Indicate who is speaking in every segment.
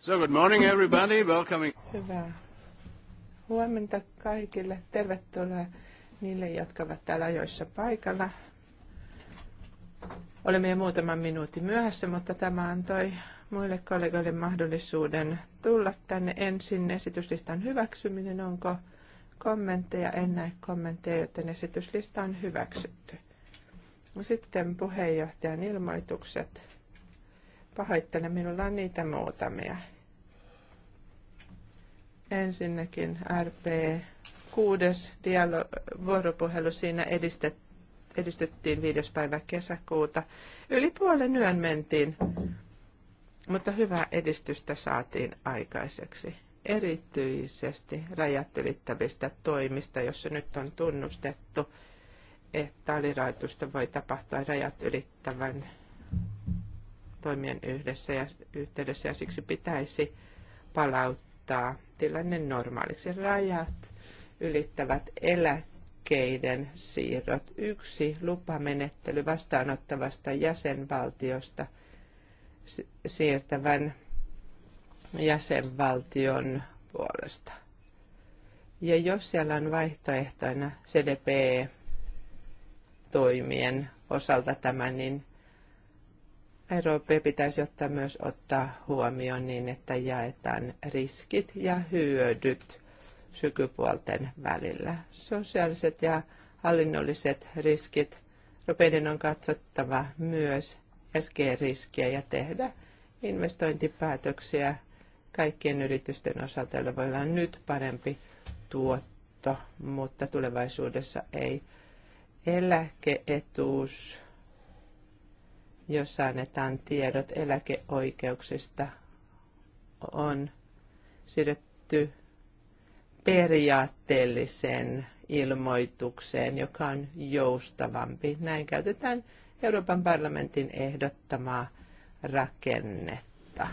Speaker 1: So good morning everybody,
Speaker 2: welcoming. Hyvää huomenta kaikille. Tervetuloa niille, jotka ovat täällä ajoissa paikalla. Olemme jo muutaman minuutin myöhässä, mutta tämä antoi muille kollegoille mahdollisuuden tulla tänne ensin esityslistan hyväksyminen. Onko kommentteja? En näe kommentteja, joten esityslista on hyväksytty. Sitten puheenjohtajan ilmoitukset Pahoittelen, minulla on niitä muutamia. Ensinnäkin RP 6. Dialo- vuoropuhelu siinä edistettiin edistyttiin 5. päivä kesäkuuta. Yli puolen yön mentiin, mutta hyvää edistystä saatiin aikaiseksi. Erityisesti rajat toimista, jossa nyt on tunnustettu, että alirahoitusta voi tapahtua rajat ylittävän toimien yhdessä ja yhteydessä ja siksi pitäisi palauttaa tilanne normaaliksi. Rajat ylittävät eläkkeiden siirrot. Yksi lupamenettely vastaanottavasta jäsenvaltiosta siirtävän jäsenvaltion puolesta. Ja jos siellä on vaihtoehtoina CDP-toimien osalta tämä, niin ROP pitäisi ottaa myös ottaa huomioon niin, että jaetaan riskit ja hyödyt sykypuolten välillä. Sosiaaliset ja hallinnolliset riskit. Ropeiden on katsottava myös SG-riskiä ja tehdä investointipäätöksiä kaikkien yritysten osalta, joilla voi olla nyt parempi tuotto, mutta tulevaisuudessa ei. Eläkeetuus jossa annetaan tiedot eläkeoikeuksista, on siirretty periaatteelliseen ilmoitukseen, joka on joustavampi. Näin käytetään Euroopan parlamentin ehdottamaa rakennetta,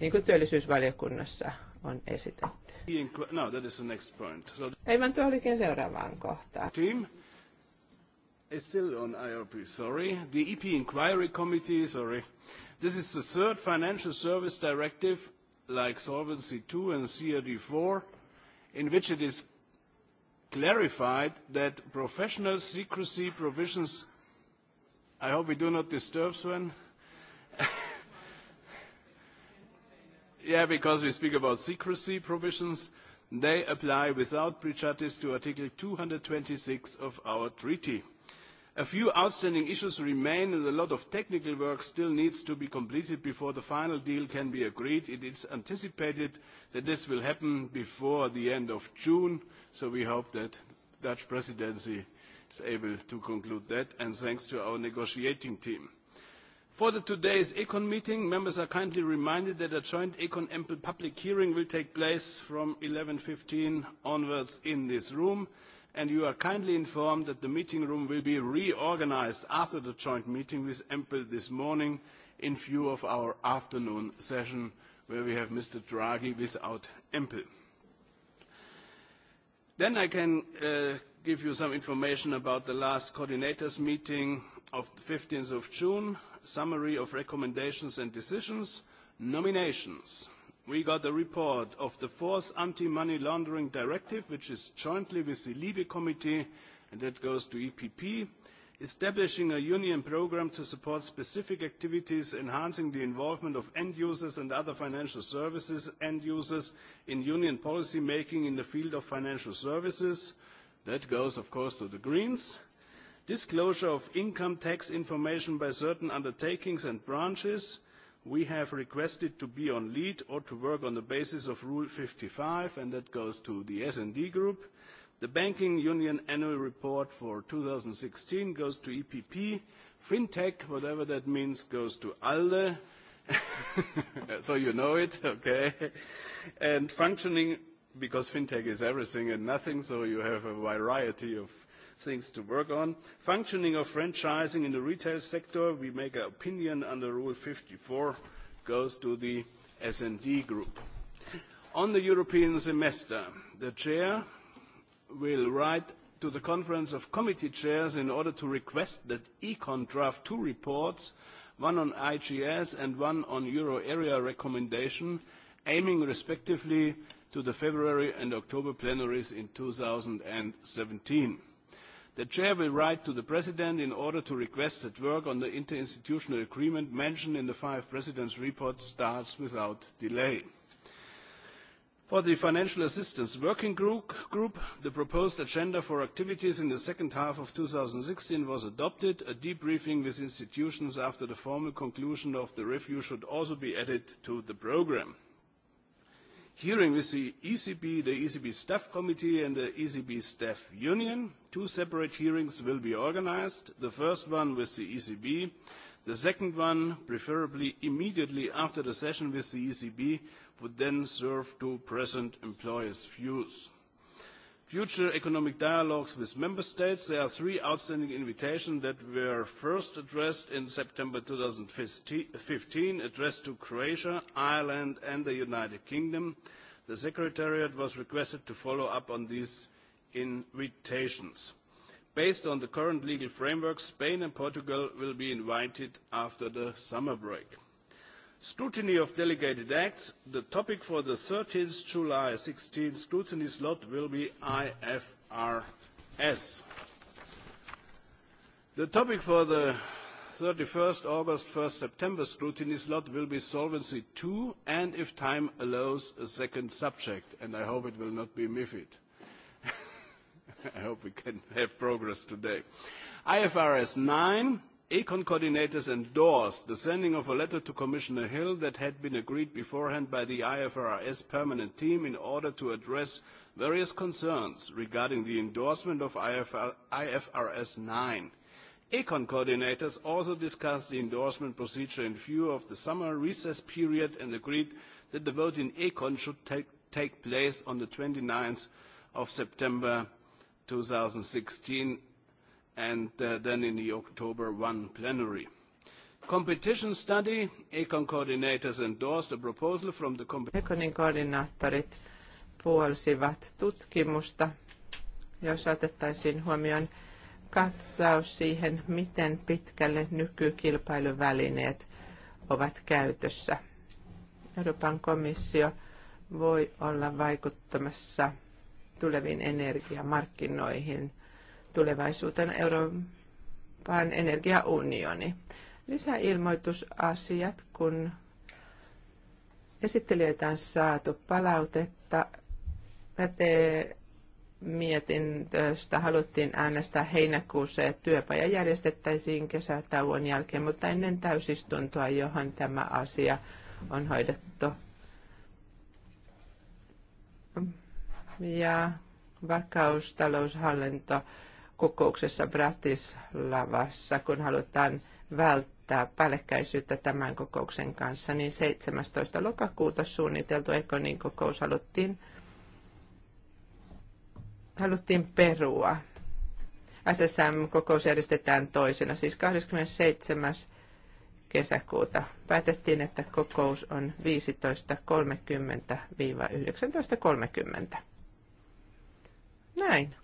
Speaker 2: niin kuin työllisyysvaliokunnassa on esitetty.
Speaker 1: No, that is the next point. So...
Speaker 2: Ei vaan tuo olikin seuraavaan kohtaan. Team
Speaker 1: is still on IRP, sorry. The EP Inquiry Committee, sorry. This is the third financial service directive, like Solvency II and CRD IV, in which it is clarified that professional secrecy provisions, I hope we do not disturb Sven. yeah, because we speak about secrecy provisions, they apply without prejudice to Article 226 of our treaty A few outstanding issues remain, and a lot of technical work still needs to be completed before the final deal can be agreed. It is anticipated that this will happen before the end of June, so we hope that Dutch presidency is able to conclude that, and thanks to our negotiating team. For today's Econ meeting, members are kindly reminded that a joint Econ ample public hearing will take place from 11:15 onwards in this room and you are kindly informed that the meeting room will be reorganized after the joint meeting with EMPL this morning in view of our afternoon session where we have Mr. Draghi without EMPL. Then I can uh, give you some information about the last coordinators meeting of the 15th June, summary of recommendations and decisions, nominations we got the report of the fourth anti-money laundering directive, which is jointly with the Libe Committee, and that goes to EPP, establishing a union program to support specific activities enhancing the involvement of end users and other financial services end users in union policy making in the field of financial services. That goes, of course, to the Greens. Disclosure of income tax information by certain undertakings and branches, we have requested to be on lead or to work on the basis of Rule 55, and that goes to the S&D Group. The Banking Union Annual Report for 2016 goes to EPP. Fintech, whatever that means, goes to ALDE. so you know it, okay? And functioning, because fintech is everything and nothing, so you have a variety of things to work on. Functioning of franchising in the retail sector, we make an opinion under Rule 54, goes to the S&D group. On the European semester, the chair will write to the Conference of Committee Chairs in order to request that Econ draft two reports, one on IGS and one on euro area recommendation, aiming respectively to the February and October plenaries in 2017. The Chair will write to the President in order to request that work on the interinstitutional agreement mentioned in the five Presidents' report starts without delay. For the Financial Assistance Working Group, the proposed agenda for activities in the second half of 2016 was adopted. A debriefing with institutions after the formal conclusion of the review should also be added to the programme hearing with the ECB, the ECB Staff Committee and the ECB Staff Union. Two separate hearings will be organized, the first one with the ECB, the second one, preferably immediately after the session with the ECB, would then serve to present employers' views future economic dialogues with member states, there are three outstanding invitations that were first addressed in September 2015, addressed to Croatia, Ireland and the United Kingdom. The Secretariat was requested to follow up on these invitations. Based on the current legal framework, Spain and Portugal will be invited after the summer break. Scrutiny of delegated acts. The topic for the 13th July 16 th scrutiny slot will be IFRS. The topic for the 31st August, 1st September scrutiny slot will be Solvency II, and if time allows, a second subject, and I hope it will not be MiFID. I hope we can have progress today. IFRS 9, Econ coordinators endorsed the sending of a letter to Commissioner Hill that had been agreed beforehand by the IFRS permanent team in order to address various concerns regarding the endorsement of IFRS 9. Econ coordinators also discussed the endorsement procedure in view of the summer recess period and agreed that the vote in Econ should take, take place on the 29th of September 2016 and uh, then in the October 1 plenary. Competition study, ECON coordinators endorsed a proposal from the...
Speaker 2: ECONin koordinaattorit puolsivat tutkimusta, jos otettaisiin huomioon katsaus siihen, miten pitkälle nykykilpailuvälineet ovat käytössä. Euroopan komissio voi olla vaikuttamassa tuleviin energiamarkkinoihin – tulevaisuuteen Euroopan energiaunioni. Lisäilmoitusasiat, kun esittelijöitä on saatu palautetta, pätee mietintöstä haluttiin äänestää heinäkuussa ja työpaja järjestettäisiin kesätauon jälkeen, mutta ennen täysistuntoa, johon tämä asia on hoidettu. Ja vakaustaloushallinto kokouksessa Bratislavassa, kun halutaan välttää päällekkäisyyttä tämän kokouksen kanssa, niin 17. lokakuuta suunniteltu Ekonin kokous haluttiin, haluttiin perua. SSM-kokous järjestetään toisena, siis 27. kesäkuuta. Päätettiin, että kokous on 15.30-19.30. Näin.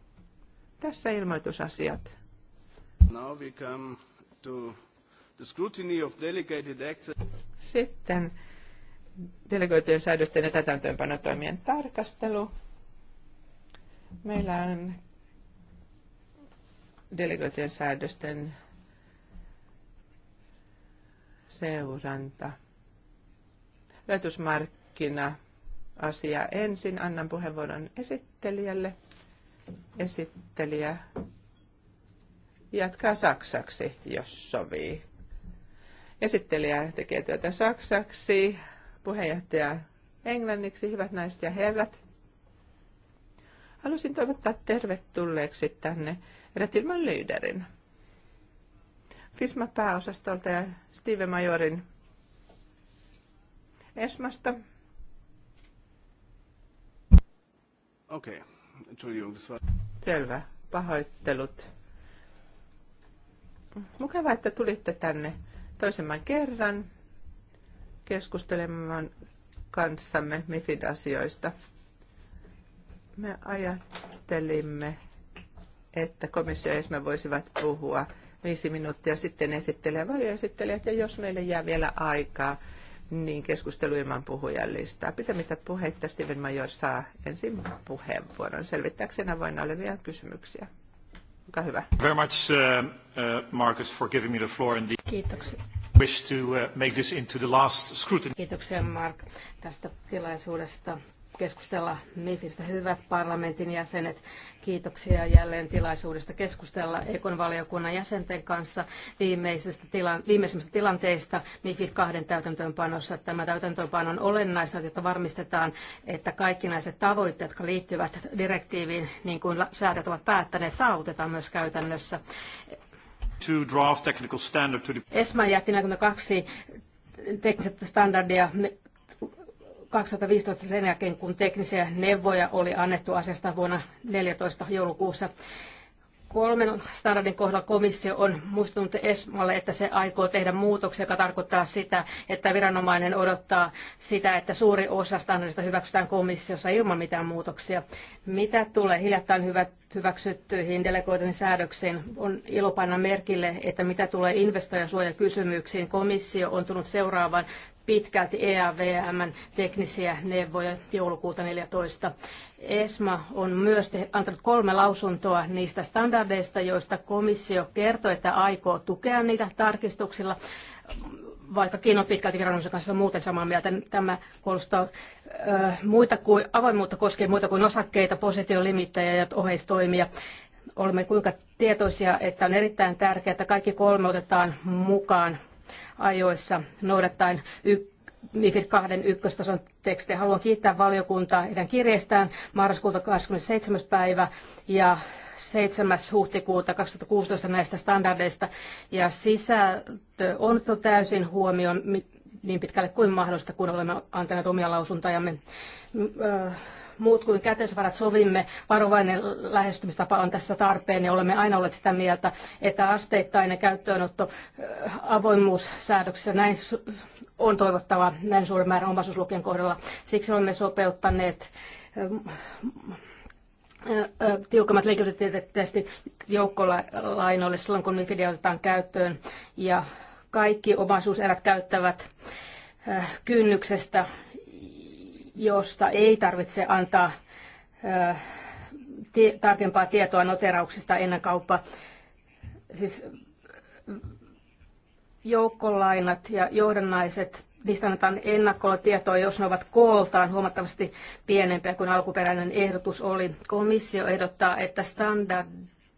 Speaker 2: Tässä ilmoitusasiat.
Speaker 1: Now we come to the scrutiny of delegated acts.
Speaker 2: Sitten delegoitujen säädösten ja täytäntöönpanotoimien tarkastelu. Meillä on delegoitujen säädösten seuranta. Rajoitusmarkkina asia ensin. Annan puheenvuoron esittelijälle esittelijä jatkaa saksaksi, jos sovii. Esittelijä tekee työtä saksaksi, puheenjohtaja englanniksi, hyvät naiset ja herrat. Haluaisin toivottaa tervetulleeksi tänne Retilman Lyderin. Fisma pääosastolta ja Steve Majorin Esmasta. Okei. Okay. Selvä. Pahoittelut. Mukavaa, että tulitte tänne toisemman kerran keskustelemaan kanssamme MIFID-asioista. Me ajattelimme, että komissio ja me voisivat puhua viisi minuuttia sitten esittelee varjoesittelijät ja jos meille jää vielä aikaa, niin, keskustelu ilman puhujalistaa. Pitämättä puhetta Steven Major saa ensin puheenvuoron selvittääkseen avoinna olevia kysymyksiä. Olkaa hyvä. Very much, uh, uh, Marcus, for giving me the floor and the... Kiitoksia. Wish to uh, make this into the last scrutiny.
Speaker 3: Kiitoksia, Mark, tästä tilaisuudesta keskustella MIFistä. Hyvät parlamentin jäsenet, kiitoksia jälleen tilaisuudesta keskustella Ekon valiokunnan jäsenten kanssa viimeisestä viimeisimmistä tilanteista MIFID kahden täytäntöönpanossa. Tämä täytäntöönpano on olennaista, että varmistetaan, että kaikki näiset tavoitteet, jotka liittyvät direktiiviin, niin kuin säädöt ovat päättäneet, saavutetaan myös käytännössä. ESMA jätti 42 teknistä standardia 2015 sen jälkeen, kun teknisiä neuvoja oli annettu asiasta vuonna 14 joulukuussa. Kolmen standardin kohdalla komissio on muistunut ESMalle, että se aikoo tehdä muutoksia, joka tarkoittaa sitä, että viranomainen odottaa sitä, että suuri osa standardista hyväksytään komissiossa ilman mitään muutoksia. Mitä tulee hiljattain hyväksyttyihin delegoitujen säädöksiin, on ilo panna merkille, että mitä tulee investoijasuojakysymyksiin, komissio on tullut seuraavan pitkälti eavm teknisiä neuvoja joulukuuta 14. ESMA on myös antanut kolme lausuntoa niistä standardeista, joista komissio kertoi, että aikoo tukea niitä tarkistuksilla vaikkakin on pitkälti viranomaisen kanssa muuten samaa mieltä, tämä puolustaa muita kuin, avoimuutta koskee muita kuin osakkeita, positiolimittäjä ja oheistoimia. Olemme kuinka tietoisia, että on erittäin tärkeää, että kaikki kolme otetaan mukaan ajoissa noudattaen y- MIFID 2 ykköstason tekstejä. Haluan kiittää valiokuntaa heidän kirjeestään marraskuuta 27. päivä ja 7. huhtikuuta 2016 näistä standardeista. Ja sisältö on täysin huomioon niin pitkälle kuin mahdollista, kun olemme antaneet omia lausuntojamme muut kuin käteisvarat sovimme, varovainen lähestymistapa on tässä tarpeen ja olemme aina olleet sitä mieltä, että asteittainen käyttöönotto avoimuussäädöksessä näin on toivottava näin suuren määrän omaisuuslukien kohdalla. Siksi olemme sopeuttaneet tiukemmat liikuntatestit joukkolainoille silloin, kun MIFID otetaan käyttöön. Ja kaikki omaisuuserät käyttävät kynnyksestä josta ei tarvitse antaa ö, tie, tarkempaa tietoa noterauksista ennen kauppa. Siis joukkolainat ja johdannaiset, niistä annetaan ennakkolla tietoa, jos ne ovat kooltaan huomattavasti pienempiä kuin alkuperäinen ehdotus oli. Komissio ehdottaa, että standard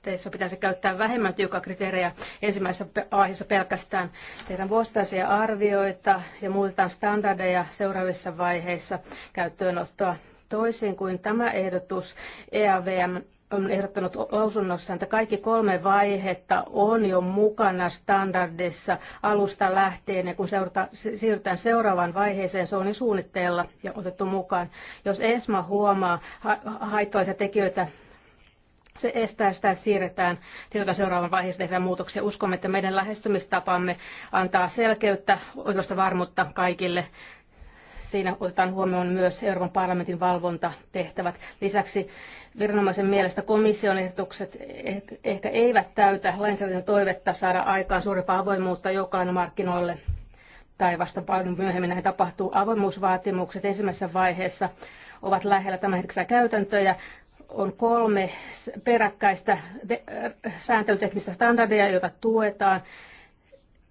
Speaker 3: tilanteissa pitäisi käyttää vähemmän tiukkaa kriteerejä ensimmäisessä vaiheessa pelkästään. Tehdään vuosittaisia arvioita ja muutetaan standardeja seuraavissa vaiheissa käyttöönottoa. Toisin kuin tämä ehdotus, EAVM on ehdottanut lausunnossaan, että kaikki kolme vaihetta on jo mukana standardissa alusta lähtien, ja kun seurata, siirrytään seuraavaan vaiheeseen, se on niin suunnitteilla ja otettu mukaan. Jos ESMA huomaa ha- haittallisia tekijöitä se estää sitä, että siirretään tietoa seuraavan vaiheessa tehdä muutoksia. Uskomme, että meidän lähestymistapamme antaa selkeyttä, oikeasta varmuutta kaikille. Siinä otetaan huomioon myös Euroopan parlamentin valvontatehtävät. Lisäksi viranomaisen mielestä komission ehdotukset eh, ehkä eivät täytä lainsäädännön toivetta saada aikaan suurempaa avoimuutta markkinoille tai vasta paljon myöhemmin näin tapahtuu. Avoimuusvaatimukset ensimmäisessä vaiheessa ovat lähellä tämänhetkisiä käytäntöjä on kolme peräkkäistä sääntelyteknistä standardia, joita tuetaan.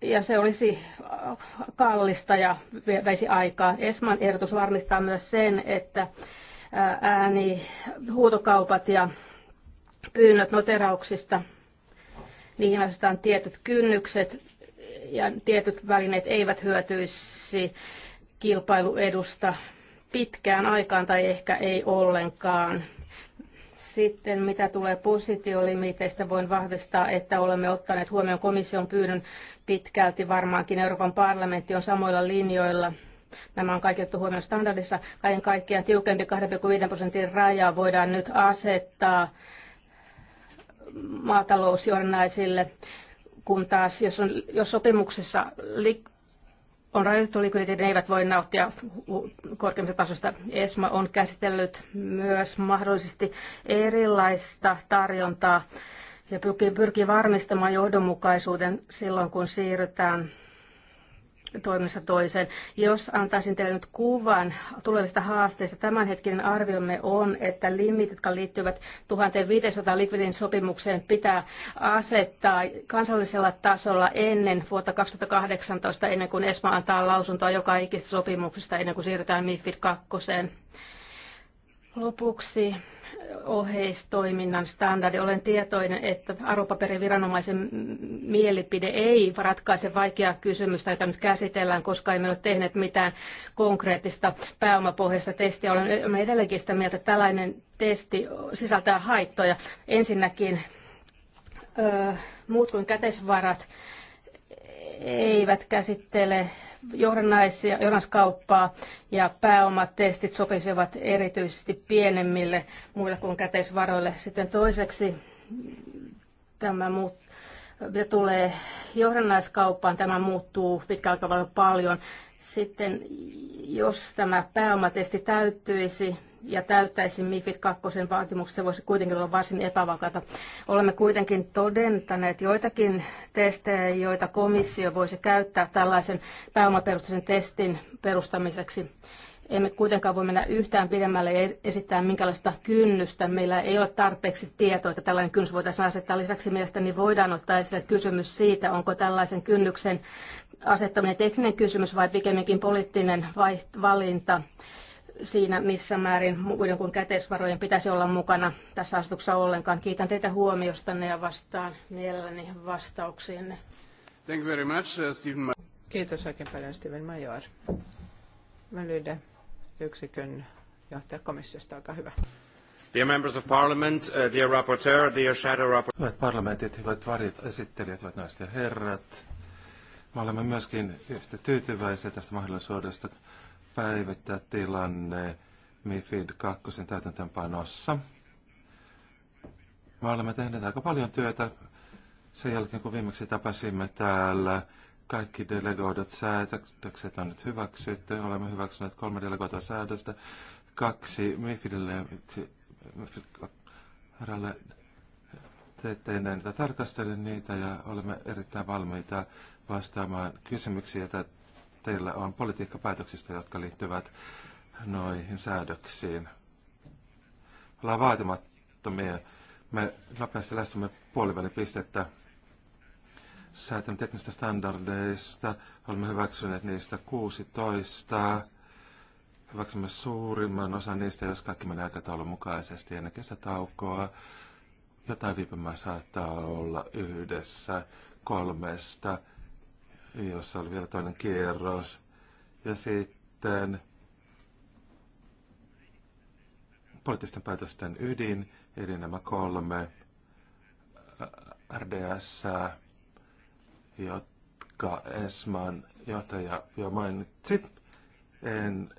Speaker 3: Ja se olisi kallista ja veisi aikaa. Esman ehdotus varmistaa myös sen, että ääni, huutokaupat ja pyynnöt noterauksista, niihin asetetaan tietyt kynnykset ja tietyt välineet eivät hyötyisi kilpailuedusta pitkään aikaan tai ehkä ei ollenkaan. Sitten mitä tulee positiolimiteistä, voin vahvistaa, että olemme ottaneet huomioon komission pyynnön pitkälti. Varmaankin Euroopan parlamentti on samoilla linjoilla. Nämä on kaikki otettu huomioon standardissa. Kaiken kaikkiaan tiukempi 2,5 prosentin raja voidaan nyt asettaa maatalousjohdannaisille, kun taas jos, on, jos sopimuksessa on rajoitettu likviditeetti, ne eivät voi nauttia korkeimmista tasosta. ESMA on käsitellyt myös mahdollisesti erilaista tarjontaa ja pyrkii varmistamaan johdonmukaisuuden silloin, kun siirrytään toimesta toiseen. Jos antaisin teille nyt kuvan tulevista haasteista, tämänhetkinen arviomme on, että limit, jotka liittyvät 1500 likvidin sopimukseen, pitää asettaa kansallisella tasolla ennen vuotta 2018, ennen kuin ESMA antaa lausuntoa joka ikistä sopimuksesta, ennen kuin siirrytään MIFID 2. Lopuksi oheistoiminnan standardi. Olen tietoinen, että arvopaperiviranomaisen mielipide ei ratkaise vaikeaa kysymystä, jota nyt käsitellään, koska emme ole tehneet mitään konkreettista pääomapohjaista testiä. Olen edelleenkin sitä mieltä, että tällainen testi sisältää haittoja. Ensinnäkin muut kuin käteisvarat eivät käsittele johdannaisia, johdannaiskauppaa ja pääomatestit sopisivat erityisesti pienemmille muille kuin käteisvaroille. Sitten toiseksi tämä muut, mitä tulee johdannaiskauppaan, tämä muuttuu pitkällä paljon. Sitten jos tämä pääomatesti täyttyisi, ja täyttäisi MIFID 2 vaatimukset, se voisi kuitenkin olla varsin epävakaata. Olemme kuitenkin todentaneet joitakin testejä, joita komissio voisi käyttää tällaisen pääomaperustaisen testin perustamiseksi. Emme kuitenkaan voi mennä yhtään pidemmälle ja esittää minkälaista kynnystä. Meillä ei ole tarpeeksi tietoa, että tällainen kynnys voitaisiin asettaa. Lisäksi mielestäni voidaan ottaa esille kysymys siitä, onko tällaisen kynnyksen asettaminen tekninen kysymys vai pikemminkin poliittinen valinta siinä, missä määrin muiden kuin käteisvarojen pitäisi olla mukana tässä asetuksessa ollenkaan. Kiitän teitä huomiostanne ja
Speaker 2: vastaan mielelläni vastauksiinne.
Speaker 1: Thank you very much, uh, Stephen
Speaker 2: Kiitos oikein paljon, Steven Major. Välyde, yksikön johtaja komissiosta, olkaa hyvä.
Speaker 4: Dear members of parliament, uh, dear rapporteur, dear shadow rapporteur.
Speaker 5: Hyvät parlamentit, hyvät varit, esittelijät, hyvät naiset ja herrat. Me olemme myöskin yhtä tyytyväisiä tästä mahdollisuudesta päivittää tilanne MIFID 2 täytäntöönpanossa. Me olemme tehneet aika paljon työtä sen jälkeen, kun viimeksi tapasimme täällä. Kaikki delegoidut säädökset on nyt hyväksytty. Olemme hyväksyneet kolme delegoitua säädöstä. Kaksi MIFIDille ja MIFID teette näitä, tarkastele niitä ja olemme erittäin valmiita vastaamaan kysymyksiä, joita teillä on politiikkapäätöksistä, jotka liittyvät noihin säädöksiin. Ollaan vaatimattomia. Me nopeasti lähestymme puolivälipistettä säätämme teknistä standardeista. Olemme hyväksyneet niistä 16. Hyväksymme suurimman osan niistä, jos kaikki menee aikataulun mukaisesti ennen kesätaukoa. Jotain viipymää saattaa olla yhdessä kolmesta jossa oli vielä toinen kierros. Ja sitten poliittisten päätösten ydin, eli nämä kolme RDS, jotka Esman johtaja jo mainitsi. En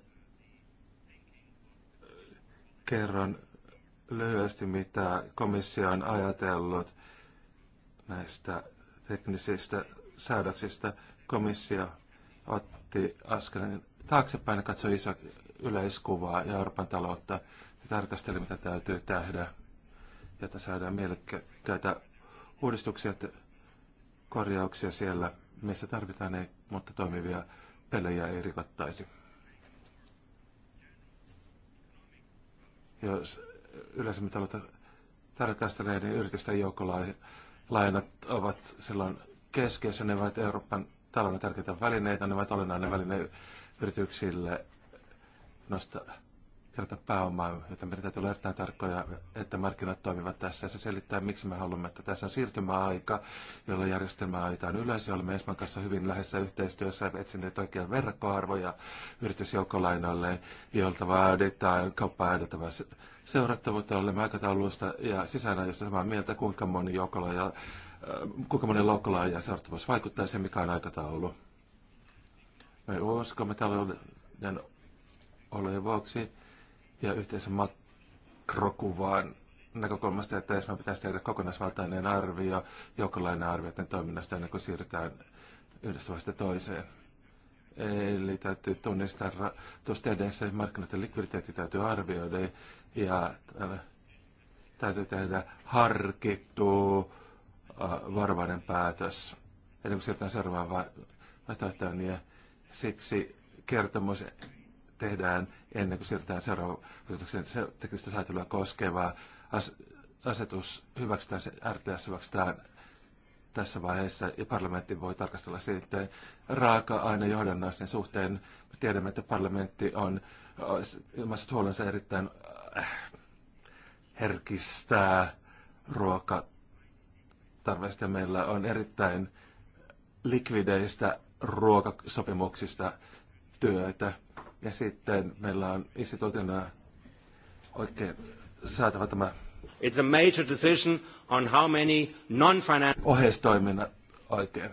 Speaker 5: kerron lyhyesti, mitä komissio on ajatellut näistä teknisistä säädöksistä komissio otti askelen taaksepäin ja katsoi iso yleiskuvaa ja Euroopan taloutta ja tarkasteli, mitä täytyy tehdä, jotta saadaan mielekkäitä uudistuksia ja korjauksia siellä, missä tarvitaan, ei, mutta toimivia pelejä ei rikottaisi. Jos yleisemmin taloutta tarkastelee, niin yritysten joukkolainat ovat silloin keskiössä. Ne ovat Euroopan talouden tärkeitä välineitä, ne ovat olennainen väline yrityksille nostaa kerätä pääomaa, että meidän täytyy olla erittäin tarkkoja, että markkinat toimivat tässä. Ja se selittää, miksi me haluamme, että tässä on siirtymäaika, jolla järjestelmää aitaan ylös. Ja olemme Esman kanssa hyvin lähessä yhteistyössä etsineet oikean verkkoarvoja yritysjoukkolainoille, joilta vaaditaan kauppaa edeltävää seurattavuutta. Olemme aikataulusta ja sisäänajosta samaa mieltä, kuinka moni joukkolaina Äh, kuinka monen loukkolaajaa saartuvuus vaikuttaa se, mikä on aikataulu. Me uskomme talouden olojen ja yhteisen makrokuvaan näkökulmasta, että ensin pitäisi tehdä kokonaisvaltainen arvio joukkolainen arvioiden toiminnasta ennen kuin siirrytään yhdestä vasta toiseen. Eli täytyy tunnistaa että markkinoiden likviditeetti täytyy arvioida ja äh, täytyy tehdä harkittu Äh, varvainen päätös. kuin kun siirrytään seuraavaan vaihtoehtoon, niin siksi kertomus tehdään ennen kuin siirrytään seuraavaan se teknistä säätelyä koskeva as, asetus hyväksytään, se RTS hyväksytään tässä vaiheessa ja parlamentti voi tarkastella sitten raaka-aine johdannaisten suhteen. Me tiedämme, että parlamentti on äh, ilmaiset huolensa erittäin äh, herkistää ruoka tarpeesta. Meillä on erittäin likvideistä ruokasopimuksista työtä. Ja sitten meillä on instituutiona oikein saatava tämä It's a major decision on how many non oikein.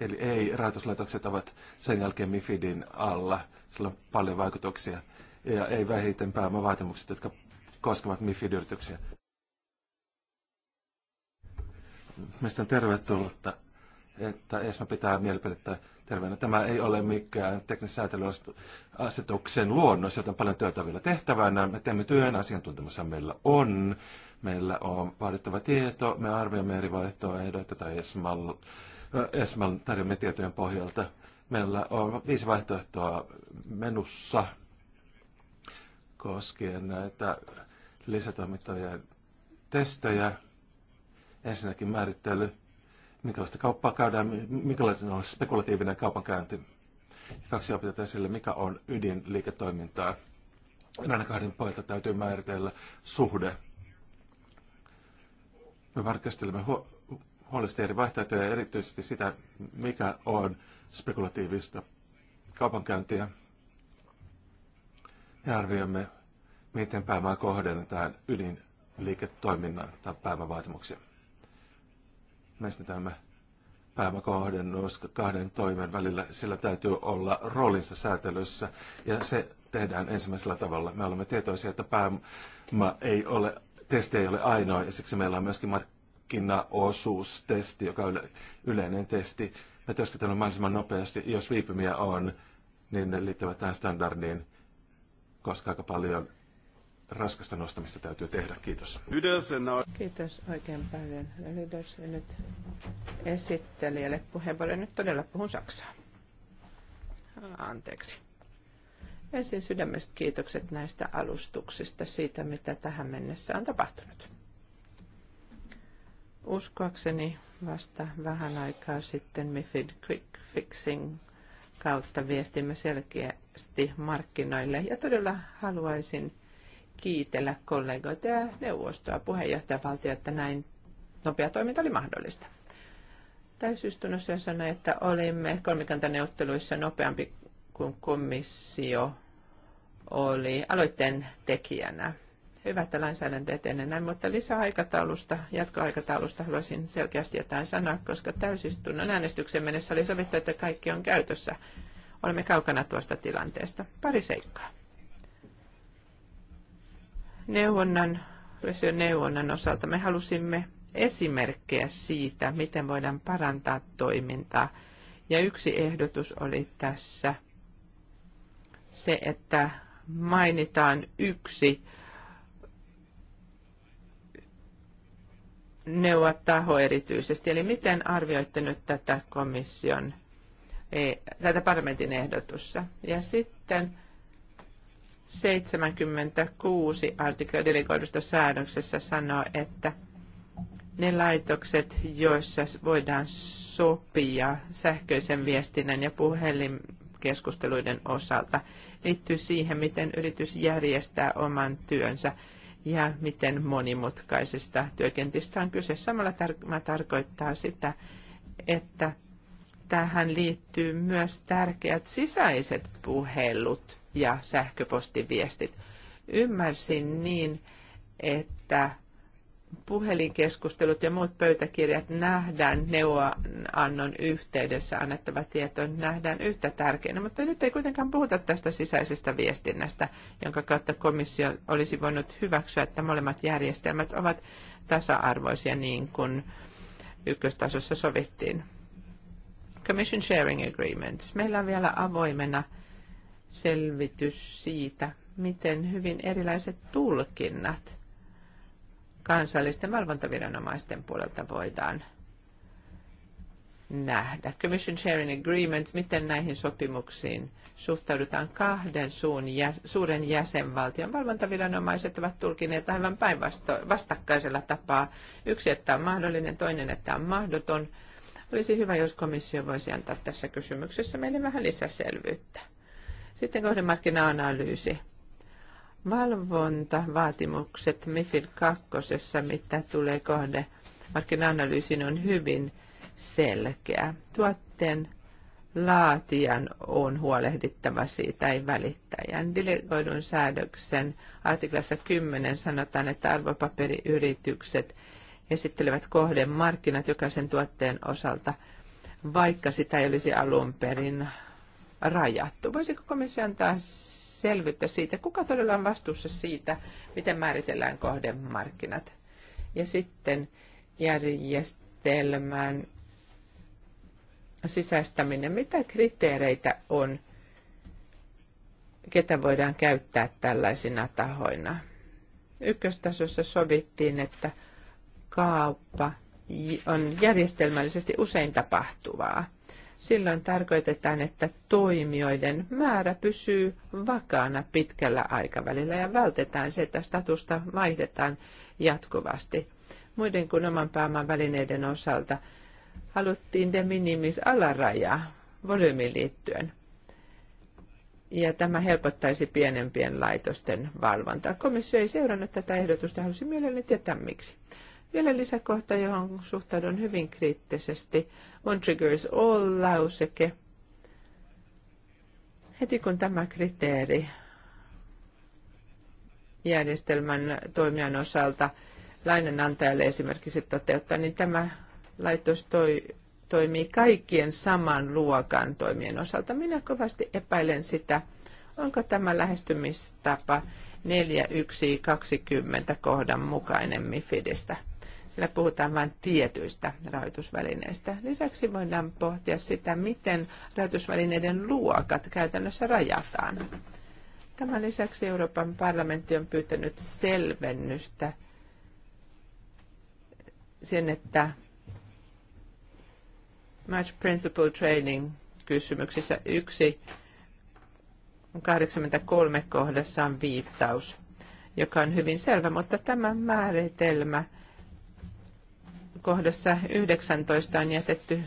Speaker 5: Eli ei, rahoituslaitokset ovat sen jälkeen MIFIDin alla. Sillä on paljon vaikutuksia. Ja ei vähiten pääomavaatimukset, jotka koskevat MIFID-yrityksiä. Mistä on tervetullutta, että ESMA pitää mielipidettä terveenä. Tämä ei ole mikään teknisen säätelyasetuksen luonnos, joten paljon työtä vielä tehtävänä. Me teemme työn, asiantuntemassa meillä on. Meillä on vaadittava tieto, me arvioimme eri vaihtoehdot, tai ESMAL, ESMAL tarjoamme tietojen pohjalta. Meillä on viisi vaihtoehtoa menussa koskien näitä lisätoimintojen testejä. Ensinnäkin määrittely, minkälaista kauppaa käydään, minkälainen on spekulatiivinen kaupankäynti. ja Kaksi opetetta esille, mikä on ydinliiketoimintaa. Näinä kahden pohjalta täytyy määritellä suhde. Me varkastelemme, huo- huolellisesti eri vaihtoehtoja ja erityisesti sitä, mikä on spekulatiivista kaupankäyntiä. Ja arvioimme, miten pääomaa kohdennetaan ydinliiketoiminnan tai pääomavaatimuksia näistä tämä pääomakohdennus kahden toimen välillä, sillä täytyy olla roolinsa säätelyssä ja se tehdään ensimmäisellä tavalla. Me olemme tietoisia, että pääma ei ole, testi ei ole ainoa ja siksi meillä on myöskin markkinaosuustesti, joka on yleinen testi. Me työskentelemme mahdollisimman nopeasti, jos viipymiä on, niin ne liittyvät tähän standardiin, koska aika paljon raskasta nostamista täytyy tehdä. Kiitos.
Speaker 2: Kiitos oikein paljon. Lyders ja nyt esittelijälle puheenvuoron. Nyt todella puhun saksaa. Anteeksi. Ensin sydämestä kiitokset näistä alustuksista siitä, mitä tähän mennessä on tapahtunut. Uskoakseni vasta vähän aikaa sitten MIFID Quick Fixing kautta viestimme selkeästi markkinoille ja todella haluaisin kiitellä kollegoita ja neuvostoa puheenjohtajavaltiota, että näin nopea toiminta oli mahdollista. Täysistunnossa sanoi, että olimme kolmikantaneuvotteluissa nopeampi kuin komissio oli aloitteen tekijänä. Hyvä, että lainsäädäntö etenee näin, mutta lisäaikataulusta, jatkoaikataulusta haluaisin selkeästi jotain sanoa, koska täysistunnon äänestyksen mennessä oli sovittu, että kaikki on käytössä. Olemme kaukana tuosta tilanteesta. Pari seikkaa neuvonnan, neuvonnan osalta me halusimme esimerkkejä siitä, miten voidaan parantaa toimintaa. Ja yksi ehdotus oli tässä se, että mainitaan yksi neuvoa erityisesti. Eli miten arvioitte nyt tätä komission, e- tätä parlamentin ehdotusta? Ja sitten 76 artikla delegoidusta säädöksessä sanoo, että ne laitokset, joissa voidaan sopia sähköisen viestinnän ja puhelinkeskusteluiden osalta, liittyy siihen, miten yritys järjestää oman työnsä ja miten monimutkaisista työkentistä on kyse. Samalla tämä tarkoittaa sitä, että tähän liittyy myös tärkeät sisäiset puhelut – ja sähköpostiviestit. Ymmärsin niin, että puhelinkeskustelut ja muut pöytäkirjat nähdään neuvonannon yhteydessä annettava tieto nähdään yhtä tärkeänä, mutta nyt ei kuitenkaan puhuta tästä sisäisestä viestinnästä, jonka kautta komissio olisi voinut hyväksyä, että molemmat järjestelmät ovat tasa-arvoisia niin kuin ykköstasossa sovittiin. Commission Sharing Agreements. Meillä on vielä avoimena selvitys siitä, miten hyvin erilaiset tulkinnat kansallisten valvontaviranomaisten puolelta voidaan nähdä. Commission Sharing agreements, miten näihin sopimuksiin suhtaudutaan kahden suun jä, suuren jäsenvaltion. Valvontaviranomaiset ovat tulkineet aivan päinvastakkaisella tapaa. Yksi, että on mahdollinen, toinen, että on mahdoton. Olisi hyvä, jos komissio voisi antaa tässä kysymyksessä meille vähän lisäselvyyttä. Sitten kohdemarkkina-analyysi. Valvontavaatimukset MIFID 2, mitä tulee kohdemarkkina-analyysiin, on hyvin selkeä. Tuotteen laatijan on huolehdittava siitä, ei välittäjän. Delegoidun säädöksen artiklassa 10 sanotaan, että arvopaperiyritykset esittelevät kohden markkinat jokaisen tuotteen osalta, vaikka sitä ei olisi alun perin rajattu. Voisiko komissio antaa selvyyttä siitä, kuka todella on vastuussa siitä, miten määritellään kohdemarkkinat? Ja sitten järjestelmän sisäistäminen, mitä kriteereitä on, ketä voidaan käyttää tällaisina tahoina. Ykköstasossa sovittiin, että kauppa on järjestelmällisesti usein tapahtuvaa silloin tarkoitetaan, että toimijoiden määrä pysyy vakaana pitkällä aikavälillä ja vältetään se, että statusta vaihdetaan jatkuvasti. Muiden kuin oman pääoman välineiden osalta haluttiin de minimis alaraja volyymiin liittyen. Ja tämä helpottaisi pienempien laitosten valvontaa. Komissio ei seurannut tätä ehdotusta ja halusi mielelläni tietää miksi. Vielä lisäkohta, johon suhtaudun hyvin kriittisesti, on triggers all-lauseke. Heti kun tämä kriteeri järjestelmän toimijan osalta lainanantajalle esimerkiksi toteuttaa, niin tämä laitos toi, toimii kaikkien saman luokan toimien osalta. Minä kovasti epäilen sitä, onko tämä lähestymistapa 4120 kohdan mukainen MIFIDistä. Sillä puhutaan vain tietyistä rahoitusvälineistä. Lisäksi voidaan pohtia sitä, miten rahoitusvälineiden luokat käytännössä rajataan. Tämän lisäksi Euroopan parlamentti on pyytänyt selvennystä sen, että Match Principle Training kysymyksissä yksi 83 kohdassa on viittaus, joka on hyvin selvä, mutta tämä määritelmä – kohdassa 19 on jätetty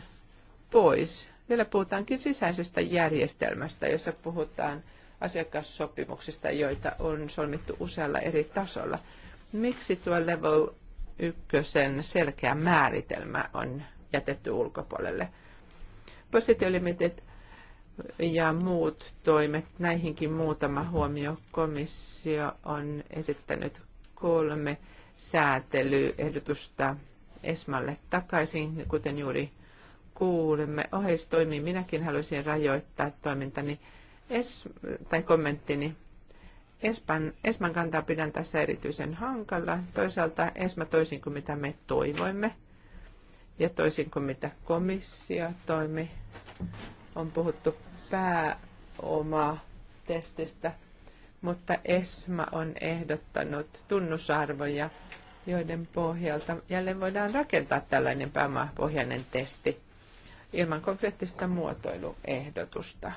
Speaker 2: pois. Vielä puhutaankin sisäisestä järjestelmästä, jossa puhutaan asiakassopimuksista, joita on solmittu usealla eri tasolla. Miksi tuo level 1 selkeä määritelmä on jätetty ulkopuolelle? Positiolimitit ja muut toimet, näihinkin muutama huomio. Komissio on esittänyt kolme säätelyehdotusta Esmalle takaisin, kuten juuri kuulemme toimii, Minäkin haluaisin rajoittaa toimintani es, tai kommenttini. Espan, Esman kantaa pidän tässä erityisen hankala. Toisaalta Esma toisin kuin mitä me toivoimme ja toisin kuin mitä komissio toimi. On puhuttu pääomaa testistä, mutta Esma on ehdottanut tunnusarvoja joiden pohjalta jälleen voidaan rakentaa tällainen pääomapohjainen testi ilman konkreettista muotoiluehdotusta.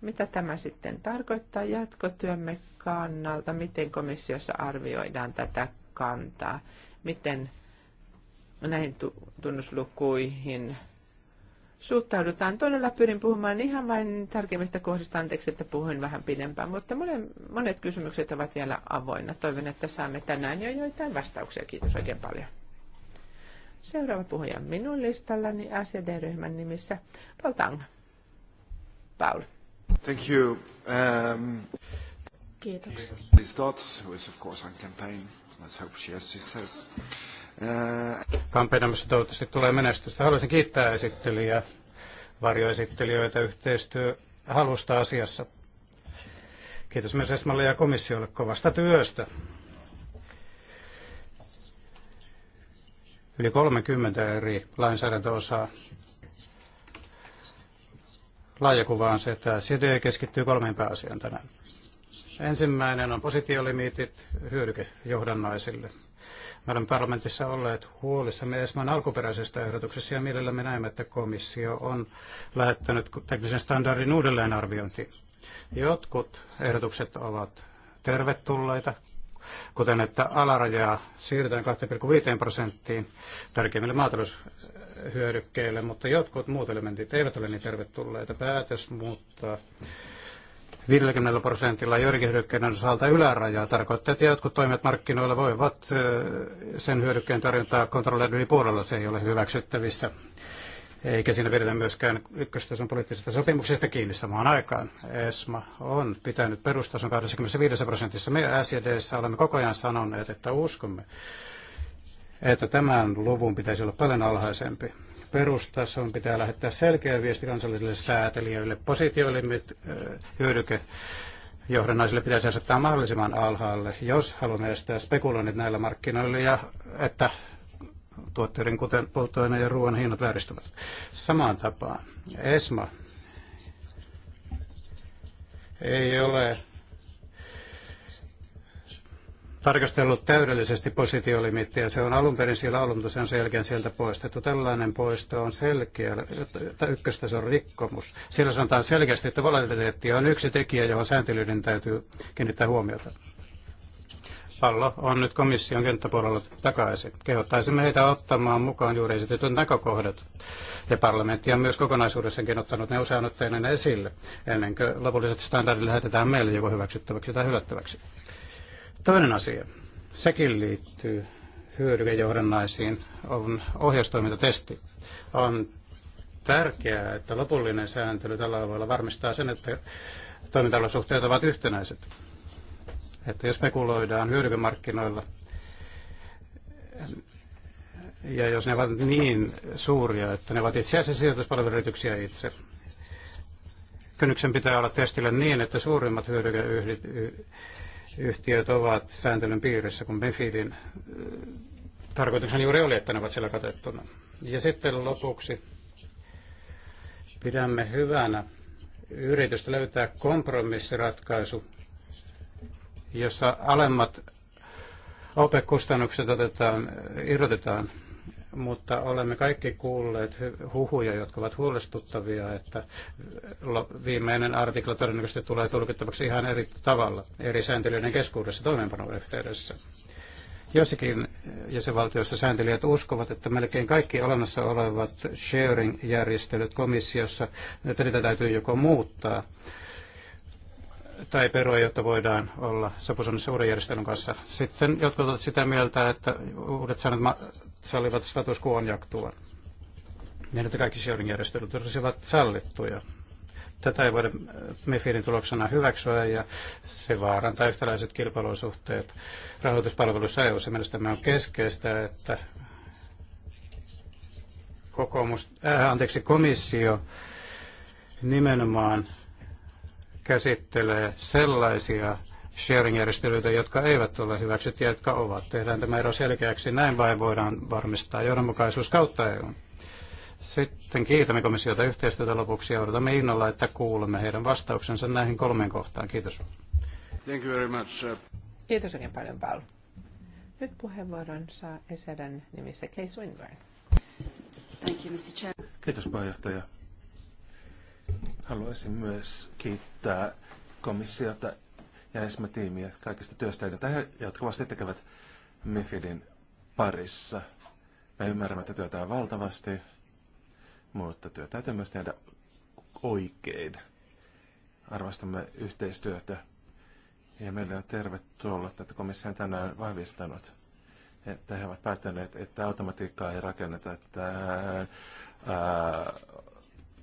Speaker 2: Mitä tämä sitten tarkoittaa jatkotyömme kannalta? Miten komissiossa arvioidaan tätä kantaa? Miten näihin tunnuslukuihin suhtaudutaan. Todella pyrin puhumaan ihan vain tärkeimmistä kohdista. Anteeksi, että puhuin vähän pidempään, mutta monet kysymykset ovat vielä avoinna. Toivon, että saamme tänään jo joitain vastauksia. Kiitos oikein paljon. Seuraava puhuja minun listallani ACD-ryhmän nimissä Paul Tang. Paul. Thank you. Um, Kiitoksia.
Speaker 1: These thoughts was of course on campaign. Let's hope she has success
Speaker 4: kampanjassa toivottavasti tulee menestystä. Haluaisin kiittää esittelijää, varjoesittelijöitä yhteistyöhalusta asiassa. Kiitos myös Esmalle ja komissiolle kovasta työstä. Yli 30 eri lainsäädäntöosaa. Laajakuva on se, että CD keskittyy kolmeen pääasiaan tänään. Ensimmäinen on positiolimiitit hyödykejohdannaisille. Me olemme parlamentissa olleet huolissamme ESMAn alkuperäisestä ehdotuksesta ja mielellämme näemme, että komissio on lähettänyt teknisen standardin uudelleenarviointiin. Jotkut ehdotukset ovat tervetulleita, kuten että alarajaa siirretään 2,5 prosenttiin tärkeimmille maataloushyödykkeille, mutta jotkut muut elementit eivät ole niin tervetulleita. Päätös muuttaa 50 prosentilla joidenkin hyödykkeiden osalta ylärajaa. Tarkoittaa, että jotkut toimet markkinoilla voivat sen hyödykkeen tarjontaa kontrolloida yli puolella. Se ei ole hyväksyttävissä. Eikä siinä pidetä myöskään ykköstason poliittisesta sopimuksesta kiinni samaan aikaan. ESMA on pitänyt perustason 25 prosentissa. Me SJDssä olemme koko ajan sanoneet, että uskomme että tämän luvun pitäisi olla paljon alhaisempi. Perustason pitää lähettää selkeä viesti kansallisille säätelijöille, positioille, hyödyke johdannaisille pitäisi asettaa mahdollisimman alhaalle, jos haluamme estää spekuloinnit näillä markkinoilla ja että tuotteiden, kuten polttoaineen ja ruoan hinnat vääristyvät. Samaan tapaan ESMA ei ole tarkastellut täydellisesti positiolimittiä. Se on alun perin siellä ollut, mutta se on sen jälkeen sieltä poistettu. Tällainen poisto on selkeä, että ykköstä se on rikkomus. Siellä sanotaan selkeästi, että volatiliteetti on yksi tekijä, johon sääntelyiden täytyy kiinnittää huomiota. Pallo on nyt komission kenttäpuolella takaisin. Kehottaisimme heitä ottamaan mukaan juuri esitetyt näkökohdat. Ja parlamentti on myös kokonaisuudessakin ottanut ne useanotteinen esille, ennen kuin lopulliset standardit lähetetään meille joko hyväksyttäväksi tai hylättäväksi. Toinen asia, sekin liittyy hyödykejohdannaisiin, on ohjaustoimintatesti. On tärkeää, että lopullinen sääntely tällä alueella varmistaa sen, että toimintaolosuhteet ovat yhtenäiset. Että jos spekuloidaan hyödykemarkkinoilla, ja jos ne ovat niin suuria, että ne ovat itse asiassa sijoituspalveluyrityksiä itse, kynnyksen pitää olla testillä niin, että suurimmat hyödykeyhtiöt yhtiöt ovat sääntelyn piirissä, kun Mefidin tarkoituksena juuri oli, että ne ovat siellä katettuna. Ja sitten lopuksi pidämme hyvänä yritystä löytää kompromissiratkaisu, jossa alemmat OPEC-kustannukset otetaan, irrotetaan mutta olemme kaikki kuulleet huhuja, jotka ovat huolestuttavia, että viimeinen artikla todennäköisesti tulee tulkittavaksi ihan eri tavalla eri sääntelyiden keskuudessa toimeenpanon yhteydessä. Jossakin jäsenvaltiossa sääntelijät uskovat, että melkein kaikki olemassa olevat sharing-järjestelyt komissiossa, että niitä täytyy joko muuttaa tai perua, jotta voidaan olla sopusuunnissa uuden järjestelyn kanssa. Sitten jotkut ovat sitä mieltä, että uudet säännöt sallivat status quo jaktua. Niin, että kaikki sijoiden järjestelyt olisivat sallittuja. Tätä ei voida äh, MIFIDin tuloksena hyväksyä ja se vaarantaa yhtäläiset kilpailusuhteet rahoituspalveluissa eu Mielestäni on keskeistä, että kokoomus, äh, anteeksi, komissio nimenomaan käsittelee sellaisia sharing-järjestelyitä, jotka eivät ole hyväksyt ja jotka ovat. Tehdään tämä ero selkeäksi näin vai voidaan varmistaa johdonmukaisuus kautta EUn. Sitten kiitämme komissiota yhteistyötä lopuksi ja odotamme innolla, että kuulemme heidän vastauksensa näihin kolmeen kohtaan. Kiitos.
Speaker 1: Thank you very much.
Speaker 2: Kiitos oikein paljon, Paul. Nyt puheenvuoron saa Esedän nimissä Kay Swinburne. Thank you, Mr. Chair.
Speaker 5: Kiitos puheenjohtaja. Haluaisin myös kiittää komissiota ja ESMA-tiimiä kaikista työstä, joita he jatkuvasti tekevät MIFIDin parissa. Me ymmärrämme, että työtä on valtavasti, mutta työtä täytyy myös tehdä oikein. Arvostamme yhteistyötä ja meillä on tervetullut, että komissio on tänään vahvistanut, että he ovat päättäneet, että automatiikkaa ei rakenneta että ää,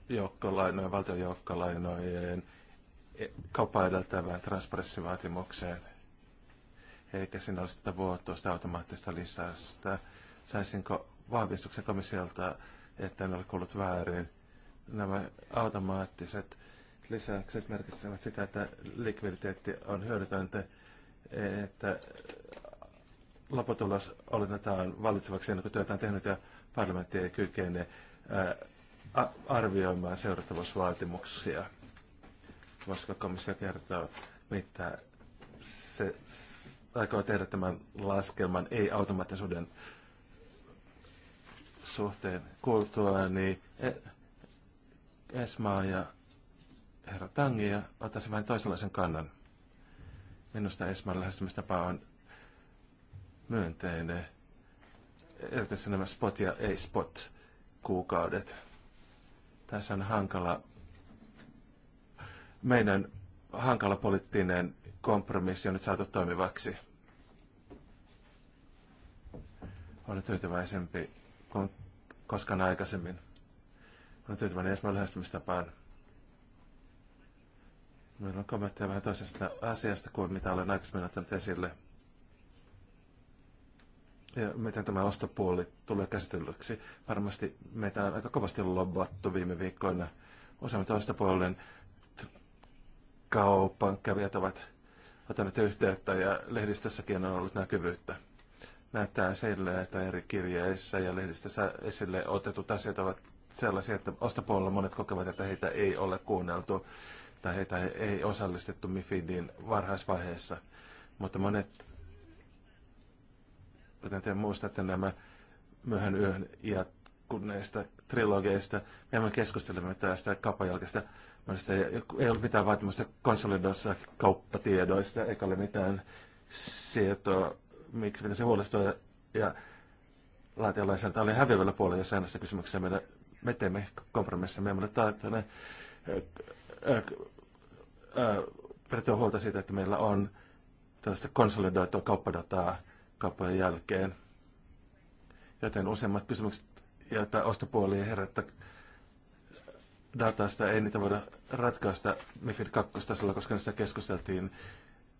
Speaker 5: joukkolainojen, valtion joukkolainojen e, kauppaa edeltävään transparenssivaatimukseen, eikä siinä olisi tätä vuotuista automaattista lisäystä. Saisinko vahvistuksen komissiolta, että en ole kuullut väärin? Nämä automaattiset lisäykset merkitsevät sitä, että likviditeetti on hyödytöntä, että lopputulos oletetaan valitsevaksi ennen kuin työtä on tehnyt ja parlamentti ei kykene arvioimaan seurattavuusvaatimuksia. Voisiko komissio kertoa, mitä se aikoo tehdä tämän laskelman ei-automaattisuuden suhteen kuultua, niin e- Esmaa ja herra Tangia ottaisi vähän toisenlaisen kannan. Minusta Esman lähestymistapa on myönteinen. Erityisesti nämä spot ja ei-spot kuukaudet. Tässä on hankala, meidän hankala poliittinen kompromissi on nyt saatu toimivaksi. Olen tyytyväisempi kuin koskaan aikaisemmin. Olen tyytyväinen ensimmäisen lähestymistapaan. Meillä on kommentteja vähän toisesta asiasta kuin mitä olen aikaisemmin ottanut esille ja miten tämä ostopuoli tulee käsitellyksi. Varmasti meitä on aika kovasti lobbattu viime viikkoina. Useimmat ostopuolen kaupan kävijät ovat ottaneet yhteyttä ja lehdistössäkin on ollut näkyvyyttä. Näyttää sille, että eri kirjeissä ja lehdistössä esille otetut asiat ovat sellaisia, että ostopuolella monet kokevat, että heitä ei ole kuunneltu tai heitä ei osallistettu MIFIDin varhaisvaiheessa. Mutta monet kuten te muistatte nämä myöhän yön jatkuneista trilogeista, ja me keskustelemme tästä kapajalkista. Ei ole mitään vaatimusta konsolidoissa kauppatiedoista, eikä ole mitään sietoa, miksi se huolestua ja laatia oli häviävällä puolella jossain näistä kysymyksiä. Me, me teemme kompromisseja. Me emme ole äh, äh, äh, pidettyä huolta siitä, että meillä on tällaista konsolidoitua kauppadataa – kauppojen jälkeen. Joten useimmat kysymykset, joita ostopuoli herättää datasta, ei niitä voida ratkaista MIFID 2 tasolla, koska niistä keskusteltiin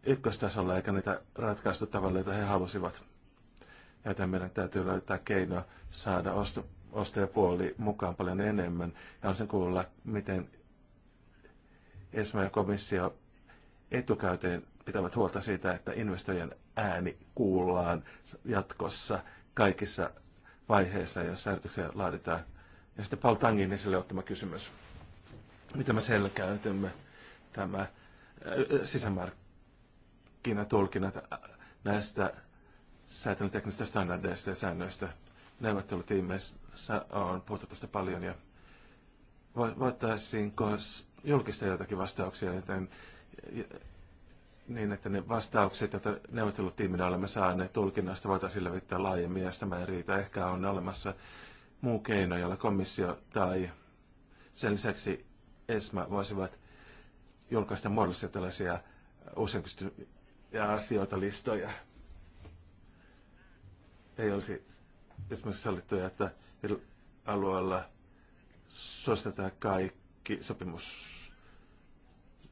Speaker 5: ykköstasolla, eikä niitä ratkaistu tavalla, jota he halusivat. Joten meidän täytyy löytää keino saada osto, ostajapuoli mukaan paljon enemmän. Ja on sen kuulla, miten ESMA ja komissio etukäteen pitävät huolta siitä, että investoijan ääni kuullaan jatkossa kaikissa vaiheissa, jos säädöksiä laaditaan. Ja sitten Paul Tangin esille ottama kysymys. Miten me selkäytämme tämä äh, sisämarkkinatulkinnat äh, näistä säätelyteknisistä standardeista ja säännöistä. Neuvottelutiimeissä on puhuttu tästä paljon ja voitaisiinko julkista jotakin vastauksia, joten niin, että ne vastaukset, joita neuvottelutiiminä olemme saaneet tulkinnasta, voitaisiin levittää laajemmin, ja tämä ei riitä. Ehkä on olemassa muu keino, jolla komissio tai sen lisäksi ESMA voisivat julkaista muodossa tällaisia usein asioita, listoja. Ei olisi esimerkiksi sallittuja, että alueella suositetaan kaikki sopimus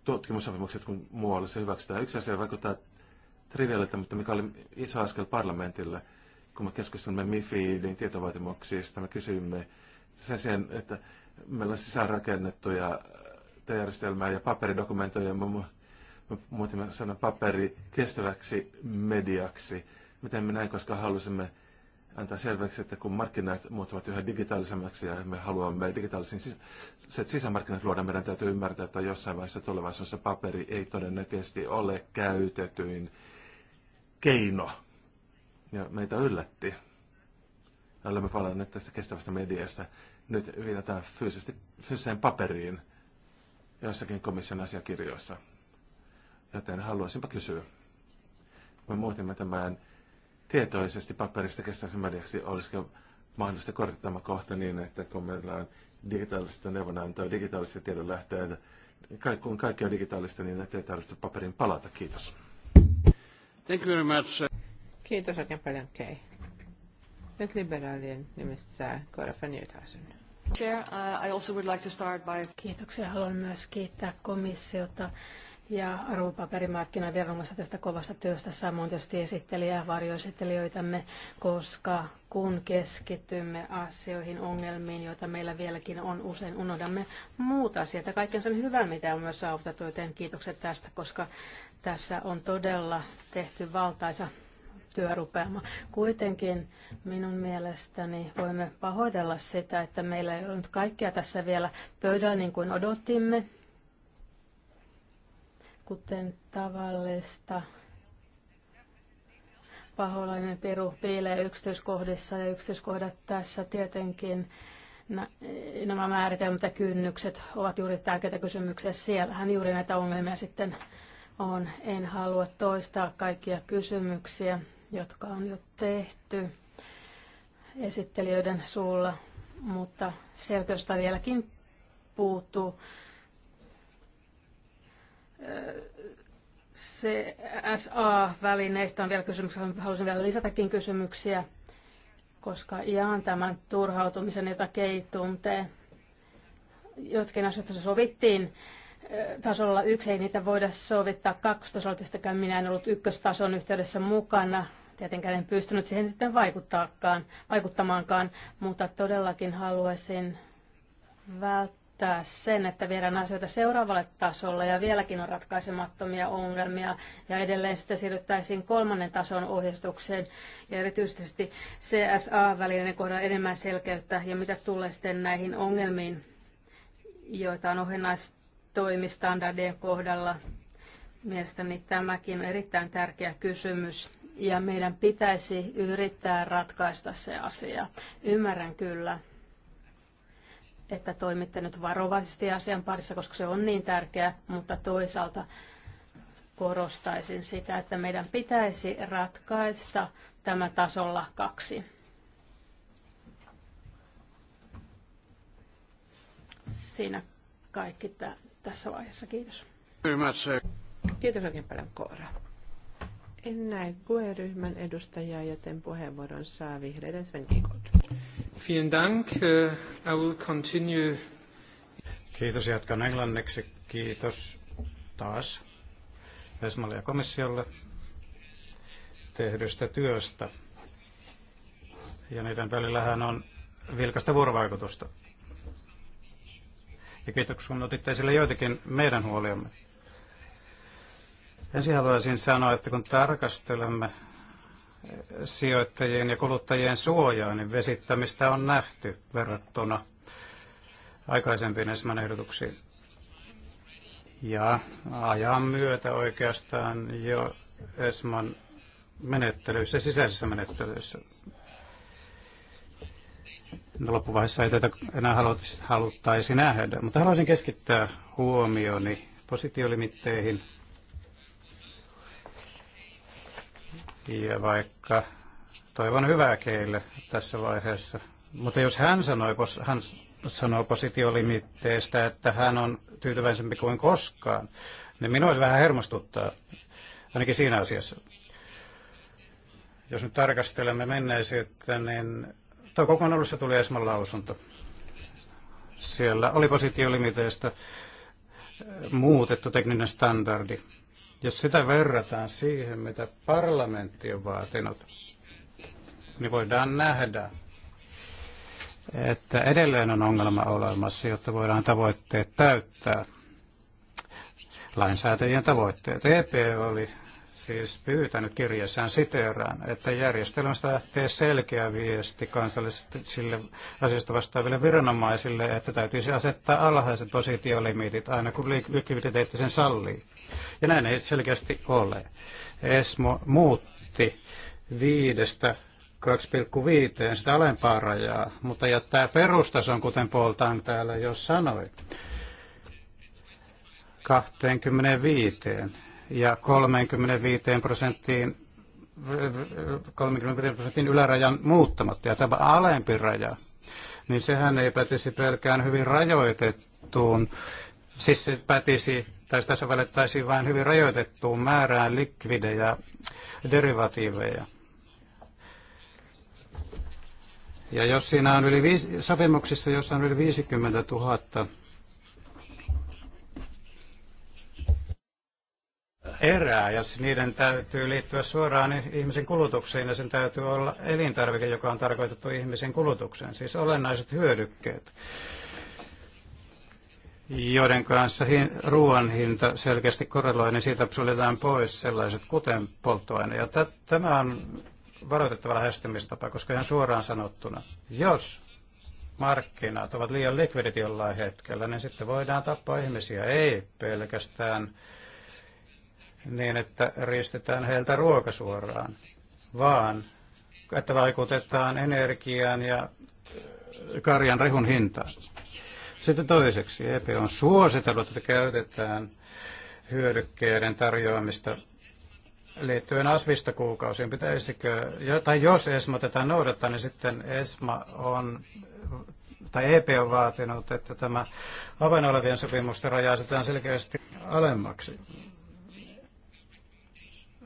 Speaker 5: tutkimusopimukset kuin muualle se hyväksytään. Yksi asia vaikuttaa trivialilta, mutta mikä oli iso askel parlamentille, kun me keskustelimme MIFIDin tietovaatimuksista, me kysymme sen sijaan, että meillä on sisäänrakennettuja järjestelmää ja paperidokumentoja, me, me muutimme sanan paperi kestäväksi mediaksi. Miten me näin, koska halusimme antaa selväksi, että kun markkinat muuttuvat yhä digitaalisemmaksi ja me haluamme sis- sisämarkkinat luoda, meidän täytyy ymmärtää, että jossain vaiheessa tulevaisuudessa paperi ei todennäköisesti ole käytetyin keino. Ja meitä yllätti. Olemme palanneet tästä kestävästä mediasta. Nyt viitataan fyysisesti, fyysiseen paperiin jossakin komission asiakirjoissa. Joten haluaisinpa kysyä. Me muutimme tämän tietoisesti paperista kestäväksi mediaksi olisiko mahdollista korjata tämä kohta niin, että kun meillä on digitaalista neuvonantoa, digitaalisia tiedonlähteitä, kun kaikki on digitaalista, niin ettei tarvitse paperin palata. Kiitos.
Speaker 1: Thank you very much.
Speaker 2: Kiitos oikein paljon, Kei. Nyt liberaalien nimessä Cora van Newthausen.
Speaker 3: Chair, uh, I also would like to start by... Kiitoksia. Haluan myös kiittää komissiota ja arvopaperimarkkinaviranomaista tästä kovasta työstä, samoin tietysti esittelijä ja varjoesittelijöitämme, koska kun keskitymme asioihin, ongelmiin, joita meillä vieläkin on, usein unohdamme muut asiat ja kaiken sen hyvän, mitä on myös saavutettu, joten kiitokset tästä, koska tässä on todella tehty valtaisa työrupeama. Kuitenkin minun mielestäni voimme pahoitella sitä, että meillä ei ole nyt kaikkea tässä vielä pöydällä niin kuin odottimme, Kuten tavallista, paholainen peru piilee yksityiskohdissa ja yksityiskohdat tässä tietenkin nämä määritelmät ja kynnykset ovat juuri tärkeitä kysymyksiä. Siellähän juuri näitä ongelmia sitten on. En halua toistaa kaikkia kysymyksiä, jotka on jo tehty esittelijöiden suulla, mutta selkeästä vieläkin puuttuu CSA-välineistä on vielä kysymyksiä, haluaisin vielä lisätäkin kysymyksiä, koska jaan tämän turhautumisen, jota Kei tuntee. Jotkin se sovittiin eh, tasolla yksi, ei niitä voida sovittaa kakkostasolla, minä en ollut ykköstason yhteydessä mukana, tietenkään en pystynyt siihen sitten vaikuttaakaan, vaikuttamaankaan, mutta todellakin haluaisin välttää välttää sen, että viedään asioita seuraavalle tasolle ja vieläkin on ratkaisemattomia ongelmia ja edelleen sitä siirryttäisiin kolmannen tason ohjeistukseen ja erityisesti CSA-välinen kohdalla enemmän selkeyttä ja mitä tulee sitten näihin ongelmiin, joita on ohenaistoimistandardien kohdalla. Mielestäni tämäkin on erittäin tärkeä kysymys ja meidän pitäisi yrittää ratkaista se asia. Ymmärrän kyllä, että toimitte nyt varovaisesti asian parissa, koska se on niin tärkeä, mutta toisaalta korostaisin sitä, että meidän pitäisi ratkaista tämä tasolla kaksi. Siinä
Speaker 2: kaikki t- tässä vaiheessa. Kiitos. Kiitos oikein paljon, Koora. En näe GUE-ryhmän edustajaa, joten puheenvuoron saa vihreiden Sven Kikot.
Speaker 4: Vielen Dank. Äh, I will continue. Kiitos, jatkan englanniksi. Kiitos taas Esmalle ja komissiolle tehdystä työstä. Ja niiden välillähän on vilkasta vuorovaikutusta. Ja kiitoksia, kun otitte esille joitakin meidän huoliamme. Ensin haluaisin sanoa, että kun tarkastelemme sijoittajien ja kuluttajien suojaa, niin vesittämistä on nähty verrattuna aikaisempiin ensimmäinen ehdotuksiin. Ja ajan myötä oikeastaan jo ESMAn menettelyissä, sisäisissä menettelyissä. No, loppuvaiheessa ei tätä enää haluttaisi nähdä, mutta haluaisin keskittää huomioni positiolimitteihin – Ja vaikka toivon hyvää keille tässä vaiheessa, mutta jos hän sanoi, hän sanoo positiolimitteestä, että hän on tyytyväisempi kuin koskaan, niin minua se vähän hermostuttaa, ainakin siinä asiassa. Jos nyt tarkastelemme menneisyyttä, niin tuo alussa tuli Esman lausunto. Siellä oli positiolimiteestä muutettu tekninen standardi jos sitä verrataan siihen, mitä parlamentti on vaatinut, niin voidaan nähdä, että edelleen on ongelma olemassa, jotta voidaan tavoitteet täyttää. Lainsäätäjien tavoitteet. EP oli siis pyytänyt kirjassaan siteeraan, että järjestelmästä lähtee selkeä viesti kansallisille asiasta vastaaville viranomaisille, että täytyisi asettaa alhaiset positiolimitit aina kun likviditeetti sen sallii. Ja näin ei selkeästi ole. ESMO muutti viidestä 2,5 sitä alempaa rajaa, mutta jättää perustason, kuten Poltaan täällä jo sanoi, 25 ja 35 prosenttiin 35 prosentin ylärajan muuttamatta ja tämä alempi raja, niin sehän ei pätisi pelkään hyvin rajoitettuun, siis se pätisi, tai tässä välittäisiin vain hyvin rajoitettuun määrään likvidejä, derivatiiveja. Ja jos siinä on yli viisi, sopimuksissa, jossa on yli 50 000 erää ja niiden täytyy liittyä suoraan ihmisen kulutukseen ja sen täytyy olla elintarvike, joka on tarkoitettu ihmisen kulutukseen, siis olennaiset hyödykkeet joiden kanssa hin, ruoan hinta selkeästi korreloi, niin siitä suljetaan pois sellaiset kuten polttoaine. Ja tämä on varoitettava lähestymistapa, koska ihan suoraan sanottuna, jos markkinat ovat liian likvidit jollain hetkellä, niin sitten voidaan tappaa ihmisiä, ei pelkästään niin, että riistetään heiltä ruoka suoraan, vaan että vaikutetaan energiaan ja äh, karjan rehun hintaan. Sitten toiseksi EP on suositellut, että käytetään hyödykkeiden tarjoamista liittyen asvista kuukausiin. Pitäisikö, tai jos ESMA tätä noudattaa, niin sitten ESMA on, tai EP on vaatinut, että tämä avainolevien sopimusta rajaisetaan selkeästi alemmaksi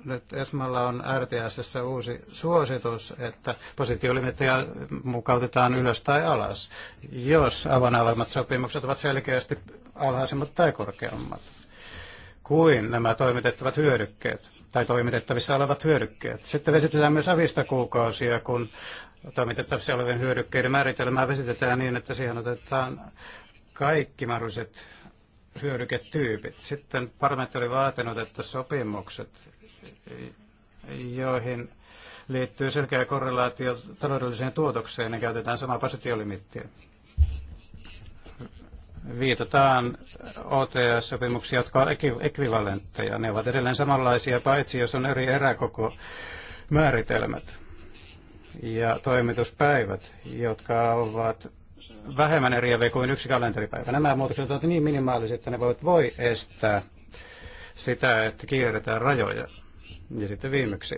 Speaker 4: nyt ESMalla on RTSssä uusi suositus, että positiolimitiä mukautetaan ylös tai alas, jos avainalemmat sopimukset ovat selkeästi alhaisemmat tai korkeammat kuin nämä toimitettavat hyödykkeet tai toimitettavissa olevat hyödykkeet. Sitten vesitetään myös avista kuukausia, kun toimitettavissa olevien hyödykkeiden määritelmää vesitetään niin, että siihen otetaan kaikki mahdolliset hyödyketyypit. Sitten parlamentti oli vaatinut, että sopimukset joihin liittyy selkeä korrelaatio taloudelliseen tuotokseen ja käytetään samaa positiolimittiä. Viitataan OTS-sopimuksia, jotka ovat ekvivalentteja. Ne ovat edelleen samanlaisia, paitsi jos on eri eräkoko määritelmät ja toimituspäivät, jotka ovat vähemmän eriäviä kuin yksi kalenteripäivä. Nämä muutokset ovat niin minimaaliset, että ne voivat voi estää sitä, että kierretään rajoja. Ja sitten viimeksi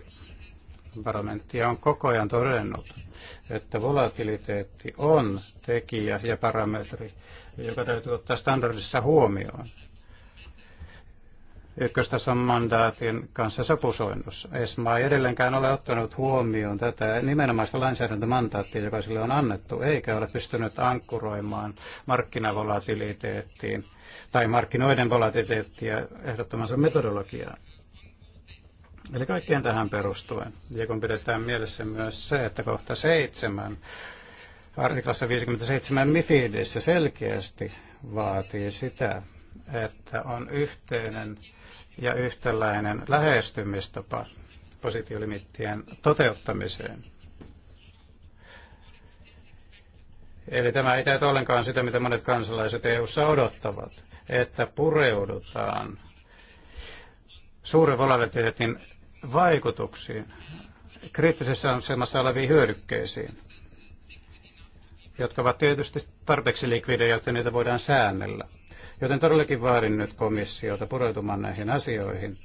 Speaker 4: parlamentti on koko ajan todennut, että volatiliteetti on tekijä ja parametri, joka täytyy ottaa standardissa huomioon ykköstason mandaatin kanssa sopusoinnus. ESMA ei edelleenkään ole ottanut huomioon tätä nimenomaista lainsäädäntömandaattia, joka sille on annettu, eikä ole pystynyt ankkuroimaan markkinavolatiliteettiin tai markkinoiden volatiliteettia ehdottomansa metodologiaan. Eli kaikkien tähän perustuen. Ja kun pidetään mielessä myös se, että kohta seitsemän artiklassa 57 Mifidissä selkeästi vaatii sitä, että on yhteinen ja yhtäläinen lähestymistapa positiolimittien toteuttamiseen. Eli tämä ei täytä ollenkaan sitä, mitä monet kansalaiset EU-ssa odottavat, että pureudutaan suuren volatiliteetin vaikutuksiin kriittisessä asemassa oleviin hyödykkeisiin, jotka ovat tietysti tarpeeksi likvidejä, jotta niitä voidaan säännellä. Joten todellakin vaadin nyt komissiota pureutumaan näihin asioihin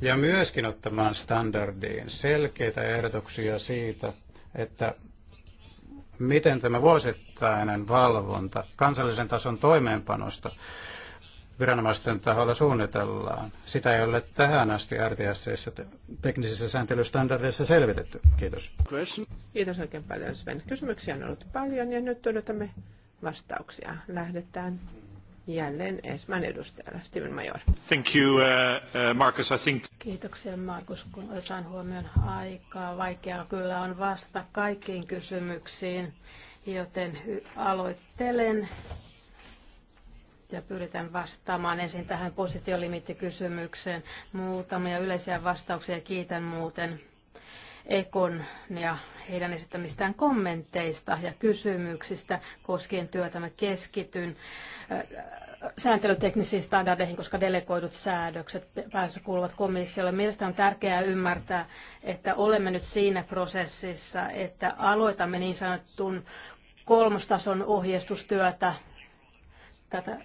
Speaker 4: ja myöskin ottamaan standardiin selkeitä ehdotuksia siitä, että miten tämä vuosittainen valvonta kansallisen tason toimeenpanosta viranomaisten taholla suunnitellaan. Sitä ei ole tähän asti RTSissä teknisissä sääntelystandardeissa selvitetty. Kiitos.
Speaker 2: Kiitos oikein paljon Sven. Kysymyksiä on ollut paljon ja nyt odotamme vastauksia. Lähdetään jälleen Esman edustajalla, Steven Major. Thank you, uh, Marcus. Uh, Markus. I think... Kiitoksia
Speaker 3: Markus, kun otetaan huomioon aikaa. Vaikeaa kyllä on vastata kaikkiin kysymyksiin, joten aloittelen ja pyritään vastaamaan ensin tähän positiolimittikysymykseen. Muutamia yleisiä vastauksia kiitän muuten Ekon ja heidän esittämistään kommenteista ja kysymyksistä koskien työtä. Mä keskityn äh, sääntelyteknisiin standardeihin, koska delegoidut säädökset päässä kuuluvat komissiolle. Mielestäni on tärkeää ymmärtää, että olemme nyt siinä prosessissa, että aloitamme niin sanotun kolmostason ohjeistustyötä tätä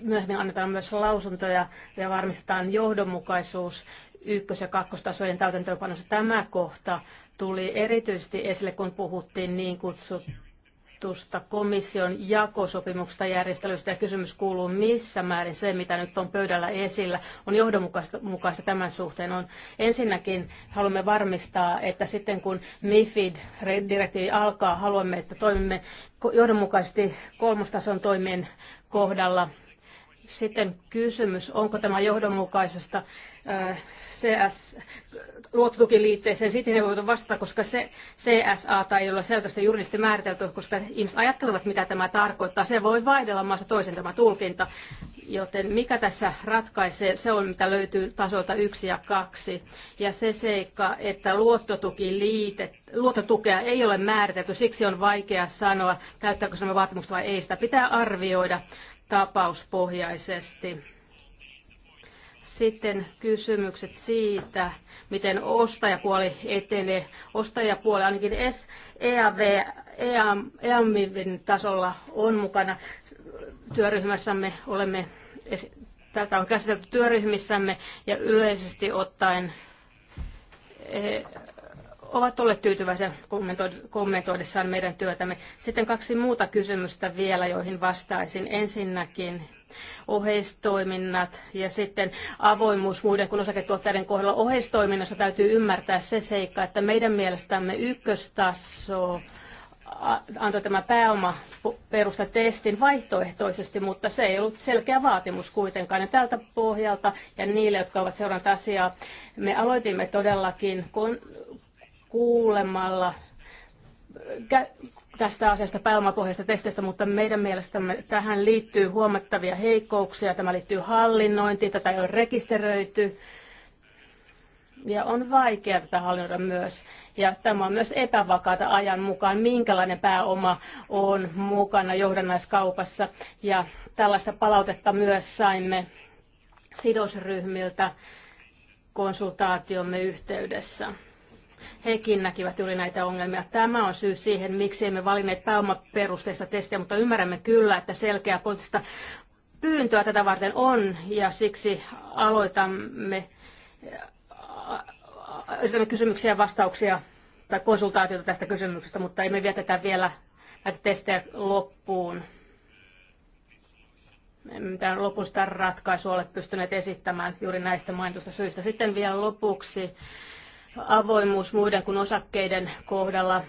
Speaker 3: myöhemmin annetaan myös lausuntoja ja varmistetaan johdonmukaisuus ykkös- ja kakkostasojen täytäntöönpanossa. Tämä kohta tuli erityisesti esille, kun puhuttiin niin kutsutusta komission jakosopimuksesta järjestelystä ja kysymys kuuluu, missä määrin se, mitä nyt on pöydällä esillä, on johdonmukaista tämän suhteen. On, ensinnäkin haluamme varmistaa, että sitten kun MIFID-direktiivi alkaa, haluamme, että toimimme johdonmukaisesti kolmostason toimien kohdalla sitten kysymys, onko tämä johdonmukaisesta äh, CS, luottotukiliitteeseen, sitten ei voitu vastata, koska se CSA tai ei ole selvästi juridisesti määritelty, koska ihmiset ajattelevat, mitä tämä tarkoittaa. Se voi vaihdella maassa toisen tämä tulkinta, joten mikä tässä ratkaisee, se on mitä löytyy tasolta yksi ja kaksi. Ja se seikka, että luottotukiliite, luottotukea ei ole määritelty, siksi on vaikea sanoa, täyttääkö se vaatimukset vai ei. Sitä pitää arvioida tapauspohjaisesti. Sitten kysymykset siitä, miten ostajapuoli etenee. Ostajapuoli ainakin EAV, EAMIVin e tasolla on mukana. Työryhmässämme olemme, tätä on käsitelty työryhmissämme ja yleisesti ottaen e, ovat olleet tyytyväisiä kommentoidessaan meidän työtämme. Sitten kaksi muuta kysymystä vielä, joihin vastaisin. Ensinnäkin oheistoiminnat ja sitten avoimuus muiden kuin osaketuottajien kohdalla. Oheistoiminnassa täytyy ymmärtää se seikka, että meidän mielestämme ykköstaso antoi tämä pääoma perusta testin vaihtoehtoisesti, mutta se ei ollut selkeä vaatimus kuitenkaan. Ja tältä pohjalta ja niille, jotka ovat seuranneet asiaa, me aloitimme todellakin kuulemalla tästä asiasta pääomapohjaisesta testistä, mutta meidän mielestämme tähän liittyy huomattavia heikkouksia. Tämä liittyy hallinnointiin, tätä ei ole rekisteröity ja on vaikea tätä hallinnoida myös. Ja tämä on myös epävakaata ajan mukaan, minkälainen pääoma on mukana johdannaiskaupassa. Ja tällaista palautetta myös saimme sidosryhmiltä konsultaatiomme yhteydessä. Hekin näkivät juuri näitä ongelmia. Tämä on syy siihen, miksi emme valinneet pääomaperusteista testiä, mutta ymmärrämme kyllä, että selkeä poliittista pyyntöä tätä varten on, ja siksi aloitamme äh, esitämme kysymyksiä ja vastauksia tai konsultaatiota tästä kysymyksestä, mutta emme vietetä vielä näitä testejä loppuun. Emme mitään lopusta ratkaisua ole pystyneet esittämään juuri näistä mainitusta syistä. Sitten vielä lopuksi avoimuus muiden kuin osakkeiden kohdalla.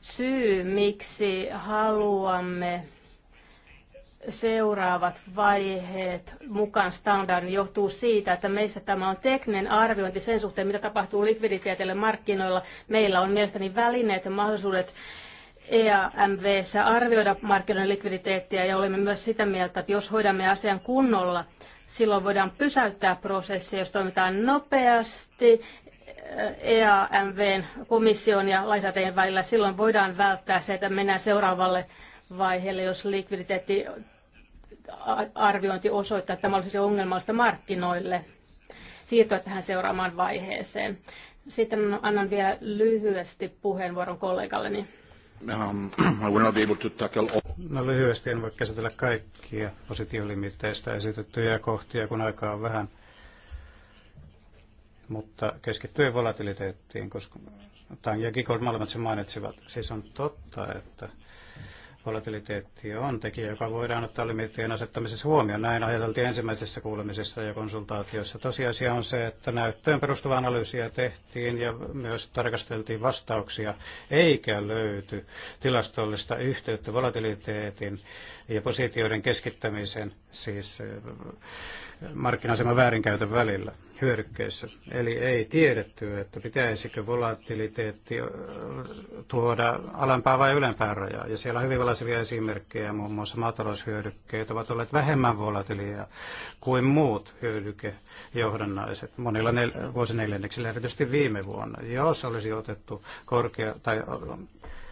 Speaker 3: Syy, miksi haluamme seuraavat vaiheet mukaan standardin johtuu siitä, että meistä tämä on tekninen arviointi sen suhteen, mitä tapahtuu likviditeetille markkinoilla. Meillä on mielestäni välineet ja mahdollisuudet EAMVssä arvioida markkinoiden likviditeettiä ja olemme myös sitä mieltä, että jos hoidamme asian kunnolla, Silloin voidaan pysäyttää prosessi, jos toimitaan nopeasti EAMVn eh, e komission ja lainsäätäjien välillä. Silloin voidaan välttää se, että mennään seuraavalle vaiheelle, jos likviditeettiarviointi arviointi osoittaa, että tämä olisi ongelmallista markkinoille siirtyä tähän seuraamaan vaiheeseen. Sitten annan vielä lyhyesti puheenvuoron kollegalleni.
Speaker 5: Um, able to all.
Speaker 4: No lyhyesti en voi käsitellä kaikkia positiolimitteistä esitettyjä kohtia, kun aikaa on vähän. Mutta keskittyen volatiliteettiin, koska Tanja Gikol molemmat se mainitsivat. Siis on totta, että Volatiliteetti on tekijä, joka voidaan ottaa limiittien asettamisessa huomioon. Näin ajateltiin ensimmäisessä kuulemisessa ja konsultaatiossa. Tosiasia on se, että näyttöön perustuva analyysiä tehtiin ja myös tarkasteltiin vastauksia, eikä löyty tilastollista yhteyttä volatiliteetin ja positioiden keskittämisen, siis markkinaseman väärinkäytön välillä hyödykkeissä. Eli ei tiedetty, että pitäisikö volatiliteetti tuoda alempaa vai ylempää rajaa. Ja siellä on hyvin valaisevia esimerkkejä, muun muassa maataloushyödykkeet ovat olleet vähemmän volatilia kuin muut hyödykejohdannaiset monilla nel- vuosineljänneksillä, erityisesti viime vuonna. Jos olisi otettu korkea, tai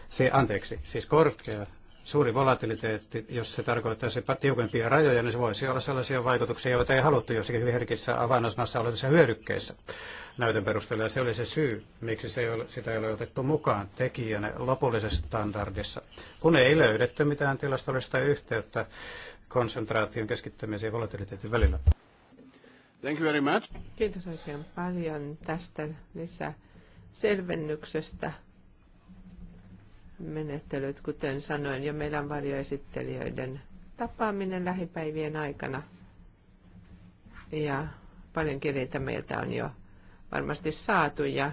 Speaker 4: se, anteeksi, siis korkea suuri volatiliteetti, jos se tarkoittaisi tiukempia rajoja, niin se voisi olla sellaisia vaikutuksia, joita ei haluttu jossakin hyvin herkissä avainosmassa olevissa hyödykkeissä näytön perusteella. Ja se oli se syy, miksi se ei ole, sitä ei ole otettu mukaan tekijänä lopullisessa standardissa, kun ei löydetty mitään tilastollista yhteyttä konsentraation keskittämiseen ja volatiliteetin välillä.
Speaker 1: Thank you very
Speaker 2: much. Kiitos oikein paljon tästä lisäselvennyksestä menettelyt, kuten sanoin jo meidän varjoesittelijöiden tapaaminen lähipäivien aikana. Ja paljon kirjeitä meiltä on jo varmasti saatu ja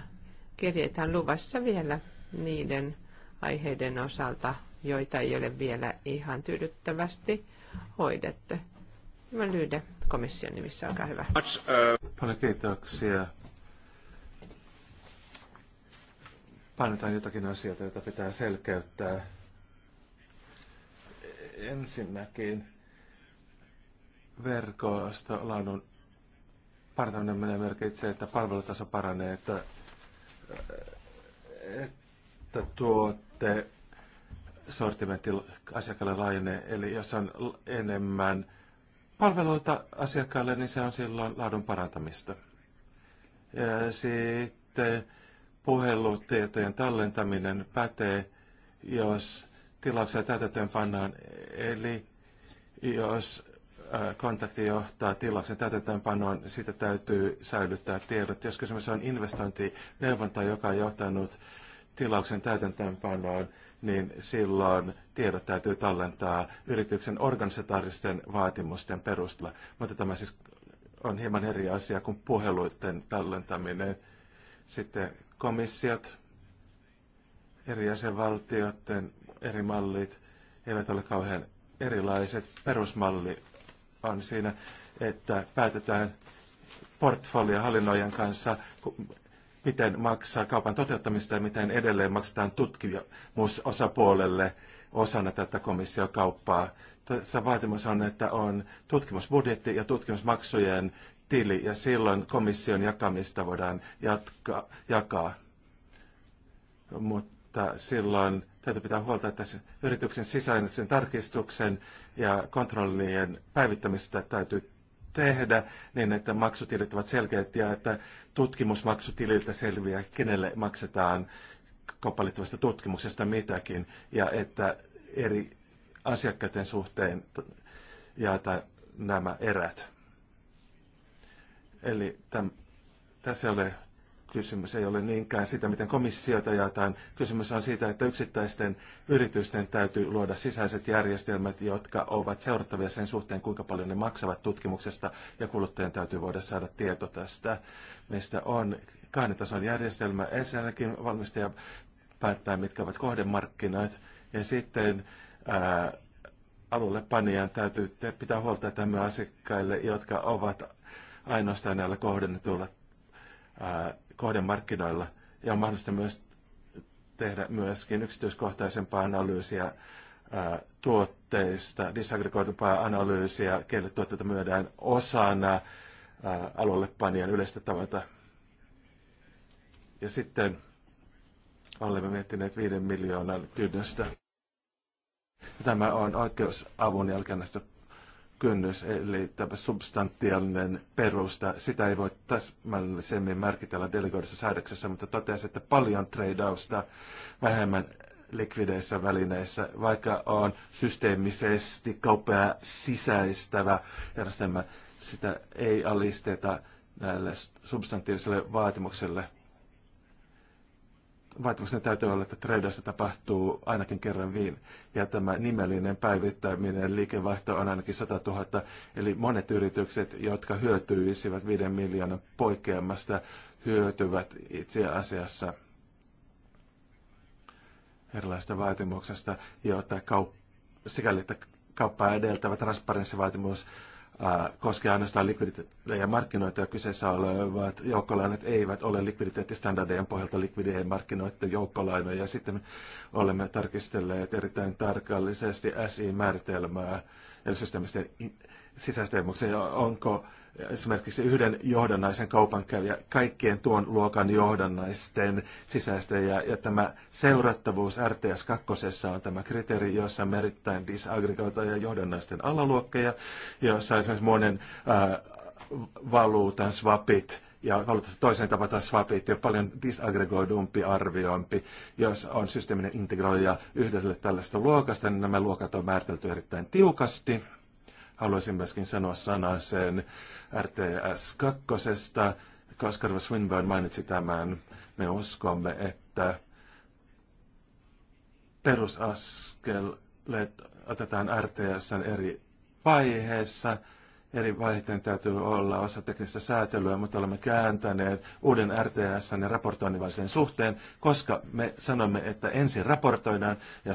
Speaker 2: kirjeitä on luvassa vielä niiden aiheiden osalta, joita ei ole vielä ihan tyydyttävästi hoidettu. Hyvä Lyyde komission nimissä, olkaa hyvä. Uh,
Speaker 5: paljon kiitoksia painetaan jotakin asioita, joita pitää selkeyttää. Ensinnäkin verkosto laadun parantaminen merkitsee, että palvelutaso paranee, että, että tuotte sortimentti asiakkaalle laajenee. Eli jos on enemmän palveluita asiakkaalle, niin se on silloin laadun parantamista. Ja sitten puhelutietojen tallentaminen pätee, jos tilauksia täytäntöön pannaan, eli jos äh, kontakti johtaa tilauksen täytäntöönpanoon, siitä täytyy säilyttää tiedot. Jos kysymys on investointineuvonta, joka on johtanut tilauksen täytäntöönpanoon, niin silloin tiedot täytyy tallentaa yrityksen organisatoristen vaatimusten perusteella. Mutta tämä siis on hieman eri asia kuin puheluiden tallentaminen. Sitten komissiot, eri jäsenvaltioiden eri mallit eivät ole kauhean erilaiset. Perusmalli on siinä, että päätetään portfoliohallinnoijan kanssa, miten maksaa kaupan toteuttamista ja miten edelleen maksetaan tutkimusosapuolelle osana tätä komissiokauppaa. Tässä vaatimus on, että on tutkimusbudjetti ja tutkimusmaksujen tili ja silloin komission jakamista voidaan jatka, jakaa. Mutta silloin täytyy pitää huolta, että yrityksen sisäisen tarkistuksen ja kontrollien päivittämistä täytyy tehdä niin, että maksutilit ovat selkeät ja että tutkimusmaksutililtä selviää, kenelle maksetaan kaupallittavasta tutkimuksesta mitäkin ja että eri asiakkaiden suhteen jaetaan nämä erät. Eli täm, tässä ei ole kysymys ei ole niinkään sitä, miten komissioita jaetaan. Kysymys on siitä, että yksittäisten yritysten täytyy luoda sisäiset järjestelmät, jotka ovat seurattavia sen suhteen, kuinka paljon ne maksavat tutkimuksesta, ja kuluttajien täytyy voida saada tieto tästä, mistä on kahden tason järjestelmä. Ensinnäkin valmistaja päättää, mitkä ovat kohdemarkkinat, ja sitten ää, alulle panijan täytyy pitää huolta tämä asiakkaille, jotka ovat ainoastaan näillä kohdennetuilla kohdemarkkinoilla. Ja on mahdollista myös tehdä myöskin yksityiskohtaisempaa analyysiä tuotteista, disaggregoitumpaa analyysiä, kelle tuotteita myydään osana alueelle panijan yleistä tavoita. Ja sitten olemme miettineet viiden miljoonan kynnystä. Tämä on oikeusavun jälkeenästä kynnys, eli tämä substantiaalinen perusta, sitä ei voi täsmällisemmin merkitellä delegoidussa säädöksessä, mutta totesi, että paljon tradeausta vähemmän likvideissä välineissä, vaikka on systeemisesti kauppaa sisäistävä järjestelmä, sitä ei alisteta näille substantiiviselle vaatimukselle – vaatimuksena täytyy olla, että treidassa tapahtuu ainakin kerran viin. Ja tämä nimellinen päivittäminen liikevaihto on ainakin 100 000, eli monet yritykset, jotka hyötyisivät 5 miljoonan poikkeamasta, hyötyvät itse asiassa erilaista vaatimuksesta, jota kau- sikäli, että kauppaa edeltävä transparenssivaatimus koska ainoastaan likviditeettejä markkinoita ja kyseessä olevat joukkolainat eivät ole likviditeettistandardejen pohjalta likvidien markkinoiden joukkolainoja. Ja sitten olemme tarkistelleet erittäin tarkallisesti SI-määritelmää eli systeemisten sisäistä onko esimerkiksi yhden johdannaisen kaupankäyjä kaikkien tuon luokan johdannaisten sisäistä. Ja, ja tämä seurattavuus RTS 2 on tämä kriteeri, jossa merittäin disaggregoituja johdannaisten alaluokkeja, jossa esimerkiksi monen äh, valuutan swapit ja valuutan toisen tapata swapit ja paljon disaggregoidumpi arviompi jos on systeeminen integroija yhdelle tällaista luokasta, niin nämä luokat on määritelty erittäin tiukasti haluaisin myöskin sanoa sanaa sen RTS 2. Kaskarva Swinburne mainitsi tämän. Me uskomme, että perusaskel otetaan RTSn eri vaiheessa – eri vaihteen täytyy olla osa teknistä säätelyä, mutta olemme kääntäneet uuden RTS ja raportoinnin suhteen, koska me sanomme, että ensin raportoidaan, ja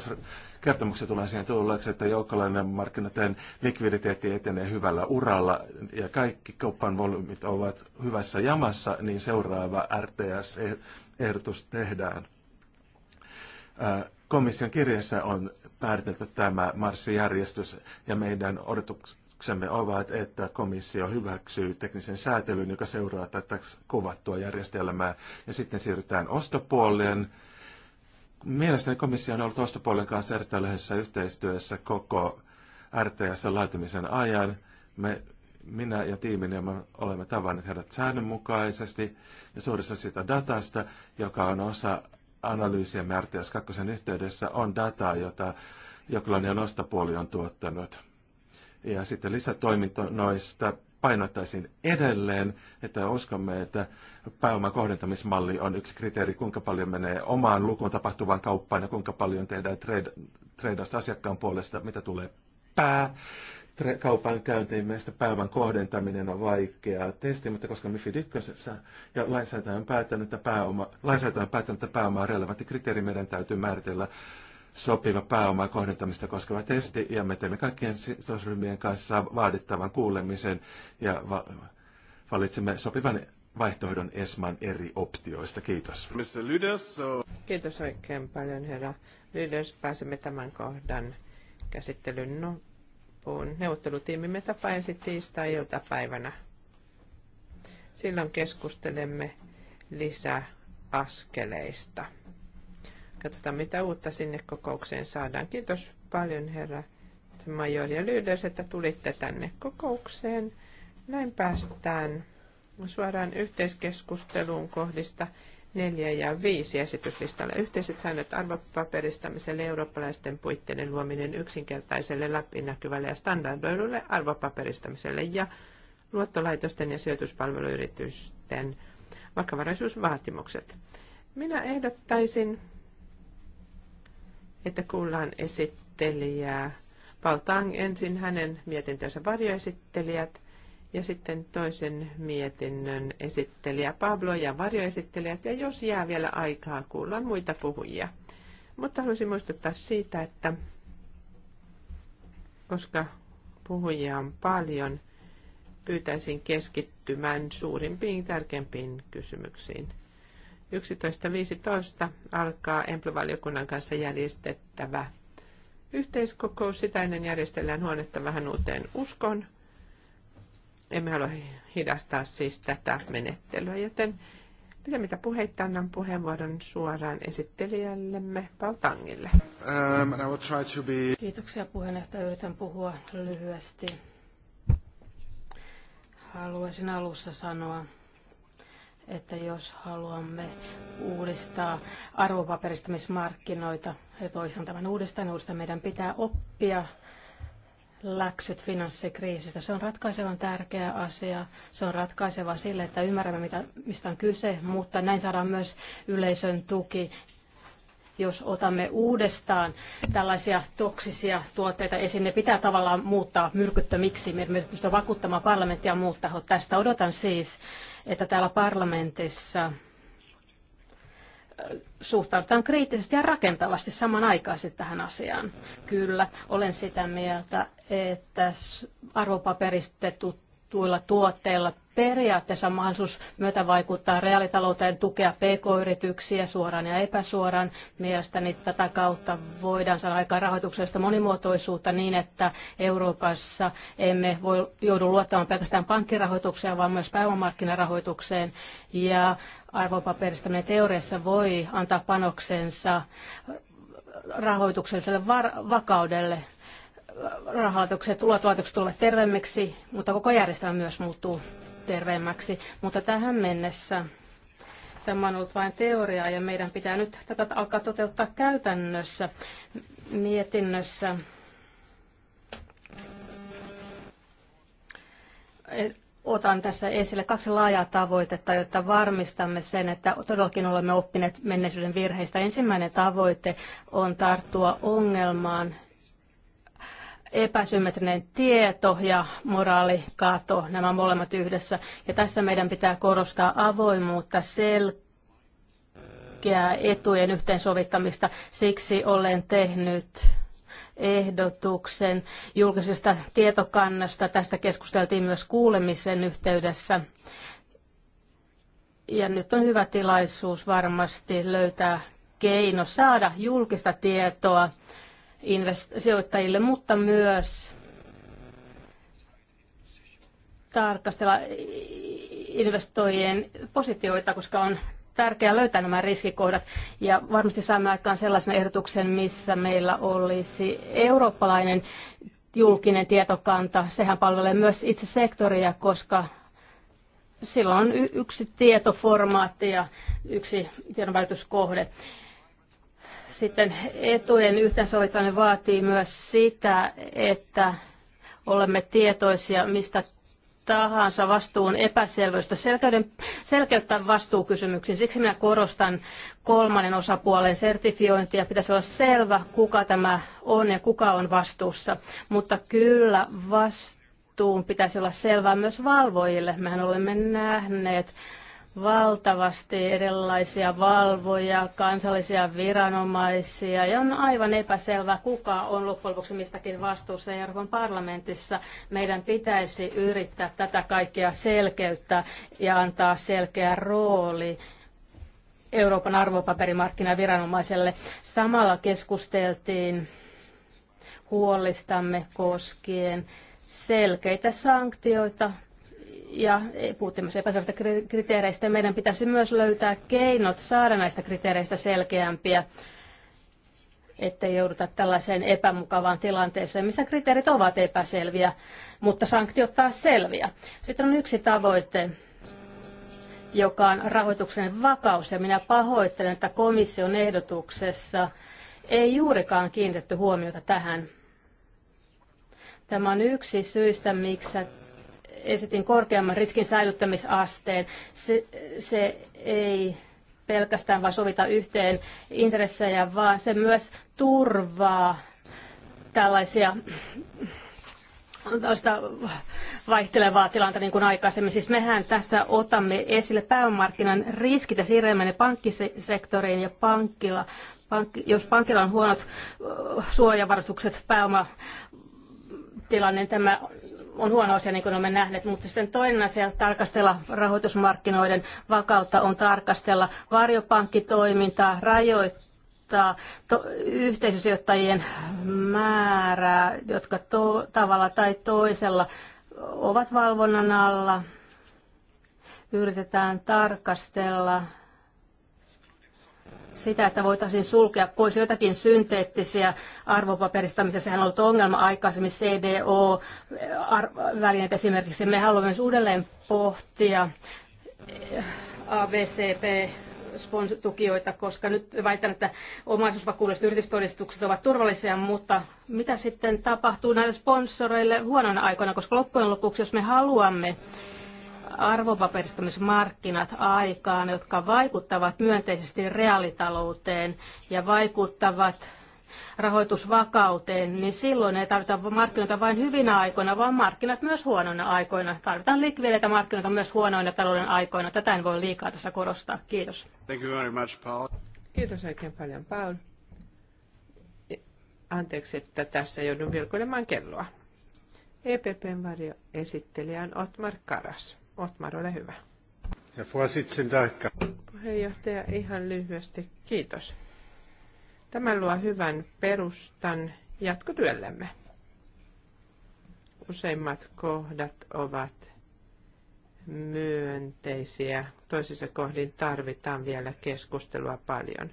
Speaker 5: kertomukset tulee siihen tulleeksi, että joukkolainen markkinoiden likviditeetti etenee hyvällä uralla, ja kaikki kauppan volyymit ovat hyvässä jamassa, niin seuraava RTS-ehdotus tehdään. Komission kirjassa on määritelty tämä marssijärjestys ja meidän odotuksemme Ehdotuksemme ovat, että komissio hyväksyy teknisen säätelyn, joka seuraa tätä kuvattua järjestelmää, ja sitten siirrytään ostopuoleen. Mielestäni komissio on ollut ostopuolen kanssa erittäin läheisessä yhteistyössä koko rts laitumisen ajan. Me minä ja tiimini niin me olemme tavanneet heidät säännönmukaisesti ja suurissa sitä datasta, joka on osa analyysiä RTS2 yhteydessä, on dataa, jota jokainen ostapuoli on tuottanut. Ja sitten lisätoiminnoista painottaisin edelleen, että uskomme, että pääoman kohdentamismalli on yksi kriteeri, kuinka paljon menee omaan lukuun tapahtuvaan kauppaan ja kuinka paljon tehdään treidausta asiakkaan puolesta, mitä tulee pää kaupan käyntiin meistä päivän kohdentaminen on vaikeaa testi, mutta koska MIFID 1 ja lainsäätäjä on päättänyt, että pääoma, lainsäätäjä on päättänyt, että pääoma on relevantti kriteeri, meidän täytyy määritellä sopiva pääomaa kohdentamista koskeva testi, ja me teemme kaikkien sidosryhmien kanssa vaadittavan kuulemisen ja va- valitsemme sopivan vaihtoehdon ESMAn eri optioista. Kiitos.
Speaker 2: Mr. Lyders, so... Kiitos oikein paljon, herra Lyders. Pääsemme tämän kohdan käsittelyn loppuun. Neuvottelutiimimme ensi tiistai-iltapäivänä. Silloin keskustelemme lisäaskeleista. Katsotaan, mitä uutta sinne kokoukseen saadaan. Kiitos paljon, herra Major ja Lyders, että tulitte tänne kokoukseen. Näin päästään suoraan yhteiskeskusteluun kohdista 4 ja 5 esityslistalle. Yhteiset säännöt arvopaperistamiselle, eurooppalaisten puitteiden luominen yksinkertaiselle, läpinäkyvälle ja standardoidulle arvopaperistamiselle ja luottolaitosten ja sijoituspalveluyritysten vakavaraisuusvaatimukset. Minä ehdottaisin että kuullaan esittelijää. Paul Tang ensin hänen mietintönsä varjoesittelijät ja sitten toisen mietinnön esittelijä Pablo ja varjoesittelijät. Ja jos jää vielä aikaa, kuullaan muita puhujia. Mutta haluaisin muistuttaa siitä, että koska puhujia on paljon, pyytäisin keskittymään suurimpiin tärkeimpiin kysymyksiin. 11.15 alkaa Emplovaliokunnan kanssa järjestettävä yhteiskokous. Sitä ennen järjestellään huonetta vähän uuteen uskon. Emme halua hidastaa siis tätä menettelyä, joten mitä puheita annan puheenvuoron suoraan esittelijällemme Paltangille.
Speaker 5: Um, be...
Speaker 2: Kiitoksia puheenjohtaja. Yritän puhua lyhyesti.
Speaker 3: Haluaisin alussa sanoa, että jos haluamme uudistaa arvopaperistamismarkkinoita ja toisaalta tämän uudestaan uudestaan, meidän pitää oppia läksyt finanssikriisistä. Se on ratkaisevan tärkeä asia. Se on ratkaiseva sille, että ymmärrämme, mitä, mistä on kyse, mutta näin saadaan myös yleisön tuki jos otamme uudestaan tällaisia toksisia tuotteita esiin, ne pitää tavallaan muuttaa myrkyttömiksi. Me emme pysty vakuuttamaan parlamenttia muut tahot. Tästä odotan siis, että täällä parlamentissa suhtaudutaan kriittisesti ja rakentavasti samanaikaisesti tähän asiaan. Kyllä, olen sitä mieltä, että arvopaperistetut tuilla tuotteilla periaatteessa mahdollisuus myötävaikuttaa vaikuttaa reaalitalouteen, tukea pk-yrityksiä suoraan ja epäsuoraan. Mielestäni tätä kautta voidaan saada aikaan rahoituksellista monimuotoisuutta niin, että Euroopassa emme voi joudu luottamaan pelkästään pankkirahoitukseen, vaan myös pääomamarkkinarahoitukseen. Ja arvopaperistaminen teoriassa voi antaa panoksensa rahoitukselliselle vakaudelle, rahoitukset, tulot, laitokset tulevat terveemmiksi, mutta koko järjestelmä myös muuttuu terveemmäksi, mutta tähän mennessä tämä on ollut vain teoriaa ja meidän pitää nyt tätä alkaa toteuttaa käytännössä, mietinnössä. Otan tässä esille kaksi laajaa tavoitetta, jotta varmistamme sen, että todellakin olemme oppineet menneisyyden virheistä. Ensimmäinen tavoite on tarttua ongelmaan, epäsymmetrinen tieto ja moraalikato, nämä molemmat yhdessä. Ja tässä meidän pitää korostaa avoimuutta, selkeää etujen yhteensovittamista. Siksi olen tehnyt ehdotuksen julkisesta tietokannasta. Tästä keskusteltiin myös kuulemisen yhteydessä. Ja nyt on hyvä tilaisuus varmasti löytää keino saada julkista tietoa invest- sijoittajille, mutta myös tarkastella investoijien positioita, koska on tärkeää löytää nämä riskikohdat. Ja varmasti saamme aikaan sellaisen ehdotuksen, missä meillä olisi eurooppalainen julkinen tietokanta. Sehän palvelee myös itse sektoria, koska silloin on yksi tietoformaatti ja yksi tiedonvälityskohde. Sitten etujen yhteensovittaminen vaatii myös sitä, että olemme tietoisia mistä tahansa vastuun epäselvyystä selkeyttää vastuukysymyksiin. Siksi minä korostan kolmannen osapuolen sertifiointia. Pitäisi olla selvä, kuka tämä on ja kuka on vastuussa. Mutta kyllä vastuun pitäisi olla selvää myös valvojille. Mehän olemme nähneet valtavasti erilaisia valvoja, kansallisia viranomaisia ja on aivan epäselvää, kuka on loppujen lopuksi mistäkin vastuussa Euroopan parlamentissa. Meidän pitäisi yrittää tätä kaikkea selkeyttää ja antaa selkeä rooli Euroopan arvopaperimarkkinaviranomaiselle. Samalla keskusteltiin huolistamme koskien selkeitä sanktioita ja puhuttiin myös epäselvistä kriteereistä. Meidän pitäisi myös löytää keinot saada näistä kriteereistä selkeämpiä, ettei jouduta tällaiseen epämukavaan tilanteeseen, missä kriteerit ovat epäselviä, mutta sanktiot taas selviä. Sitten on yksi tavoite, joka on rahoituksen vakaus, ja minä pahoittelen, että komission ehdotuksessa ei juurikaan kiinnitetty huomiota tähän. Tämä on yksi syistä, miksi esitin korkeamman riskin säilyttämisasteen. Se, se ei pelkästään vaan sovita yhteen intressejä, vaan se myös turvaa tällaisia tällaista vaihtelevaa tilannetta niin kuin aikaisemmin. Siis mehän tässä otamme esille pääomamarkkinan riskit ja siirrämme ne pankkisektoriin ja pankkilla. Pankki, jos pankilla on huonot suojavarustukset pääoma tilanne tämä on huono asia, niin kuin olemme nähneet, mutta sitten toinen asia tarkastella rahoitusmarkkinoiden vakautta on tarkastella varjopankkitoimintaa, rajoittaa to- yhteisösijoittajien määrää, jotka to- tavalla tai toisella ovat valvonnan alla. Yritetään tarkastella sitä, että voitaisiin sulkea pois jotakin synteettisiä missä Sehän on ollut ongelma aikaisemmin CDO-välineet esimerkiksi. Me haluamme myös uudelleen pohtia eh, ABCP tukijoita, koska nyt väitän, että omaisuusvakuulliset yritystodistukset ovat turvallisia, mutta mitä sitten tapahtuu näille sponsoreille huonona aikoina, koska loppujen lopuksi, jos me haluamme arvopaperistamismarkkinat aikaan, jotka vaikuttavat myönteisesti reaalitalouteen ja vaikuttavat rahoitusvakauteen, niin silloin ei tarvita markkinoita vain hyvinä aikoina, vaan markkinat myös huonoina aikoina. Tarvitaan likvideitä markkinoita myös huonoina talouden aikoina. Tätä en voi liikaa tässä
Speaker 2: korostaa. Kiitos.
Speaker 1: Thank you very much, Paul.
Speaker 2: Kiitos oikein paljon, Paul. Anteeksi, että tässä joudun vilkoilemaan kelloa. EPPn varjo esittelijä on Otmar Karas. Otmar, ole hyvä. Ja Puheenjohtaja, ihan lyhyesti kiitos. Tämä luo hyvän perustan jatkotyöllemme. Useimmat kohdat ovat myönteisiä. Toisissa kohdin tarvitaan vielä keskustelua paljon.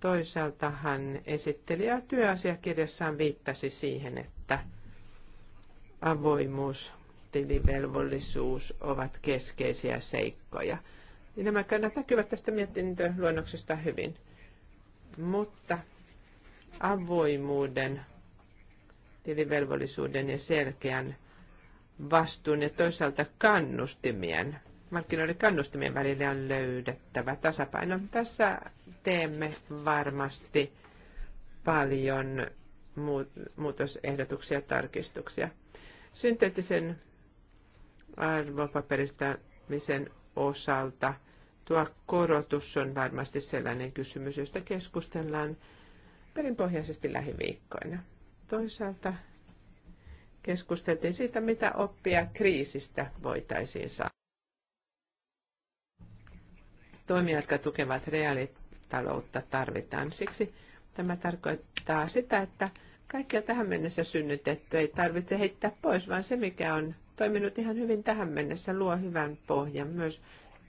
Speaker 2: Toisaalta hän esittelijä työasiakirjassaan viittasi siihen, että avoimuus tilivelvollisuus ovat keskeisiä seikkoja. Ja nämä kannat näkyvät tästä mietintöluonnoksesta hyvin. Mutta avoimuuden, tilivelvollisuuden ja selkeän vastuun ja toisaalta kannustimien, markkinoiden kannustimien välillä on löydettävä tasapaino. Tässä teemme varmasti paljon muutosehdotuksia ja tarkistuksia. Synteettisen arvopaperistamisen osalta. Tuo korotus on varmasti sellainen kysymys, josta keskustellaan perinpohjaisesti lähiviikkoina. Toisaalta keskusteltiin siitä, mitä oppia kriisistä voitaisiin saada. Toimia, jotka tukevat reaalitaloutta, tarvitaan. Siksi tämä tarkoittaa sitä, että kaikkea tähän mennessä synnytetty ei tarvitse heittää pois, vaan se, mikä on toiminut ihan hyvin tähän mennessä, luo hyvän pohjan myös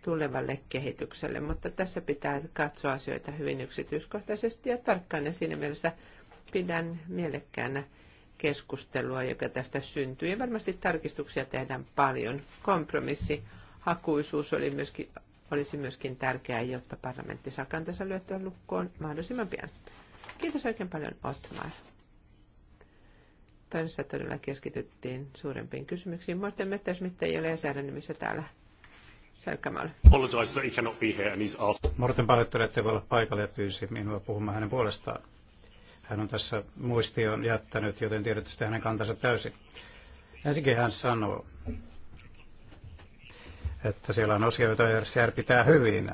Speaker 2: tulevalle kehitykselle, mutta tässä pitää katsoa asioita hyvin yksityiskohtaisesti ja tarkkaan ja siinä mielessä pidän mielekkäänä keskustelua, joka tästä syntyy. Ja varmasti tarkistuksia tehdään paljon. Kompromissi, hakuisuus oli myöskin, olisi myöskin tärkeää, jotta parlamentti saa kantansa lyötyä lukkoon mahdollisimman pian. Kiitos oikein paljon Otmar. Afganistanissa todella keskityttiin suurempiin kysymyksiin. Morten Mettersmith ei ole esääränimissä täällä Selkämällä.
Speaker 4: Morten pahoittelee, ettei voi olla paikalla ja pyysi minua puhumaan hänen puolestaan. Hän on tässä muistion jättänyt, joten tiedätte sitten hänen kantansa täysin. Ensinnäkin hän sanoo, että siellä on osia, joita RCR pitää hyvin.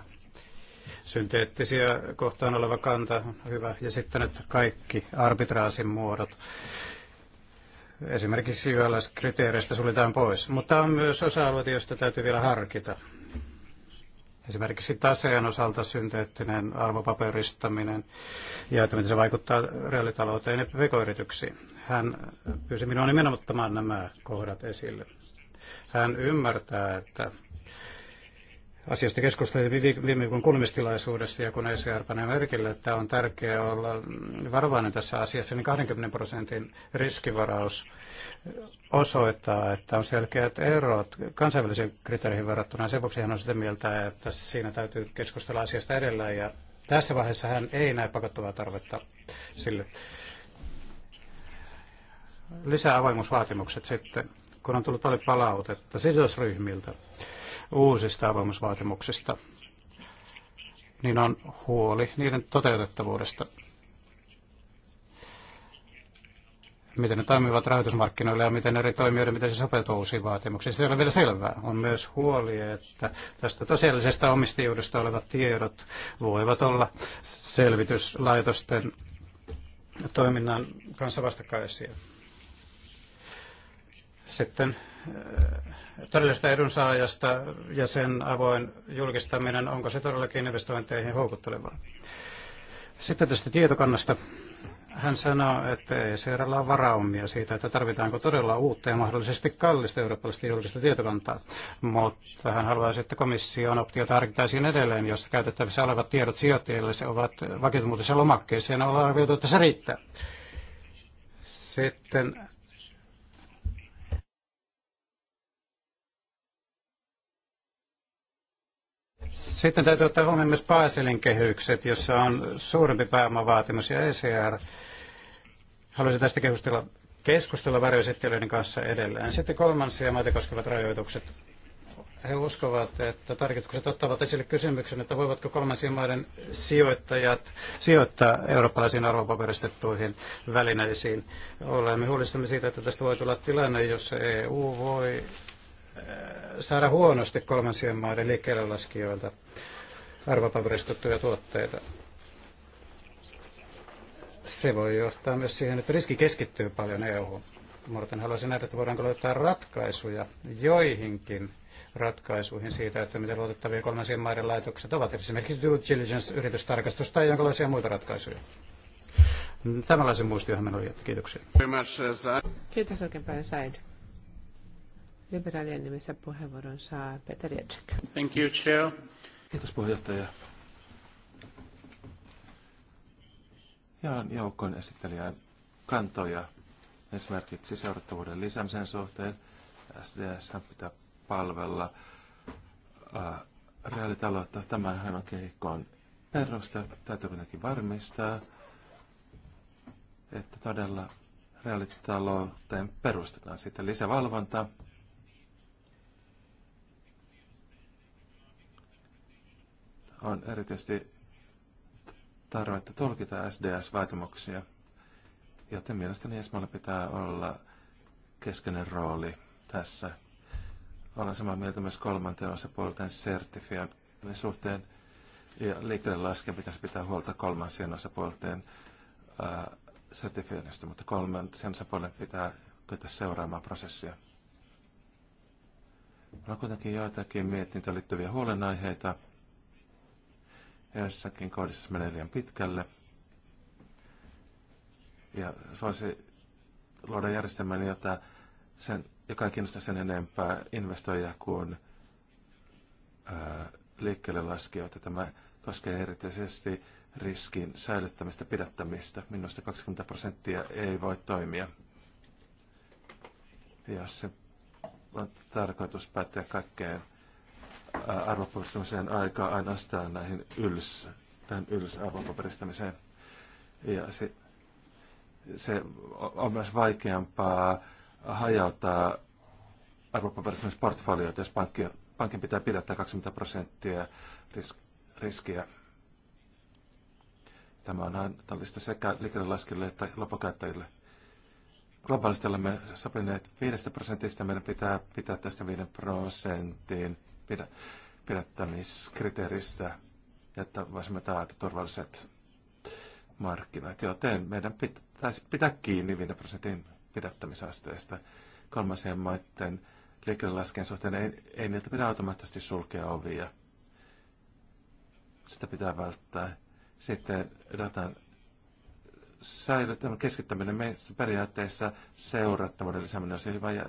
Speaker 4: Synteettisiä kohtaan oleva kanta, hyvä. Ja sitten, että kaikki arbitraasin muodot Esimerkiksi YLS-kriteereistä suljetaan pois, mutta on myös osa-alueita, joista täytyy vielä harkita. Esimerkiksi taseen osalta synteettinen arvopaperistaminen ja että miten se vaikuttaa reaalitalouteen ja pk-yrityksiin. Hän pyysi minua nimenomaan nämä kohdat esille. Hän ymmärtää, että Asiasta keskusteltiin viime viikon kulmistilaisuudessa ja kun ECR panee merkille, että on tärkeää olla varovainen tässä asiassa, niin 20 prosentin riskivaraus osoittaa, että on selkeät erot kansainvälisiin kriteereihin verrattuna. Sen vuoksi hän on sitä mieltä, että siinä täytyy keskustella asiasta edelleen ja tässä vaiheessa hän ei näe pakottavaa tarvetta sille. Lisää sitten, kun on tullut paljon palautetta sidosryhmiltä uusista avoimuusvaatimuksista, niin on huoli niiden toteutettavuudesta. Miten ne toimivat rahoitusmarkkinoilla ja miten eri toimijoiden miten se sopeutuu uusiin vaatimuksiin. Se ei ole vielä selvää. On myös huoli, että tästä tosiasiallisesta omistajuudesta olevat tiedot voivat olla selvityslaitosten toiminnan kanssa vastakkaisia. Sitten todellisesta edunsaajasta ja sen avoin julkistaminen, onko se todellakin investointeihin houkuttelevaa. Sitten tästä tietokannasta. Hän sanoo, että ECRllä on varaumia siitä, että tarvitaanko todella uutta ja mahdollisesti kallista eurooppalaista julkista tietokantaa. Mutta hän haluaisi, että komission optiota harkittaisiin edelleen, jossa käytettävissä olevat tiedot sijoittajille se ovat vakitumuutisessa lomakkeessa ja on arvioitu, että se riittää. Sitten Sitten täytyy ottaa huomioon myös Baselin kehykset, jossa on suurempi pääomavaatimus ja ECR. Haluaisin tästä keskustella, keskustella varjoesittelyiden kanssa edelleen. Sitten kolmansia maita koskevat rajoitukset. He uskovat, että tarkoitukset ottavat esille kysymyksen, että voivatko kolmansien maiden sijoittajat sijoittaa eurooppalaisiin arvopaperistettuihin välineisiin. Olemme huolissamme siitä, että tästä voi tulla tilanne, jossa EU voi Eh, saada huonosti kolmansien maiden liikkeelle laskijoilta arvopaperistettuja tuotteita. Se voi johtaa myös siihen, että riski keskittyy paljon EU-hun. Morten haluaisin nähdä, että voidaanko löytää ratkaisuja joihinkin ratkaisuihin siitä, että miten luotettavia kolmansien maiden laitokset ovat, esimerkiksi due diligence-yritystarkastus tai jonkinlaisia muita ratkaisuja. Tämänlaisen muistiohan minulla oli, kiitoksia.
Speaker 1: Uh,
Speaker 2: Kiitos oikein paljon Said. Liberaalien nimissä puheenvuoron saa Peter Jetsik.
Speaker 5: Thank you, Chair. Kiitos puheenjohtaja. Jaan joukkoon esittelijän kantoja esimerkiksi seurattavuuden lisäämisen suhteen. SDS pitää palvella äh, reaalitaloutta. Tämähän on kehikkoon perusta. Täytyy kuitenkin varmistaa, että todella reaalitalouteen perustetaan sitten lisävalvonta on erityisesti tarvetta tulkita SDS-vaatimuksia, joten mielestäni ESMAlla pitää olla keskeinen rooli tässä. Olen samaa mieltä myös kolmanteen osapuolten sertifian suhteen ja liikkeelle lasken pitäisi pitää huolta kolmansien osapuolten sertifioinnista, mutta kolmansien osapuolten pitää kyetä seuraamaan prosessia. Meillä on kuitenkin joitakin mietintöön liittyviä huolenaiheita jossakin kohdassa menee liian pitkälle. Ja voisi luoda järjestelmän, jota sen, joka ei kiinnosta sen enempää investoijia kuin ää, liikkeelle laskijoita. Tämä koskee erityisesti riskin säilyttämistä, pidättämistä. Minusta 20 prosenttia ei voi toimia. Ja se on tarkoitus päättää kaikkeen arvopaperistamiseen aikaa ainoastaan näihin yls, tähän yls arvopaperistamiseen. Ja se, se on myös vaikeampaa hajauttaa arvopaperistamisportfolioita, jos pankki, pankin pitää pidättää 20 prosenttia risk, riskiä. Tämä on haitallista sekä liikennelaskille että lopukäyttäjille. Globaalisti olemme sopineet 5 prosentista, meidän pitää pitää tästä 5 prosentin pidä, pidättämiskriteeristä, jotta voisimme taata turvalliset markkinat. Joten meidän pitäisi pitää kiinni 5 prosentin pidättämisasteesta kolmansien maiden liikkeelle suhteen. Ei, ei niiltä pidä automaattisesti sulkea ovia. Sitä pitää välttää. Sitten datan säilyttäminen, keskittäminen me periaatteessa seurattavuuden lisääminen olisi hyvä ja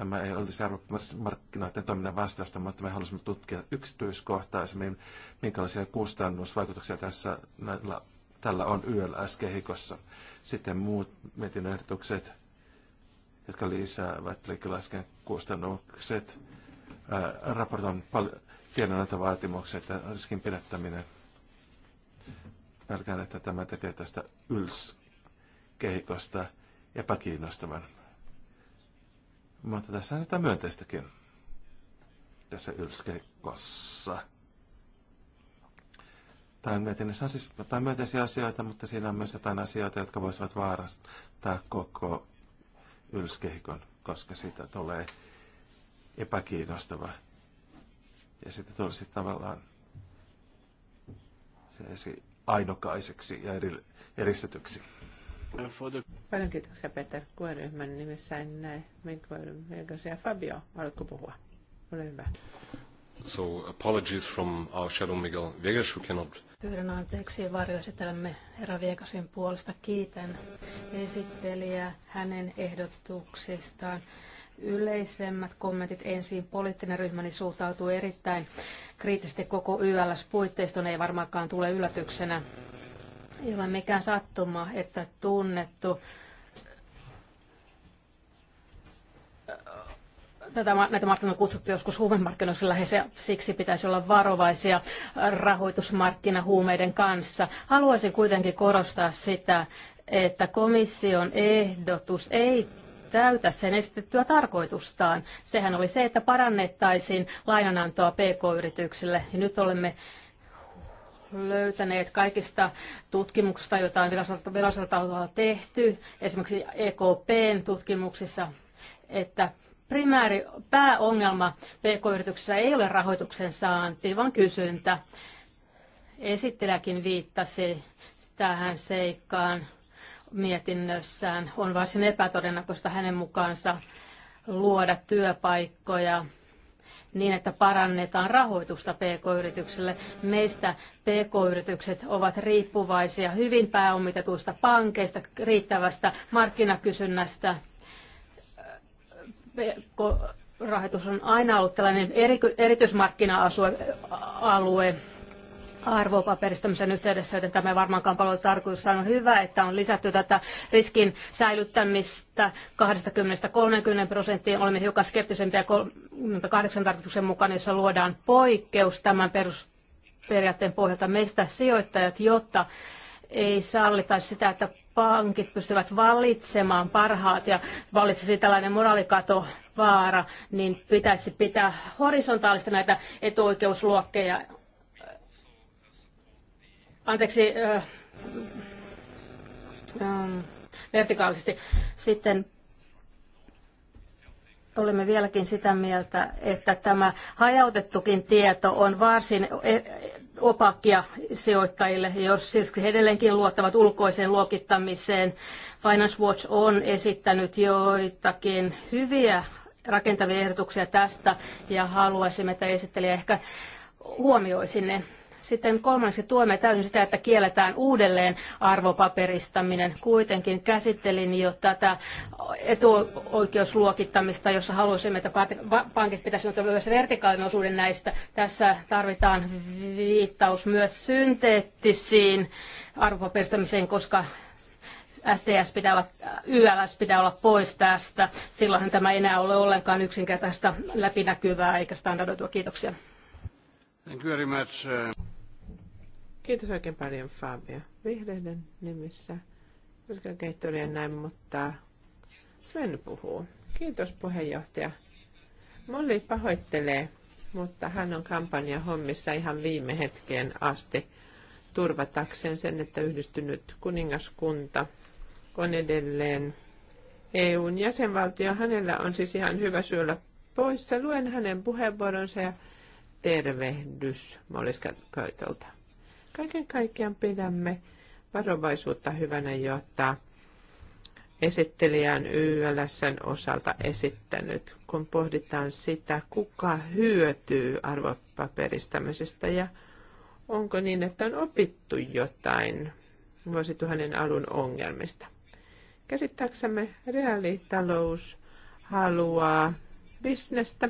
Speaker 5: Tämä ei olisi arvomarkkinoiden toiminnan vastaista, mutta me haluaisimme tutkia yksityiskohtaisemmin, minkälaisia kustannusvaikutuksia tässä näillä, tällä on YLS-kehikossa. Sitten muut mietinnön ehdotukset, jotka lisäävät liikelasken kustannukset, raportoin paljon vaatimukset ja riskin pidättäminen. Pelkään, että tämä tekee tästä yls-kehikosta epäkiinnostavan. Mutta tässä on jotain myönteistäkin. Tässä ylskeikossa. Tämä on, mietinnässä siis on siis jotain myönteisiä asioita, mutta siinä on myös jotain asioita, jotka voisivat vaarastaa koko ylskehikon, koska siitä tulee epäkiinnostava. Ja sitten tulisi tavallaan se ainokaiseksi ja eri, eristetyksi.
Speaker 2: Paljon kiitoksia Peter. Kuoryhmän nimessä en näe. Minkä Fabio, haluatko puhua? Ole hyvä.
Speaker 5: So apologies from our shadow Miguel Vegas who cannot...
Speaker 2: Pyydän anteeksi varjoesitelemme herra Viekasin
Speaker 3: puolesta. Kiitän esittelijää hänen ehdotuksistaan yleisemmät kommentit ensin. Poliittinen ryhmäni suhtautuu erittäin kriittisesti koko YLS-puitteiston, ei varmaankaan tule yllätyksenä. Ei ole mikään sattuma, että tunnettu tätä, näitä markkinoita on kutsuttu joskus huumemarkkinoissa lähes ja siksi pitäisi olla varovaisia rahoitusmarkkinahuumeiden kanssa. Haluaisin kuitenkin korostaa sitä, että komission ehdotus ei täytä sen esitettyä tarkoitustaan. Sehän oli se, että parannettaisiin lainanantoa PK-yrityksille. Ja nyt olemme löytäneet kaikista tutkimuksista, joita on virallisella taholla tehty, esimerkiksi EKPn tutkimuksissa, että primääri pääongelma pk yrityksessä ei ole rahoituksen saanti, vaan kysyntä. Esittelijäkin viittasi tähän seikkaan mietinnössään. On varsin epätodennäköistä hänen mukaansa luoda työpaikkoja niin, että parannetaan rahoitusta pk-yrityksille. Meistä pk-yritykset ovat riippuvaisia hyvin pääomitetuista pankeista, riittävästä markkinakysynnästä. Rahoitus on aina ollut tällainen erityismarkkina-alue arvopaperistamisen yhteydessä, joten tämä ei varmaankaan paljon tarkoitus. On hyvä, että on lisätty tätä riskin säilyttämistä 20-30 prosenttiin. Olemme hiukan skeptisempiä 38 tarkoituksen mukaan, jossa luodaan poikkeus tämän perusperiaatteen pohjalta meistä sijoittajat, jotta ei sallita sitä, että pankit pystyvät valitsemaan parhaat ja valitsisi tällainen moraalikato vaara, niin pitäisi pitää horisontaalista näitä etuoikeusluokkeja anteeksi, äh, äh, vertikaalisesti. Sitten olemme vieläkin sitä mieltä, että tämä hajautettukin tieto on varsin e, e, opakia sijoittajille, jos silti he edelleenkin luottavat ulkoiseen luokittamiseen. Finance Watch on esittänyt joitakin hyviä rakentavia ehdotuksia tästä ja haluaisimme, että esittelijä ehkä huomioisi ne. Sitten kolmanneksi tuemme täysin sitä, että kielletään uudelleen arvopaperistaminen. Kuitenkin käsittelin jo tätä etuoikeusluokittamista, jossa haluaisimme, että pankit pitäisi ottaa myös vertikaalinen osuuden näistä. Tässä tarvitaan viittaus myös synteettisiin arvopaperistamiseen, koska STS pitää olla, YLS pitää olla pois tästä. Silloinhan tämä ei enää ole ollenkaan yksinkertaista läpinäkyvää eikä standardoitua. Kiitoksia. Thank
Speaker 1: you very much. Uh,
Speaker 2: Kiitos oikein paljon Fabio. Vihreiden nimissä, koska keittori näin, mutta Sven puhuu. Kiitos puheenjohtaja. Molli pahoittelee, mutta hän on kampanjahommissa hommissa ihan viime hetkeen asti turvatakseen sen, että yhdistynyt kuningaskunta on edelleen EUn jäsenvaltio. Hänellä on siis ihan hyvä syy olla poissa. Luen hänen puheenvuoronsa ja tervehdys Molliskaitolta. Kaiken kaikkiaan pidämme varovaisuutta hyvänä, jota esittelijän on YLSn osalta esittänyt, kun pohditaan sitä, kuka hyötyy arvopaperistämisestä ja onko niin, että on opittu jotain vuosituhannen alun ongelmista. Käsittääksemme reaalitalous haluaa bisnestä.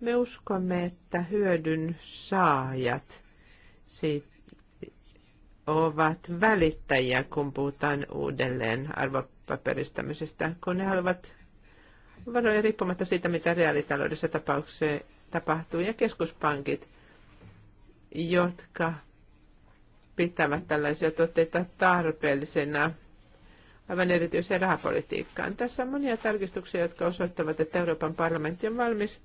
Speaker 2: Me uskomme, että hyödyn saajat siitä ovat välittäjiä, kun puhutaan uudelleen arvopaperistämisestä. kun ne haluavat varoja riippumatta siitä, mitä reaalitaloudessa tapauksessa tapahtuu. Ja keskuspankit, jotka pitävät tällaisia tuotteita tarpeellisena aivan erityiseen rahapolitiikkaan. Tässä on monia tarkistuksia, jotka osoittavat, että Euroopan parlamentti on valmis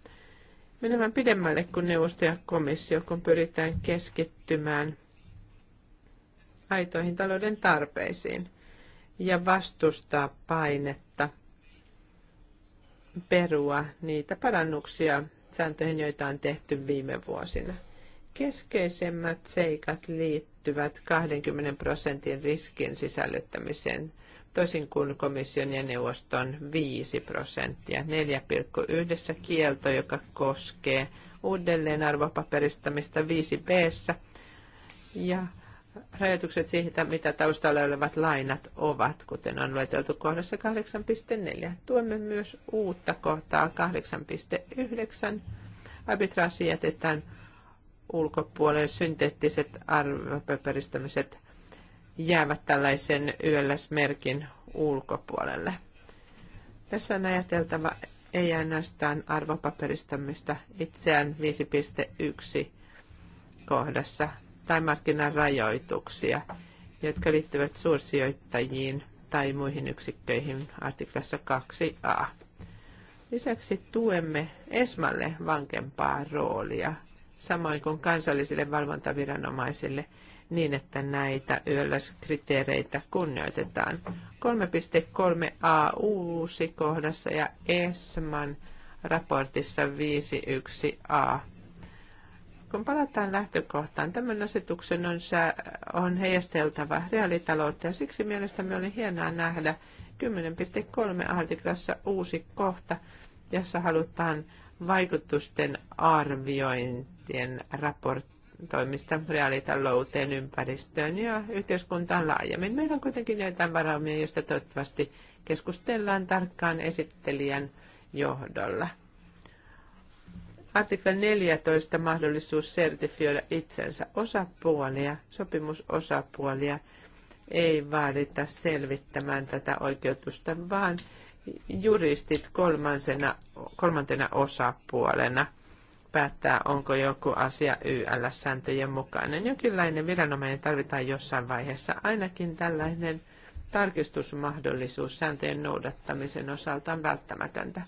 Speaker 2: menemään pidemmälle kuin neuvosto ja komissio, kun pyritään keskittymään – aitoihin talouden tarpeisiin ja vastustaa painetta perua niitä parannuksia sääntöihin, joita on tehty viime vuosina. Keskeisemmät seikat liittyvät 20 prosentin riskin sisällyttämiseen, toisin kuin komission ja neuvoston 5 prosenttia. 4,1 kielto, joka koskee uudelleen arvopaperistamista 5b ja rajoitukset siitä, mitä taustalla olevat lainat ovat, kuten on lueteltu kohdassa 8.4. Tuemme myös uutta kohtaa 8.9. Arbitraasi jätetään ulkopuolelle synteettiset arvopaperistämiset jäävät tällaisen YLS-merkin ulkopuolelle. Tässä on ajateltava ei ainoastaan arvopaperistamista itseään 5.1 kohdassa tai markkinarajoituksia, jotka liittyvät suursijoittajiin tai muihin yksikköihin artiklassa 2a. Lisäksi tuemme ESMAlle vankempaa roolia, samoin kuin kansallisille valvontaviranomaisille, niin että näitä YLS-kriteereitä kunnioitetaan. 3.3a uusi kohdassa ja ESMAn raportissa 5.1a kun palataan lähtökohtaan, tämän asetuksen on, on heijasteltava reaalitaloutta ja siksi mielestäni oli hienoa nähdä 10.3 artiklassa uusi kohta, jossa halutaan vaikutusten arviointien raportoimista reaalitalouteen, ympäristöön ja yhteiskuntaan laajemmin. Meillä on kuitenkin joitain varaumia, joista toivottavasti keskustellaan tarkkaan esittelijän johdolla. Artikla 14 mahdollisuus sertifioida itsensä osapuolia, sopimusosapuolia, ei vaadita selvittämään tätä oikeutusta, vaan juristit kolmansena, kolmantena osapuolena päättää, onko joku asia YL-sääntöjen mukainen. jokinlainen viranomainen tarvitaan jossain vaiheessa, ainakin tällainen tarkistusmahdollisuus sääntöjen noudattamisen osalta on välttämätöntä.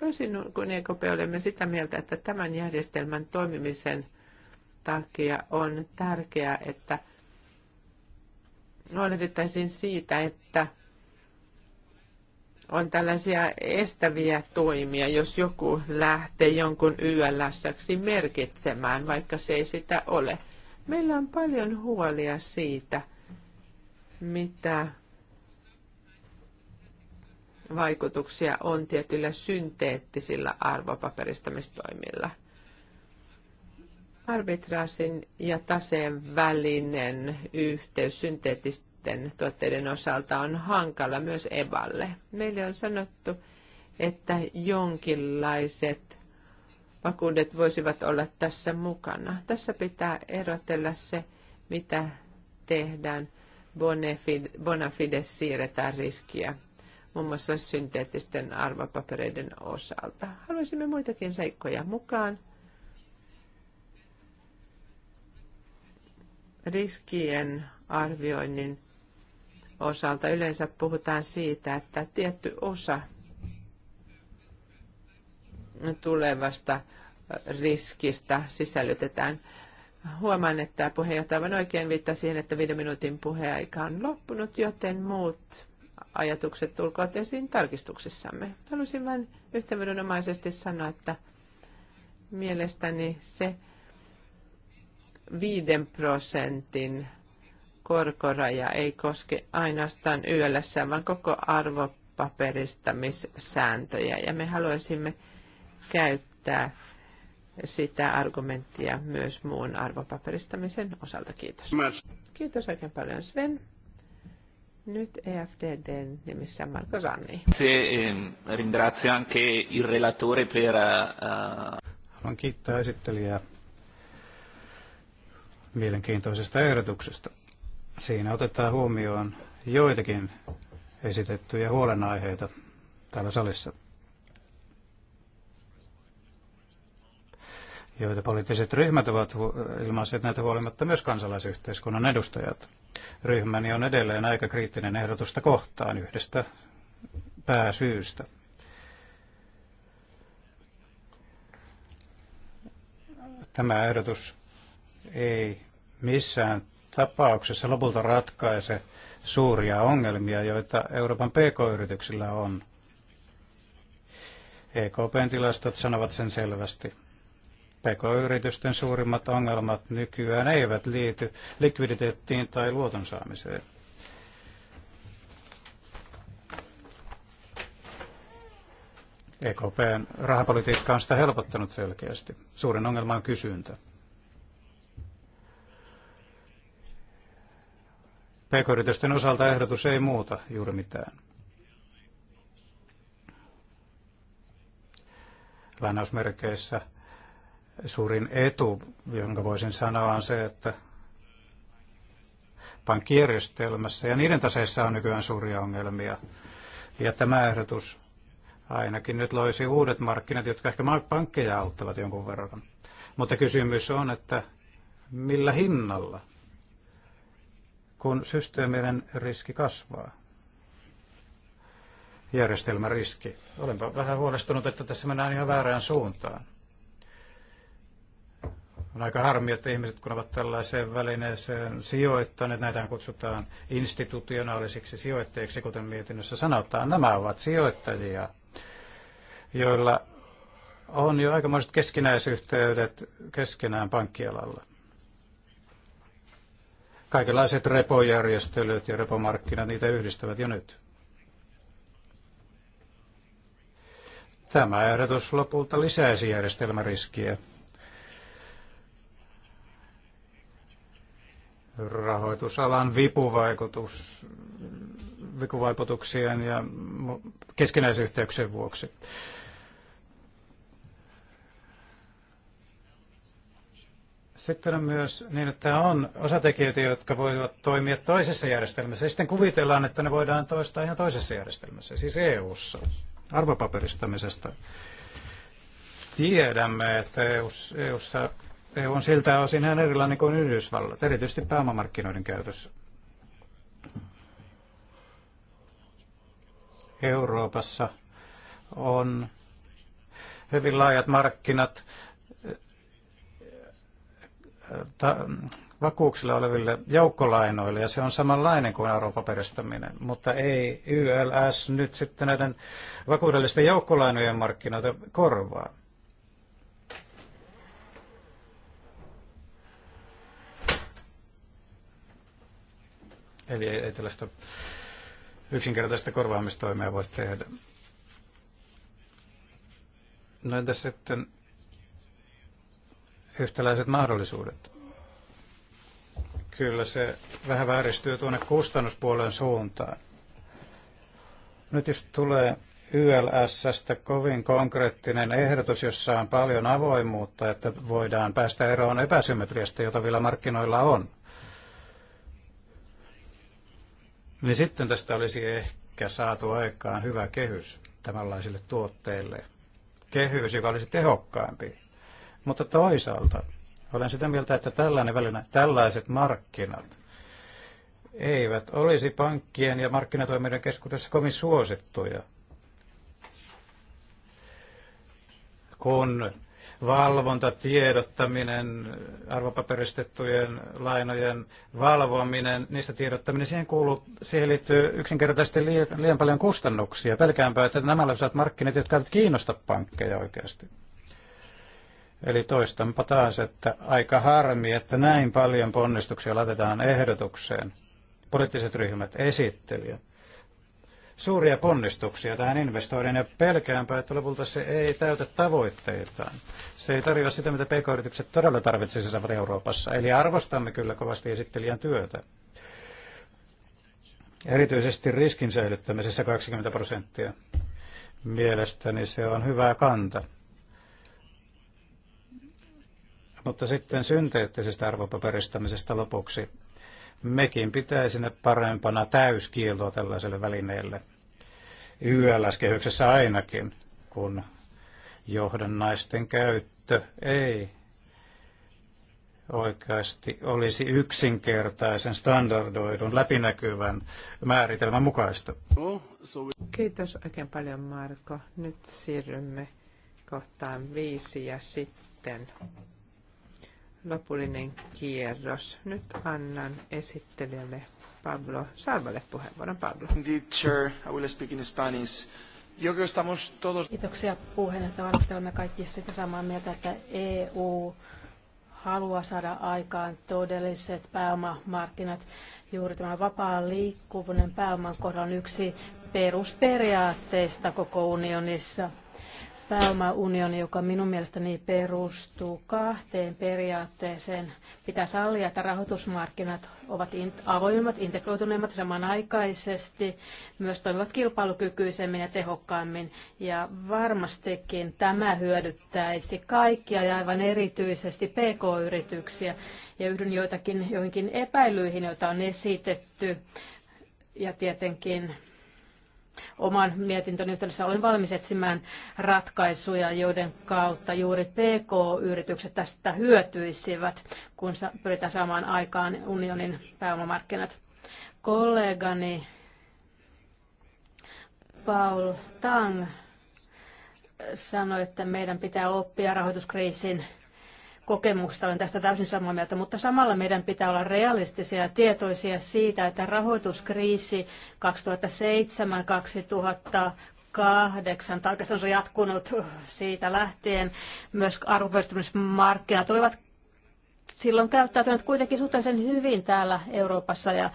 Speaker 2: Toisin kuin EKP olemme sitä mieltä, että tämän järjestelmän toimimisen takia on tärkeää, että huolehdittaisiin siitä, että on tällaisia estäviä toimia, jos joku lähtee jonkun yls merkitsemään, vaikka se ei sitä ole. Meillä on paljon huolia siitä, mitä vaikutuksia on tietyillä synteettisillä arvopaperistamistoimilla. Arbitraasin ja taseen välinen yhteys synteettisten tuotteiden osalta on hankala myös EBAlle. Meille on sanottu, että jonkinlaiset vakuudet voisivat olla tässä mukana. Tässä pitää erotella se, mitä tehdään. Bonafide siirretään riskiä muun muassa synteettisten arvopapereiden osalta. Haluaisimme muitakin seikkoja mukaan. Riskien arvioinnin osalta yleensä puhutaan siitä, että tietty osa tulevasta riskistä sisällytetään. Huomaan, että puheenjohtaja aivan oikein viittasi siihen, että viiden minuutin puheaika on loppunut, joten muut ajatukset tulkoot esiin tarkistuksissamme. Haluaisin vain yhteenvedonomaisesti sanoa, että mielestäni se viiden prosentin korkoraja ei koske ainoastaan YLS, vaan koko arvopaperistamissääntöjä. Ja me haluaisimme käyttää sitä argumenttia myös muun arvopaperistamisen osalta. Kiitos. Kiitos oikein paljon Sven. Nyt EFDDn nimissä Marko Sanni.
Speaker 1: Ehm, ringrazio anche il
Speaker 2: relatore per... Eh, Haluan kiittää
Speaker 1: esittelijää
Speaker 4: mielenkiintoisesta ehdotuksesta. Siinä otetaan huomioon joitakin esitettyjä huolenaiheita täällä salissa. joita poliittiset ryhmät ovat ilmaisseet näitä huolimatta myös kansalaisyhteiskunnan edustajat. Ryhmäni on edelleen aika kriittinen ehdotusta kohtaan yhdestä pääsyystä. Tämä ehdotus ei missään tapauksessa lopulta ratkaise suuria ongelmia, joita Euroopan pk-yrityksillä on. EKPn tilastot sanovat sen selvästi. PK-yritysten suurimmat ongelmat nykyään eivät liity likviditeettiin tai luoton saamiseen. EKPn rahapolitiikka on sitä helpottanut selkeästi. Suurin ongelma on kysyntä. PK-yritysten osalta ehdotus ei muuta juuri mitään. Lainausmerkeissä Suurin etu, jonka voisin sanoa, on se, että pankkijärjestelmässä ja niiden taseissa on nykyään suuria ongelmia. Ja tämä ehdotus ainakin nyt loisi uudet markkinat, jotka ehkä pankkeja auttavat jonkun verran. Mutta kysymys on, että millä hinnalla, kun systeeminen riski kasvaa? Järjestelmäriski. Olenpa vähän huolestunut, että tässä mennään ihan väärään suuntaan. On aika harmi, että ihmiset kun ovat tällaiseen välineeseen sijoittaneet, näitä kutsutaan institutionaalisiksi sijoittajiksi, kuten mietinnössä sanotaan, nämä ovat sijoittajia, joilla on jo aikamoiset keskinäisyhteydet keskenään pankkialalla. Kaikenlaiset repojärjestelyt ja repomarkkinat, niitä yhdistävät jo nyt. Tämä ehdotus lopulta lisäisi järjestelmäriskiä rahoitusalan vipuvaikutus, vipuvaikutuksien ja keskinäisyhteyksien vuoksi. Sitten on myös niin, että on osatekijöitä, jotka voivat toimia toisessa järjestelmässä. Sitten kuvitellaan, että ne voidaan toistaa ihan toisessa järjestelmässä, siis EU-ssa, arvopaperistamisesta. Tiedämme, että EU-ssa e EU on siltä osin ihan erilainen kuin Yhdysvallat, erityisesti pääomamarkkinoiden käytössä. Euroopassa on hyvin laajat markkinat vakuuksilla oleville joukkolainoille, ja se on samanlainen kuin Euroopan mutta ei YLS nyt sitten näiden vakuudellisten joukkolainojen markkinoita korvaa. Eli ei tällaista yksinkertaista korvaamistoimia voi tehdä. No entäs sitten yhtäläiset mahdollisuudet? Kyllä se vähän vääristyy tuonne kustannuspuolen suuntaan. Nyt jos tulee YLSstä kovin konkreettinen ehdotus, jossa on paljon avoimuutta, että voidaan päästä eroon epäsymmetriasta, jota vielä markkinoilla on. niin sitten tästä olisi ehkä saatu aikaan hyvä kehys tämänlaisille tuotteille. Kehys, joka olisi tehokkaampi. Mutta toisaalta olen sitä mieltä, että tällainen väline, tällaiset markkinat eivät olisi pankkien ja markkinatoimijoiden keskuudessa kovin suosittuja, kun valvonta, tiedottaminen, arvopaperistettujen lainojen valvominen, niistä tiedottaminen, siihen, kuuluu, siihen liittyy yksinkertaisesti liian paljon kustannuksia. Pelkäänpä, että nämä olisivat markkinat, jotka eivät kiinnosta pankkeja oikeasti. Eli toistanpa taas, että aika harmi, että näin paljon ponnistuksia laitetaan ehdotukseen. Poliittiset ryhmät, esittelijät, suuria ponnistuksia tähän investoiden ja pelkäänpä, että lopulta se ei täytä tavoitteitaan. Se ei tarjoa sitä, mitä pk-yritykset todella tarvitsisivat Euroopassa. Eli arvostamme kyllä kovasti esittelijän työtä. Erityisesti riskin säilyttämisessä 20 prosenttia. Mielestäni se on hyvä kanta. Mutta sitten synteettisestä arvopaperistamisesta lopuksi mekin pitäisimme parempana täyskieltoa tällaiselle välineelle. YLS-kehyksessä ainakin, kun johdannaisten käyttö ei oikeasti olisi yksinkertaisen, standardoidun, läpinäkyvän määritelmän mukaista.
Speaker 2: Kiitos oikein paljon Marko. Nyt siirrymme kohtaan viisi ja sitten lopullinen kierros. Nyt annan esittelijälle Pablo Salvalle puheenvuoron. Pablo.
Speaker 5: Indeed, sir. I will speak in Spanish.
Speaker 2: Yo creo estamos todos... Kiitoksia puheenjohtaja.
Speaker 3: Varmasti olemme kaikki sitä samaa mieltä, että EU haluaa saada aikaan todelliset pääomamarkkinat. Juuri tämä vapaa liikkuvuuden pääoman kohdalla on yksi perusperiaatteista koko unionissa pääomaunioni, joka minun mielestäni perustuu kahteen periaatteeseen. Pitää sallia, että rahoitusmarkkinat ovat in- avoimemmat, integroituneemmat samanaikaisesti, myös toimivat kilpailukykyisemmin ja tehokkaammin. Ja varmastikin tämä hyödyttäisi kaikkia ja aivan erityisesti PK-yrityksiä. Ja yhdyn joitakin, joihinkin epäilyihin, joita on esitetty. Ja tietenkin oman mietintön yhteydessä olen valmis etsimään ratkaisuja, joiden kautta juuri PK-yritykset tästä hyötyisivät, kun pyritään saamaan aikaan unionin pääomamarkkinat. Kollegani Paul Tang sanoi, että meidän pitää oppia rahoituskriisin kokemuksesta, olen tästä täysin samaa mieltä, mutta samalla meidän pitää olla realistisia ja tietoisia siitä, että rahoituskriisi 2007 2008 kahdeksan. Tarkastus on jatkunut siitä lähtien. Myös arvopyöristymismarkkinat olivat silloin käyttäytynyt kuitenkin suhteellisen hyvin täällä Euroopassa ja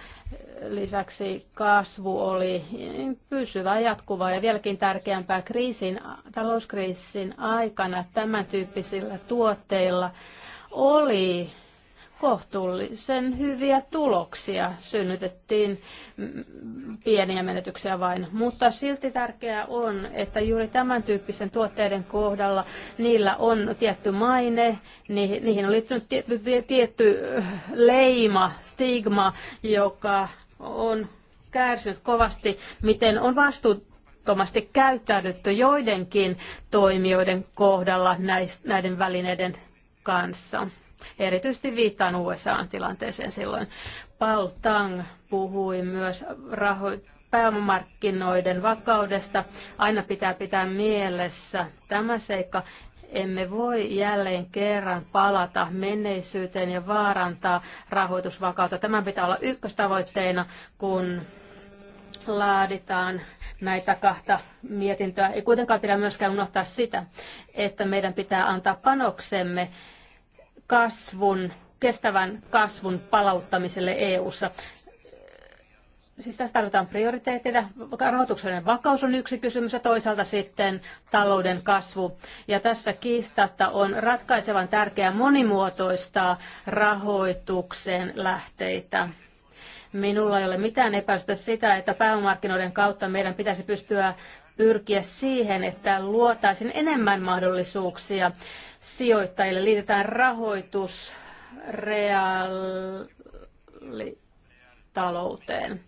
Speaker 3: lisäksi kasvu oli pysyvä jatkuva ja vieläkin tärkeämpää kriisin, talouskriisin aikana tämän tyyppisillä tuotteilla oli kohtuullisen hyviä tuloksia. Synnytettiin mm, pieniä menetyksiä vain, mutta silti tärkeää on, että juuri tämän tyyppisten tuotteiden kohdalla niillä on tietty maine, niihin on liittynyt tietty, tietty äh, leima, stigma, joka on kärsinyt kovasti, miten on vastuut käyttäydytty joidenkin toimijoiden kohdalla näiden välineiden kanssa. Erityisesti viittaan USAan tilanteeseen silloin. Paul Tang puhui myös rahoit pääomamarkkinoiden vakaudesta. Aina pitää pitää mielessä tämä seikka, emme voi jälleen kerran palata menneisyyteen ja vaarantaa rahoitusvakautta. Tämä pitää olla ykköstavoitteena, kun laaditaan näitä kahta mietintöä. Ei kuitenkaan pidä myöskään unohtaa sitä, että meidän pitää antaa panoksemme kasvun, kestävän kasvun palauttamiselle EU:ssa. Siis tässä tarvitaan prioriteetteja. Rahoituksellinen vakaus on yksi kysymys ja toisaalta sitten talouden kasvu. Ja tässä kiistatta on ratkaisevan tärkeää monimuotoistaa rahoituksen lähteitä. Minulla ei ole mitään epäilystä sitä, että pääomarkkinoiden kautta meidän pitäisi pystyä pyrkiä siihen, että luotaisiin enemmän mahdollisuuksia sijoittajille liitetään rahoitus reaalitalouteen.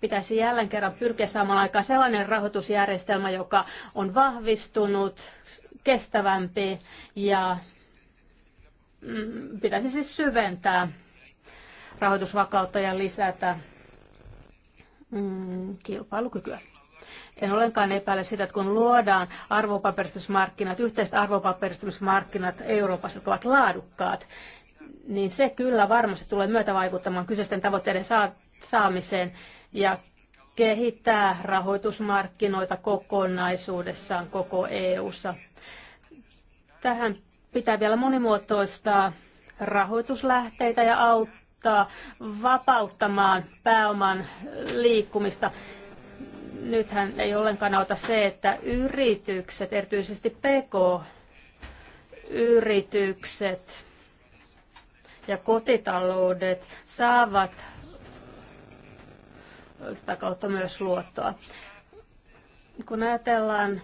Speaker 3: Pitäisi jälleen kerran pyrkiä saamaan aikaan sellainen rahoitusjärjestelmä, joka on vahvistunut, kestävämpi ja mm, pitäisi siis syventää rahoitusvakautta ja lisätä mm, kilpailukykyä. En ollenkaan epäile sitä, että kun luodaan arvopaperistusmarkkinat, yhteiset arvopaperistusmarkkinat Euroopassa, ovat laadukkaat, niin se kyllä varmasti tulee vaikuttamaan kyseisten tavoitteiden saamiseen ja kehittää rahoitusmarkkinoita kokonaisuudessaan koko EU:ssa. Tähän pitää vielä monimuotoistaa rahoituslähteitä ja auttaa vapauttamaan pääoman liikkumista nythän ei ollenkaan auta se, että yritykset, erityisesti PK-yritykset ja kotitaloudet saavat sitä kautta myös luottoa. Kun ajatellaan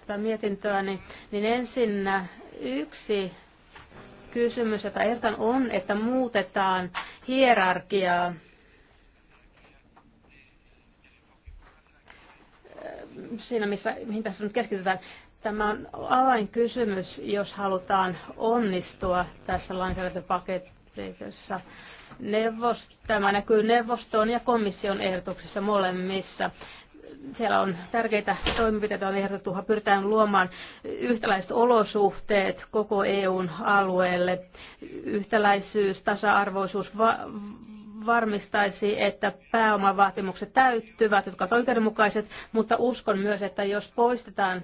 Speaker 3: tätä mietintöä, niin, niin ensin yksi kysymys, jota ehdotan, on, että muutetaan hierarkiaa siinä, missä, mihin tässä nyt keskitytään. Tämä on avainkysymys, jos halutaan onnistua tässä lainsäädäntöpaketissa. Neuvost, tämä näkyy neuvoston ja komission ehdotuksissa molemmissa. Siellä on tärkeitä toimenpiteitä on ehdotettu, pyritään luomaan yhtäläiset olosuhteet koko EUn alueelle. Yhtäläisyys, tasa-arvoisuus, va- varmistaisi, että pääomavaatimukset täyttyvät, jotka ovat oikeudenmukaiset, mutta uskon myös, että jos poistetaan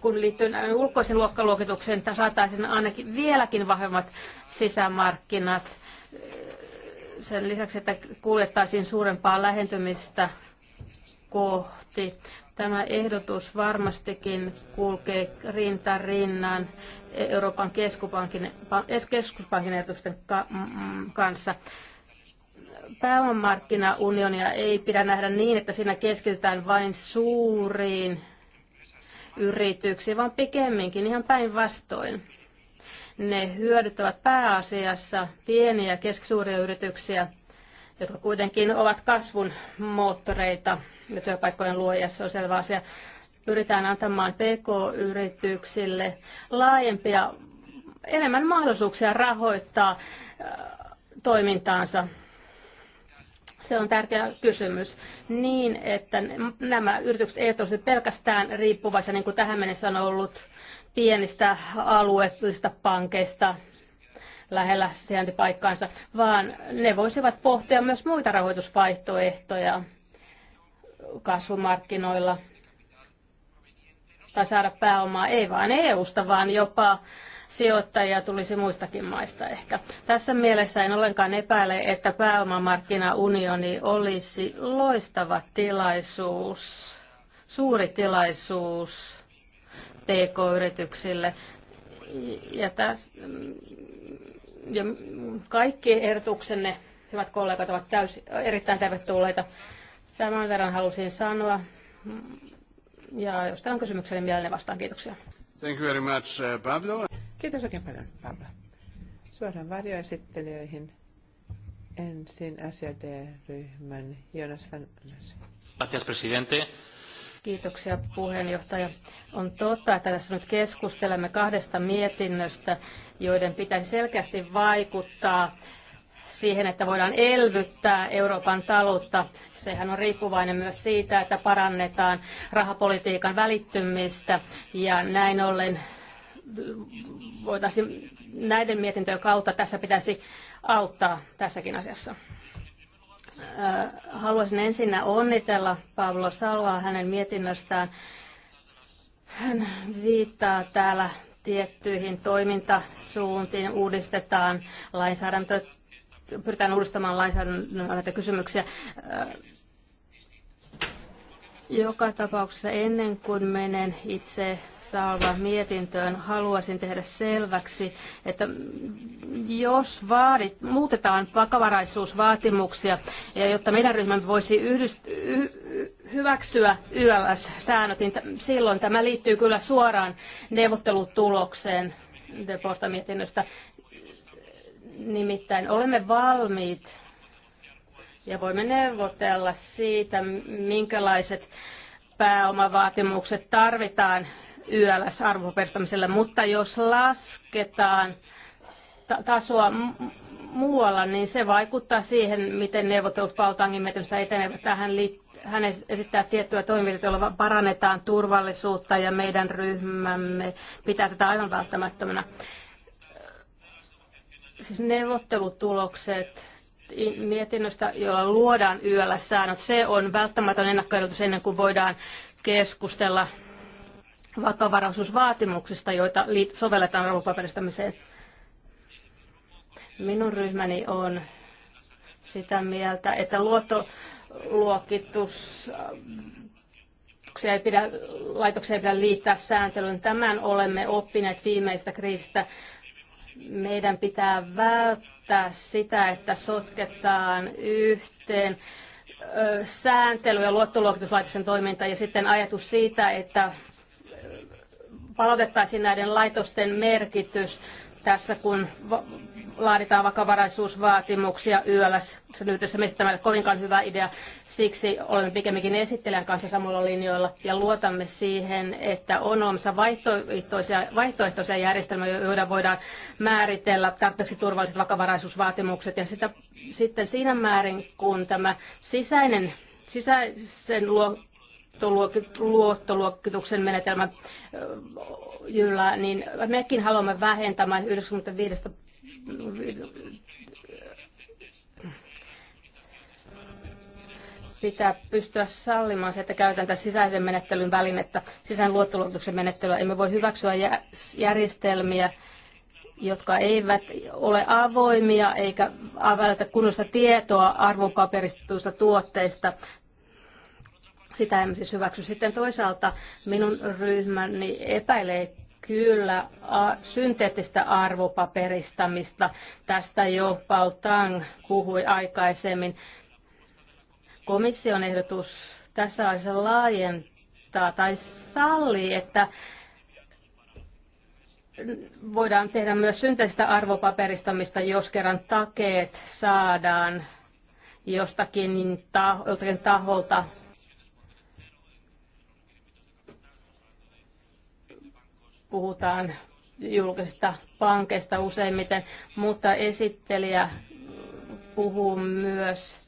Speaker 3: kun liittyy ulkoisen luokkaluokitukseen, että saataisiin ainakin vieläkin vahvemmat sisämarkkinat sen lisäksi, että kuljettaisiin suurempaa lähentymistä kohti Tämä ehdotus varmastikin kulkee rinta rinnan Euroopan keskuspankin, keskuspankin ehdotusten mm, kanssa pääomamarkkinaunionia ei pidä nähdä niin, että siinä keskitytään vain suuriin yrityksiin, vaan pikemminkin ihan päinvastoin. Ne hyödyttävät pääasiassa pieniä ja keskisuuria yrityksiä, jotka kuitenkin ovat kasvun moottoreita ja työpaikkojen luoja, se on selvä asia. Pyritään antamaan PK-yrityksille laajempia, enemmän mahdollisuuksia rahoittaa äh, toimintaansa. Se on tärkeä kysymys. Niin, että nämä yritykset eivät olisi pelkästään riippuvaisia, niin kuin tähän mennessä on ollut, pienistä alueellisista pankeista, lähellä sijaintipaikkaansa, vaan ne voisivat pohtia myös muita rahoitusvaihtoehtoja kasvumarkkinoilla tai saada pääomaa ei vain EU-sta, vaan jopa sijoittajia tulisi muistakin maista ehkä. Tässä mielessä en ollenkaan epäile, että pääomamarkkinaunioni olisi loistava tilaisuus, suuri tilaisuus PK-yrityksille. Ja tässä ja kaikki ehdotuksenne, hyvät kollegat, ovat täysin, erittäin tervetulleita. Tämän verran halusin sanoa.
Speaker 2: Ja jos teillä on kysymyksiä, niin mielelläni vastaan. Kiitoksia.
Speaker 1: Thank you very much, uh, Pablo.
Speaker 2: Kiitos oikein paljon, Pablo. Suoraan varjoesittelijöihin. Ensin SJD-ryhmän Jonas van
Speaker 4: Gracias, presidente.
Speaker 3: Kiitoksia puheenjohtaja. On totta, että tässä nyt keskustelemme kahdesta mietinnöstä, joiden pitäisi selkeästi vaikuttaa siihen, että voidaan elvyttää Euroopan taloutta. Sehän on riippuvainen myös siitä, että parannetaan rahapolitiikan välittymistä ja näin ollen voitaisiin näiden mietintöjen kautta tässä pitäisi auttaa tässäkin asiassa. Äh, haluaisin ensinnä onnitella Pablo Salvaa hänen mietinnöstään. Hän viittaa täällä tiettyihin toimintasuuntiin, uudistetaan lainsäädäntö, pyritään uudistamaan lainsäädännön kysymyksiä. Joka tapauksessa ennen kuin menen itse saavaan mietintöön, haluaisin tehdä selväksi, että jos vaadit, muutetaan vakavaraisuusvaatimuksia, ja jotta meidän ryhmämme voisi yhdist- hyväksyä YLS-säännöt, niin silloin tämä liittyy kyllä suoraan neuvottelutulokseen Deporta-mietinnöstä. Nimittäin olemme valmiit ja voimme neuvotella siitä, minkälaiset pääomavaatimukset tarvitaan YLS-arvoperistamiselle, mutta jos lasketaan tasoa muualla, niin se vaikuttaa siihen, miten neuvottelut Paltangin metrosta etenevät. Tähän hän esittää tiettyä toimintaa, joilla parannetaan turvallisuutta ja meidän ryhmämme pitää tätä aivan välttämättömänä. Siis neuvottelutulokset mietinnöstä, jolla luodaan yöllä säännöt, se on välttämätön ennakkoehdotus ennen kuin voidaan keskustella vakavaraisuusvaatimuksista, joita sovelletaan arvopaperistamiseen Minun ryhmäni on sitä mieltä, että luottoluokitus ei pidä, laitoksia ei pidä liittää sääntelyyn. Tämän olemme oppineet viimeistä kriisistä. Meidän pitää välttää sitä, että sotketaan yhteen sääntely- ja luottoluokituslaitoksen toiminta ja sitten ajatus siitä, että palautettaisiin näiden laitosten merkitys tässä, kun laaditaan vakavaraisuusvaatimuksia YLS. se nyt mielestäni tämä ole kovinkaan hyvä idea. Siksi olemme pikemminkin esittelijän kanssa samoilla linjoilla ja luotamme siihen, että on olemassa vaihtoehtoisia, vaihtoehtoisia järjestelmiä, joilla voidaan määritellä tarpeeksi turvalliset vakavaraisuusvaatimukset. Ja sitä, sitten siinä määrin, kun tämä sisäinen sisäisen luo, luottoluokituksen menetelmä jyllä, niin mekin haluamme vähentämään 95 pitää pystyä sallimaan se, että käytän tämän sisäisen menettelyn välinettä, sisäisen luottoluokituksen menettelyä. Emme voi hyväksyä järjestelmiä, jotka eivät ole avoimia eikä avaita kunnosta tietoa arvopaperistetuista tuotteista. Sitä emme siis hyväksy. Sitten toisaalta minun ryhmäni epäilee kyllä a, synteettistä arvopaperistamista. Tästä jo Paul Tang puhui aikaisemmin. Komission ehdotus tässä asiassa laajentaa tai sallii, että voidaan tehdä myös synteistä arvopaperistamista, jos kerran takeet saadaan jostakin, taho, jostakin taholta puhutaan julkisista pankeista useimmiten, mutta esittelijä puhuu myös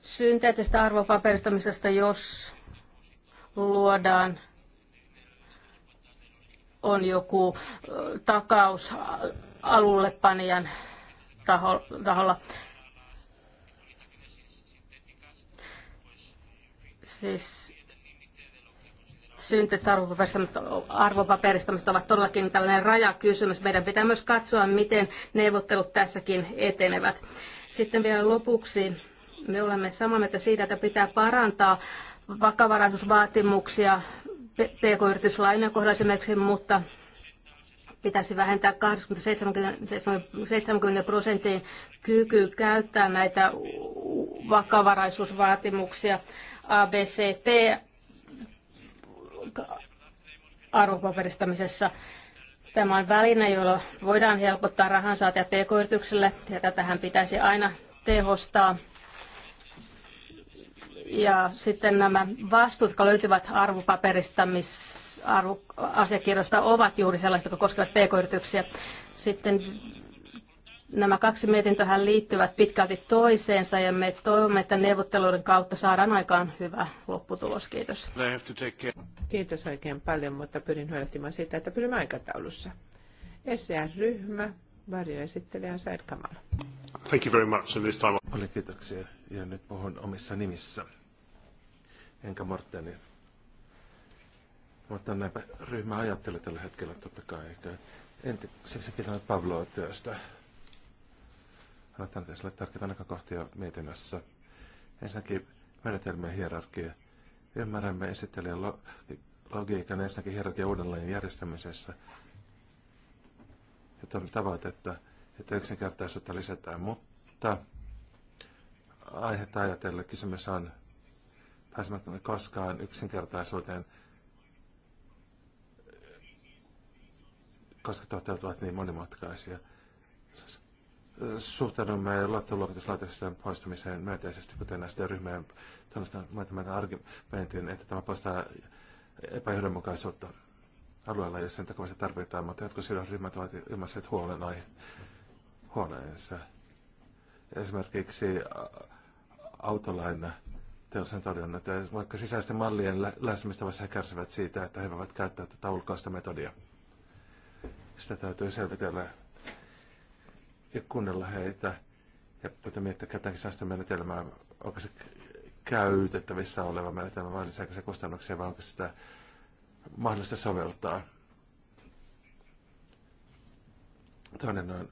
Speaker 3: synteettisestä arvopaperistamisesta, jos luodaan on joku takaus panijan taholla. Siis synteiset arvopaperistamat ovat todellakin tällainen rajakysymys. Meidän pitää myös katsoa, miten neuvottelut tässäkin etenevät. Sitten vielä lopuksi me olemme samaa mieltä siitä, että pitää parantaa vakavaraisuusvaatimuksia pk-yrityslainojen kohdalla esimerkiksi, mutta pitäisi vähentää 80-70 prosentin kyky käyttää näitä vakavaraisuusvaatimuksia. ABCP arvopaperistamisessa. Tämä on väline, jolla voidaan helpottaa rahansaatia pk yritykselle ja tätähän pitäisi aina tehostaa. Ja sitten nämä vastuut, jotka löytyvät arvopaperistamisasiakirjoista, ovat juuri sellaiset, jotka koskevat pk-yrityksiä. Sitten Nämä kaksi mietintöhän liittyvät pitkälti toiseensa ja me toivomme, että neuvotteluiden kautta saadaan aikaan hyvä lopputulos.
Speaker 2: Kiitos. Kiitos oikein paljon, mutta pyrin huolehtimaan siitä, että pyrimme aikataulussa. SR-ryhmä, varjoesittelijä Said Kamala. Thank you very much. And
Speaker 5: this time... Paljon kiitoksia ja nyt puhun omissa nimissä. Enkä Mortenin. Mutta näinpä ryhmä ajattelee tällä hetkellä totta kai. Entisessä pitää Pavloa työstä on ottanut esille tärkeitä näkökohtia mietinnössä. Ensinnäkin menetelmien hierarkia. Ymmärrämme esittelijän logiikan ensinnäkin hierarkia uudelleen järjestämisessä ja tavoitetta, että yksinkertaisuutta lisätään, mutta aihetta ajatellen kysymys on, pääsemmekö me koskaan yksinkertaisuuteen, koska toteutuvat niin monimutkaisia suhtaudumme luottoluokituslaitosten poistumiseen myönteisesti, kuten näistä ryhmien tunnustamme argumentin, että tämä poistaa epäjohdonmukaisuutta alueella, jos sen takia se tarvitaan, mutta jotkut ryhmät ovat ilmaisseet huoleensa. Esimerkiksi autolaina teollisen torjunnan, että vaikka sisäisten mallien lä- lähestymistavassa he kärsivät siitä, että he voivat käyttää tätä ulkoista metodia. Sitä täytyy selvitellä ja kuunnella heitä ja tätä miettiä käytetäänkö sellaista menetelmää, onko se käytettävissä oleva menetelmä vai lisääkö se kustannuksia vai onko sitä mahdollista soveltaa. Toinen on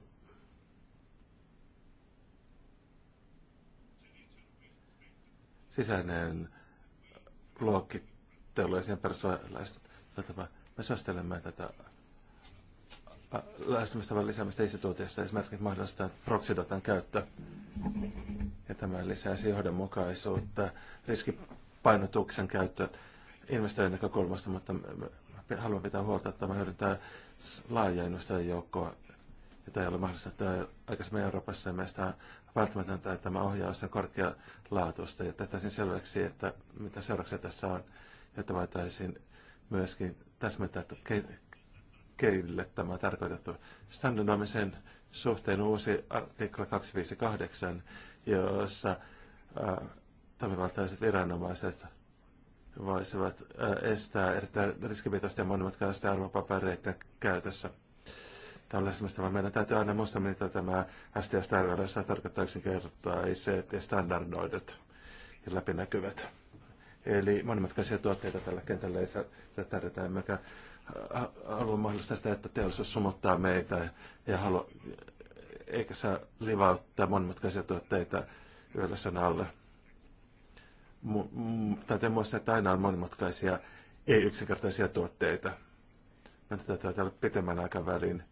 Speaker 5: sisäinen luokittelu ja siihen perustuva Me sostelemme tätä lähestymistavan lisäämistä instituutiossa esimerkiksi mahdollistaa proxydatan käyttö. Ja tämä lisäisi johdonmukaisuutta, riskipainotuksen käyttö investoinnin näkökulmasta, mutta haluan pitää huolta, että tämä hyödyntää laajaa investoijien joukkoa, tämä ei ole mahdollista että aikaisemmin Euroopassa. Ja meistä on välttämätöntä, että tämä ohjaus on korkealaatuista ja tehtäisiin selväksi, että mitä seurauksia tässä on, jotta voitaisiin myöskin täsmentää, että keille tämä on tarkoitettu. Standardoimisen suhteen uusi artikla 258, jossa ää, äh, toimivaltaiset viranomaiset voisivat ää, äh, estää erittäin riskipitoista ja monimutkaisten arvopapereiden käytössä. Tällaisesta meidän täytyy aina muistaa, mitä tämä STS-tarkoittaa, tarkoittaa yksinkertaiset ja standardoidut ja läpinäkyvät. Eli monimutkaisia tuotteita tällä kentällä ei tarjota, mikä halua mahdollistaa sitä, että teollisuus sumuttaa meitä ja halu eikä saa livauttaa monimutkaisia tuotteita yöllä sen alle. M- mm, täytyy muistaa, että aina on monimutkaisia, ei yksinkertaisia tuotteita. Meidän täytyy täällä pitemmän aikavälin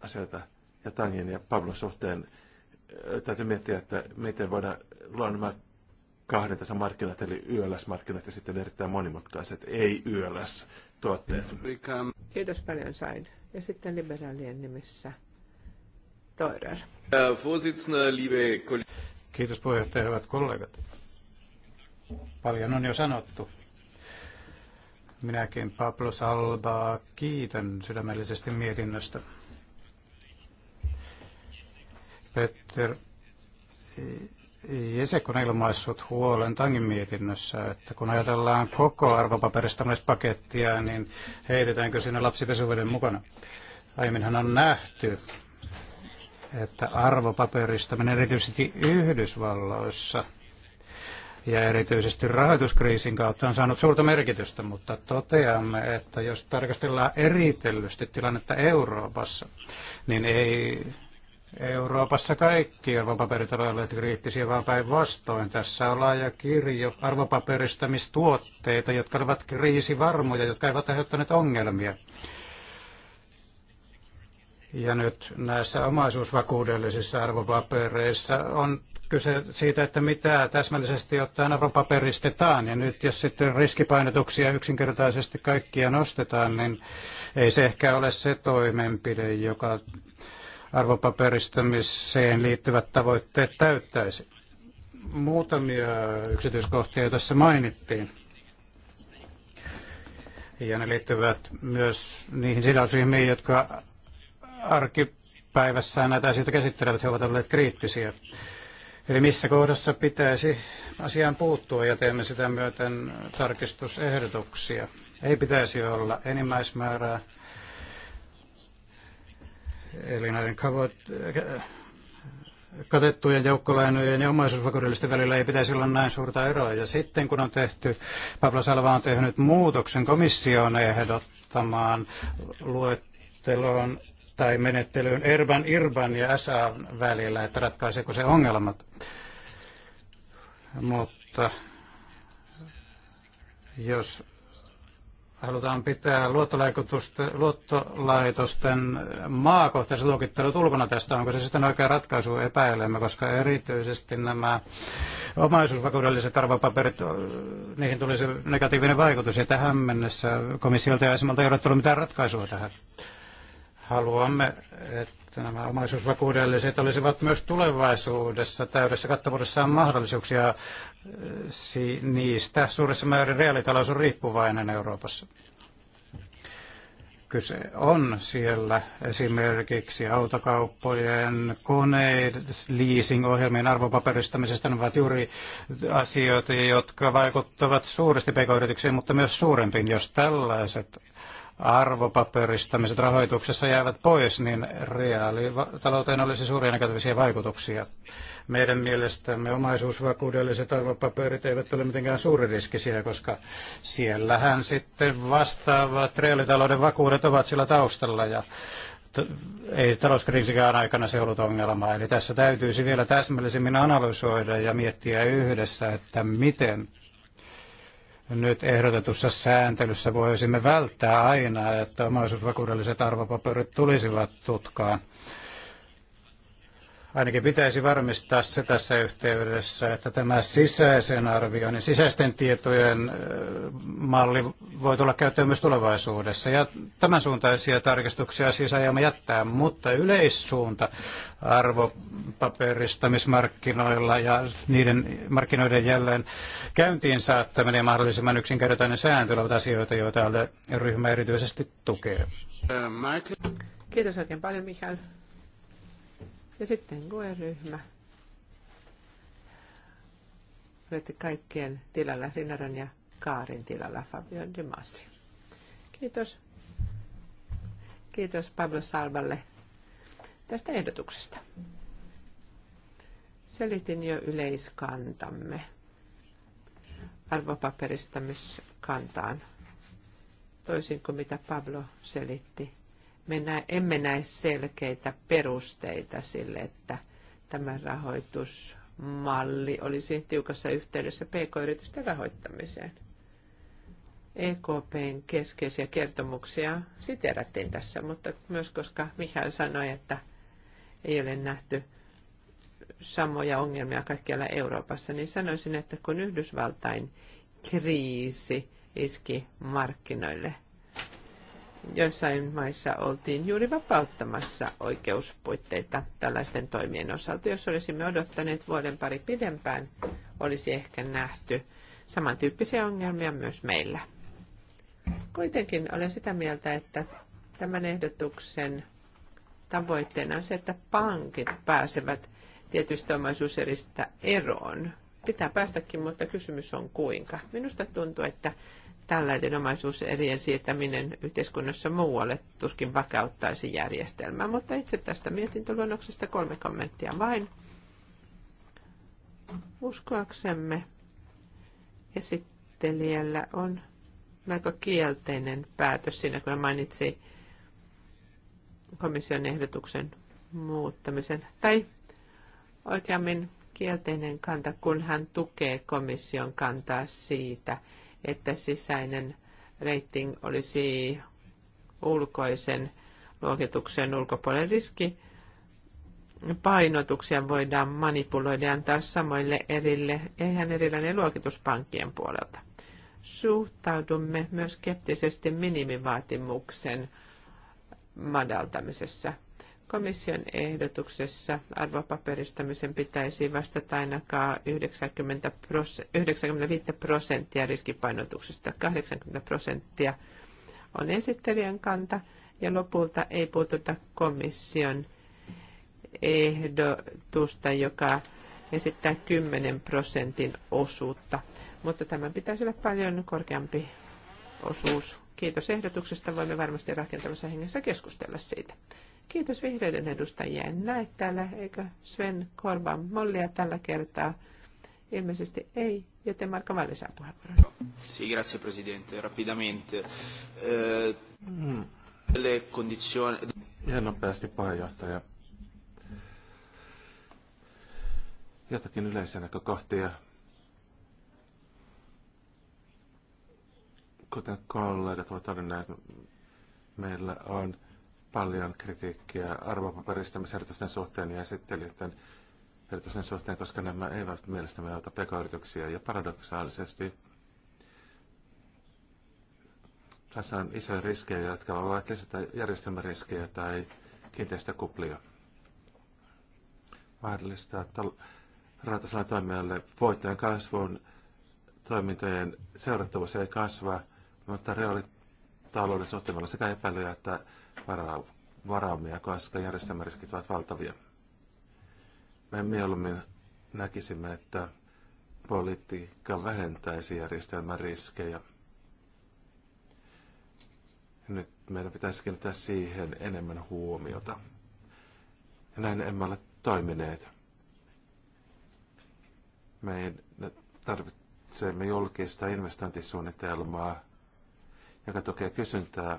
Speaker 5: asioita ja Tangin ja Pablon suhteen täytyy miettiä, että miten voidaan luoda nämä kahden tässä markkinat, eli YLS-markkinat ja sitten erittäin monimutkaiset ei-YLS tuotteet.
Speaker 2: Kiitos paljon Said. Ja sitten liberaalien nimissä Toirer.
Speaker 4: Kiitos puheenjohtaja, hyvät kollegat. Paljon on jo sanottu. Minäkin Pablo Salbaa kiitän sydämellisesti mietinnöstä. Peter on ilmaissut huolen Tangin mietinnössä, että kun ajatellaan koko arvopaperistamispakettia, niin heitetäänkö sinne lapsipesuveden mukana? Aiemminhan on nähty, että arvopaperistaminen erityisesti Yhdysvalloissa ja erityisesti rahoituskriisin kautta on saanut suurta merkitystä, mutta toteamme, että jos tarkastellaan eritellysti tilannetta Euroopassa, niin ei Euroopassa kaikki arvopaperit olleet kriittisiä, vaan päinvastoin. Tässä on laaja kirjo arvopaperistamistuotteita, jotka olivat kriisivarmoja, jotka eivät aiheuttaneet ongelmia. Ja nyt näissä omaisuusvakuudellisissa arvopapereissa on kyse siitä, että mitä täsmällisesti ottaen arvopaperistetaan. Ja nyt jos sitten riskipainotuksia yksinkertaisesti kaikkia nostetaan, niin ei se ehkä ole se toimenpide, joka arvopaperistamiseen liittyvät tavoitteet täyttäisi. Muutamia yksityiskohtia jo tässä mainittiin. Ja ne liittyvät myös niihin sidosryhmiin, jotka arkipäivässään näitä asioita käsittelevät. He ovat olleet kriittisiä. Eli missä kohdassa pitäisi asiaan puuttua ja teemme sitä myöten tarkistusehdotuksia. Ei pitäisi olla enimmäismäärää eli näiden katettujen joukkolainojen ja omaisuusvakuudellisten välillä ei pitäisi olla näin suurta eroa. Ja sitten kun on tehty, Pavlo Salva on tehnyt muutoksen komission ehdottamaan luetteloon tai menettelyyn Erban Irban ja SA välillä, että ratkaiseeko se ongelmat. Mutta jos halutaan pitää luottolaitosten maakohtaiset luokittelut ulkona tästä. Onko se sitten oikea ratkaisu epäilemme, koska erityisesti nämä omaisuusvakuudelliset arvopaperit, niihin tulisi negatiivinen vaikutus. Ja tähän mennessä komissiolta ja esimerkiksi ei ole tullut mitään ratkaisua tähän. Haluamme, että nämä omaisuusvakuudelliset olisivat myös tulevaisuudessa täydessä kattavuudessaan mahdollisuuksia. Äh, niistä suuressa määrin reaalitalous on riippuvainen Euroopassa. Kyse on siellä esimerkiksi autokauppojen, koneiden, leasing-ohjelmien arvopaperistamisesta. Ne ovat juuri asioita, jotka vaikuttavat suuresti pk-yrityksiin, mutta myös suurempiin, jos tällaiset arvopaperistamiset rahoituksessa jäävät pois, niin reaalitalouteen olisi suuria negatiivisia vaikutuksia. Meidän mielestämme omaisuusvakuudelliset arvopaperit eivät ole mitenkään suuririskisiä, koska siellähän sitten vastaavat reaalitalouden vakuudet ovat sillä taustalla ja ei talouskriisikään aikana se ollut ongelma. Eli tässä täytyisi vielä täsmällisemmin analysoida ja miettiä yhdessä, että miten nyt ehdotetussa sääntelyssä voisimme välttää aina, että omaisuusvakuudelliset arvopaperit tulisivat tutkaan ainakin pitäisi varmistaa se tässä yhteydessä, että tämä sisäisen arvioinnin, sisäisten tietojen malli voi tulla käyttöön myös tulevaisuudessa. Ja tämän suuntaisia tarkistuksia siis ajamme jättää, mutta yleissuunta arvopaperistamismarkkinoilla ja niiden markkinoiden jälleen käyntiin saattaminen ja mahdollisimman yksinkertainen sääntely ovat asioita, joita ryhmä erityisesti tukee.
Speaker 2: Kiitos oikein paljon, Mikael. Ja sitten koeryhmä. Olette kaikkien tilalla, Rinaran ja Kaarin tilalla, Fabio dimassi. Kiitos. Kiitos Pablo Salvalle tästä ehdotuksesta. Selitin jo yleiskantamme arvopaperistamiskantaan, toisin kuin mitä Pablo selitti me nä, emme näe selkeitä perusteita sille, että tämä rahoitusmalli olisi tiukassa yhteydessä pk-yritysten rahoittamiseen. EKPn keskeisiä kertomuksia siterattiin tässä, mutta myös koska Mihail sanoi, että ei ole nähty samoja ongelmia kaikkialla Euroopassa, niin sanoisin, että kun Yhdysvaltain kriisi iski markkinoille – joissain maissa oltiin juuri vapauttamassa oikeuspuitteita tällaisten toimien osalta. Jos olisimme odottaneet vuoden pari pidempään, olisi ehkä nähty samantyyppisiä ongelmia myös meillä. Kuitenkin olen sitä mieltä, että tämän ehdotuksen tavoitteena on se, että pankit pääsevät tietystä omaisuuseristä eroon. Pitää päästäkin, mutta kysymys on kuinka. Minusta tuntuu, että tällainen erien siirtäminen yhteiskunnassa muualle tuskin vakauttaisi järjestelmää, mutta itse tästä mietintöluonnoksesta kolme kommenttia vain. Uskoaksemme esittelijällä on melko kielteinen päätös siinä, kun hän mainitsi komission ehdotuksen muuttamisen. Tai oikeammin kielteinen kanta, kun hän tukee komission kantaa siitä, että sisäinen rating olisi ulkoisen luokituksen ulkopuolen riski. Painotuksia voidaan manipuloida ja antaa samoille erille, eihän erilainen luokitus pankkien puolelta. Suhtaudumme myös skeptisesti minimivaatimuksen madaltamisessa – Komission ehdotuksessa arvopaperistamisen pitäisi vastata ainakaan 90 95 prosenttia riskipainotuksesta. 80 prosenttia on esittelijän kanta ja lopulta ei puututa komission ehdotusta, joka esittää 10 prosentin osuutta. Mutta tämän pitäisi olla paljon korkeampi osuus. Kiitos ehdotuksesta. Voimme varmasti rakentavassa hengessä keskustella siitä. Kiitos vihreiden edustajia. En näe täällä, eikö Sven Korvan mollia tällä kertaa? Ilmeisesti ei, joten Marko Valli saa puheenvuoron.
Speaker 1: Sì, grazie Presidente. Rapidamente. Mm. Eh, le condizioni...
Speaker 5: Ihan nopeasti puheenjohtaja. Jotakin yleisiä näkökohtia. Kuten kollegat ovat todenneet, meillä on paljon kritiikkiä arvopaperistamisehdotusten suhteen ja esittelijöiden ehdotusten suhteen, koska nämä eivät mielestäni ota pk-yrityksiä. Ja paradoksaalisesti tässä on isoja riskejä, jotka voivat lisätä järjestelmäriskejä tai kiinteistökuplia. Mahdollista, että rahoitusalan toimijoille voittojen kasvun, toimintojen seurattavuus ei kasva, mutta reaalitalouden suhteen sekä epäilyjä että varaumia, koska järjestelmäriskit ovat valtavia. Me mieluummin näkisimme, että politiikka vähentäisi järjestelmän riskejä. Nyt meidän pitäisi kiinnittää siihen enemmän huomiota. Ja näin emme ole toimineet. Me tarvitsemme julkista investointisuunnitelmaa, joka tukee kysyntää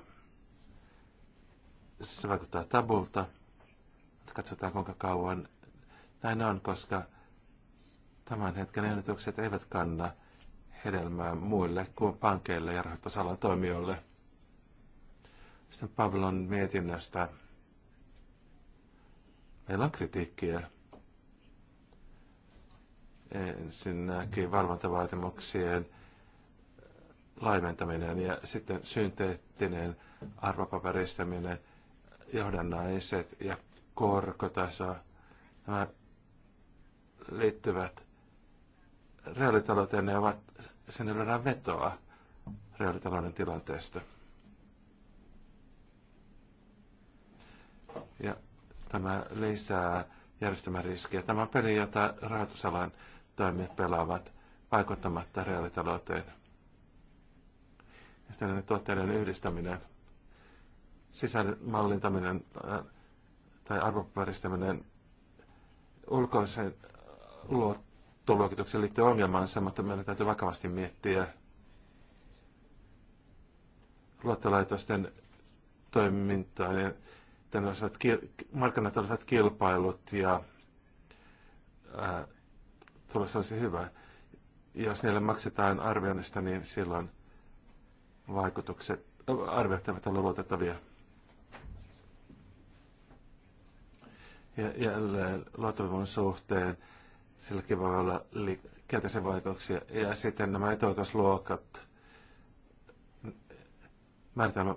Speaker 5: se vaikuttaa tabulta, katsotaan kuinka kauan näin on, koska tämän hetken ennätykset eivät kanna hedelmää muille kuin pankeille ja rahoitusalan toimijoille. Sitten Pavlon mietinnästä. Meillä on kritiikkiä. Ensinnäkin valvontavaatimuksien laimentaminen ja sitten synteettinen arvopaperistäminen johdannaiset ja korkotaso, nämä liittyvät reaalitalouteen ja ovat sen yllä vetoa reaalitalouden tilanteesta. Ja tämä lisää riskiä. Tämä on peli, jota rahoitusalan toimijat pelaavat vaikuttamatta reaalitalouteen. Ja sitten tuotteiden yhdistäminen sisällön mallintaminen äh, tai arvopäristäminen ulkoisen luottoluokituksen liittyy ongelmaansa, mutta meidän täytyy vakavasti miettiä luottolaitosten toimintaa ja tällaiset markkinat olisivat kilpailut ja ää, äh, tulos olisi hyvä. Jos niille maksetaan arvioinnista, niin silloin vaikutukset, äh, arvioittavat olla luotettavia. ja jälleen luottavuuden suhteen silläkin voi olla li- kielteisiä vaikutuksia. Ja sitten nämä etuoikeusluokat, määritelmä,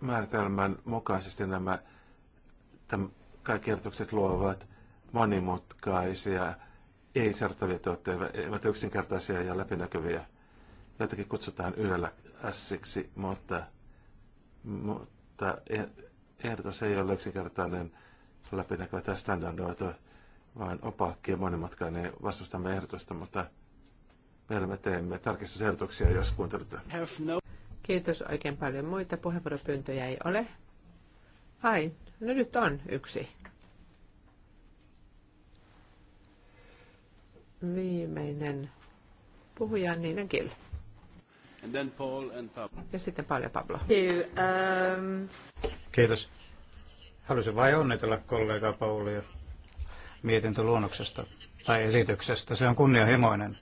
Speaker 5: määritelmän mukaisesti nämä täm, kaikki kertokset luovat monimutkaisia, ei sartavia tuotteita, eivät yksinkertaisia ja läpinäkyviä. Jotakin kutsutaan yöllä ässiksi, mutta, mutta e-, ehdotus ei ole yksinkertainen läpinäkyvä tai standardoitu, vaan opakki ja monimutkainen vastustamme ehdotusta, mutta meillä me teemme tarkistusehdotuksia, jos kuuntelette.
Speaker 2: Kiitos oikein paljon. Muita puheenvuoropyyntöjä ei ole. Ai, no nyt on yksi. Viimeinen puhuja on Niina Gill.
Speaker 1: And then Paul and Pablo. Ja sitten Pablo.
Speaker 2: Um,
Speaker 4: Kiitos. Haluaisin vain onnitella kollega Paulia mietintöluonnoksesta tai esityksestä. Se on kunnianhimoinen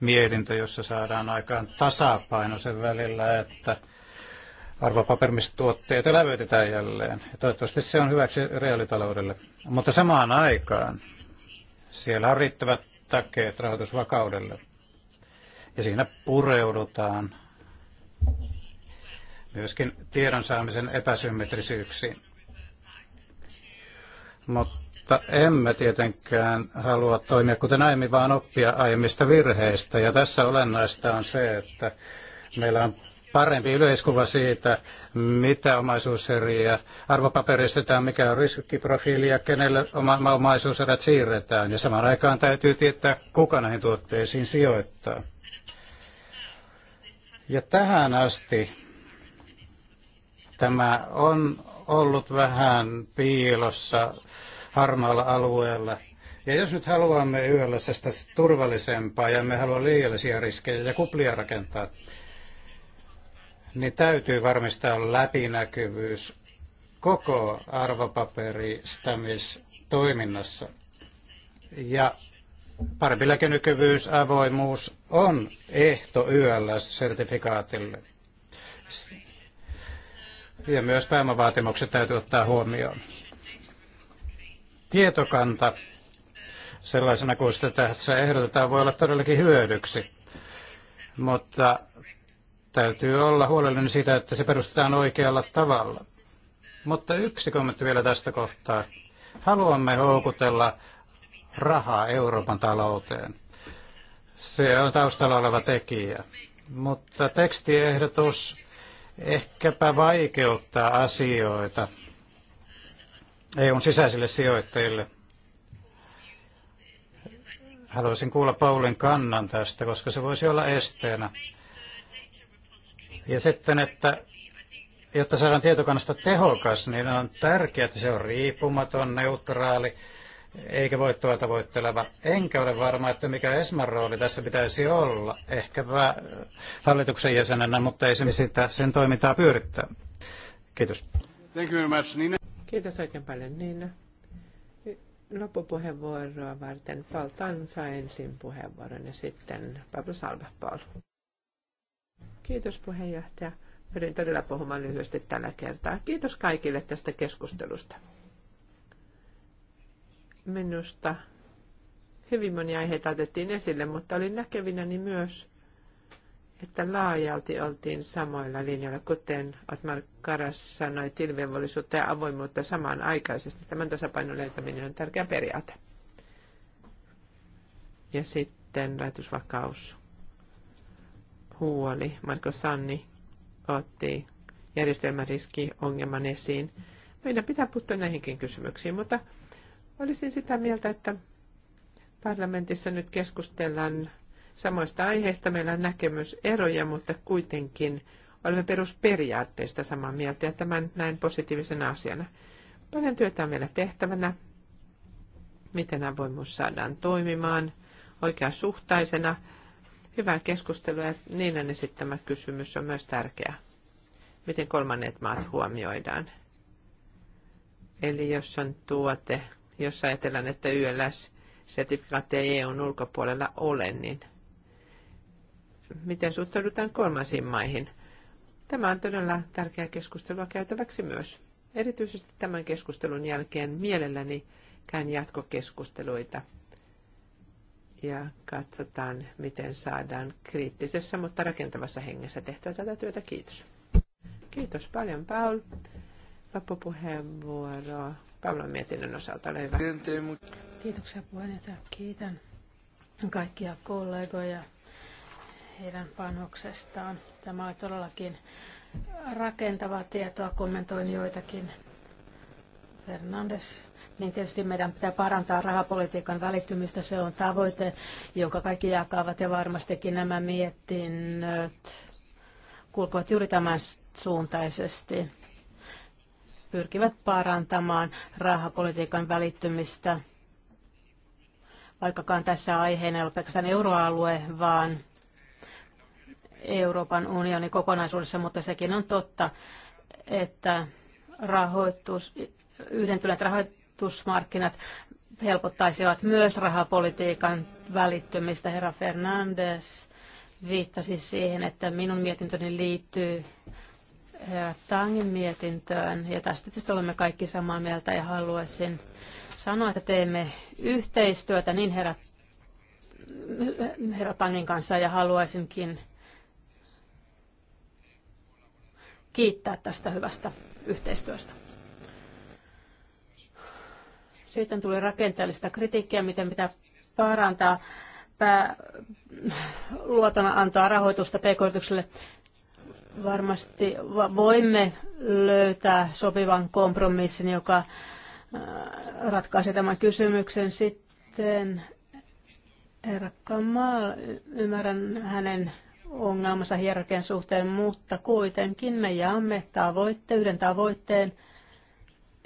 Speaker 4: mietintö, jossa saadaan aikaan tasapaino sen välillä, että arvopaperimistuotteet elävöitetään jälleen. Ja toivottavasti se on hyväksi reaalitaloudelle. Mutta samaan aikaan siellä on riittävät takeet rahoitusvakaudelle. Ja siinä pureudutaan myöskin tiedon saamisen epäsymmetrisyyksiin mutta emme tietenkään halua toimia kuten aiemmin, vaan oppia aiemmista virheistä. Ja tässä olennaista on se, että meillä on parempi yleiskuva siitä, mitä omaisuuseriä arvopaperistetään, mikä on riskiprofiili ja kenelle oma omaisuuserät siirretään. Ja samaan aikaan täytyy tietää, kuka näihin tuotteisiin sijoittaa. Ja tähän asti tämä on ollut vähän piilossa harmaalla alueella. Ja jos nyt haluamme YLSstä turvallisempaa ja me haluamme liiallisia riskejä ja kuplia rakentaa, niin täytyy varmistaa läpinäkyvyys koko arvopaperistämistoiminnassa. Ja parempi läpinäkyvyys, avoimuus on ehto YLS-sertifikaatille ja myös pääomavaatimukset täytyy ottaa huomioon. Tietokanta sellaisena kuin sitä tässä ehdotetaan voi olla todellakin hyödyksi, mutta täytyy olla huolellinen siitä, että se perustetaan oikealla tavalla. Mutta yksi kommentti vielä tästä kohtaa. Haluamme houkutella rahaa Euroopan talouteen. Se on taustalla oleva tekijä. Mutta tekstiehdotus ehkäpä vaikeuttaa asioita EUn sisäisille sijoittajille. Haluaisin kuulla Paulin kannan tästä, koska se voisi olla esteenä. Ja sitten, että jotta saadaan tietokannasta tehokas, niin on tärkeää, että se on riippumaton, neutraali, eikä voittoa tavoitteleva. Enkä ole varma, että mikä Esman rooli tässä pitäisi olla. Ehkäpä äh, hallituksen jäsenenä, mutta ei se sitä sen toimintaa pyörittää. Kiitos.
Speaker 2: Thank you very much, Nina. Kiitos oikein paljon, Niina. Loppupuheenvuoroa varten Paul Tansa ensin puheenvuoron ja sitten Pablo Salva Paul. Kiitos puheenjohtaja. Pyrin todella puhumaan lyhyesti tällä kertaa. Kiitos kaikille tästä keskustelusta. Minusta hyvin monia aiheita otettiin esille, mutta olin näkevinäni myös, että laajalti oltiin samoilla linjoilla, kuten Otmar Karas sanoi, tilvevollisuutta ja avoimuutta samanaikaisesti. aikaisesti. Tämän tasapainon löytäminen on tärkeä periaate. Ja sitten rajoitusvakaus. Huoli. Marko Sanni otti järjestelmäriskiongelman esiin. Meidän pitää puuttua näihinkin kysymyksiin, mutta Olisin sitä mieltä, että parlamentissa nyt keskustellaan samoista aiheista. Meillä on näkemyseroja, mutta kuitenkin olemme perusperiaatteista samaa mieltä ja tämän näin positiivisena asiana. Paljon työtä on vielä tehtävänä. Miten avoimuus saadaan toimimaan oikeasuhtaisena? Hyvää keskustelua ja Niinan esittämä kysymys on myös tärkeä. Miten kolmannet maat huomioidaan? Eli jos on tuote, jos ajatellaan, että YLS-sertifikaatti ei EUn ulkopuolella ole, niin miten suhtaudutaan kolmansiin maihin? Tämä on todella tärkeää keskustelua käytäväksi myös. Erityisesti tämän keskustelun jälkeen mielelläni käyn jatkokeskusteluita ja katsotaan, miten saadaan kriittisessä, mutta rakentavassa hengessä tehtyä tätä työtä. Kiitos. Kiitos paljon, Paul. Vappupuheenvuoro Pavlon mietinnön osalta. Ole hyvä. Kiitoksia puheenjohtaja. Kiitän kaikkia kollegoja heidän
Speaker 3: panoksestaan. Tämä oli todellakin rakentavaa tietoa. Kommentoin joitakin. Fernandes, niin tietysti meidän pitää parantaa rahapolitiikan välittymistä. Se on tavoite, jonka kaikki jakavat ja varmastikin nämä mietinnöt kulkevat juuri tämän suuntaisesti pyrkivät parantamaan rahapolitiikan välittymistä, vaikkakaan tässä aiheena ei ole pelkästään euroalue, vaan Euroopan unioni kokonaisuudessa, mutta sekin on totta, että rahoitus, yhdentyneet rahoitusmarkkinat helpottaisivat myös rahapolitiikan välittymistä. Herra Fernandes viittasi siihen, että minun mietintöni liittyy Tangin mietintöön, ja tästä tietysti olemme kaikki samaa mieltä, ja haluaisin sanoa, että teemme yhteistyötä niin herra, herra Tangin kanssa, ja haluaisinkin kiittää tästä hyvästä yhteistyöstä. Sitten tuli rakenteellista kritiikkiä, miten pitää parantaa pää, luotona antaa rahoitusta pk-yritykselle varmasti voimme löytää sopivan kompromissin, joka äh, ratkaisee tämän kysymyksen sitten. Herra Kamal, ymmärrän hänen ongelmansa hierarkian suhteen, mutta kuitenkin me jaamme tavoitte, yhden tavoitteen –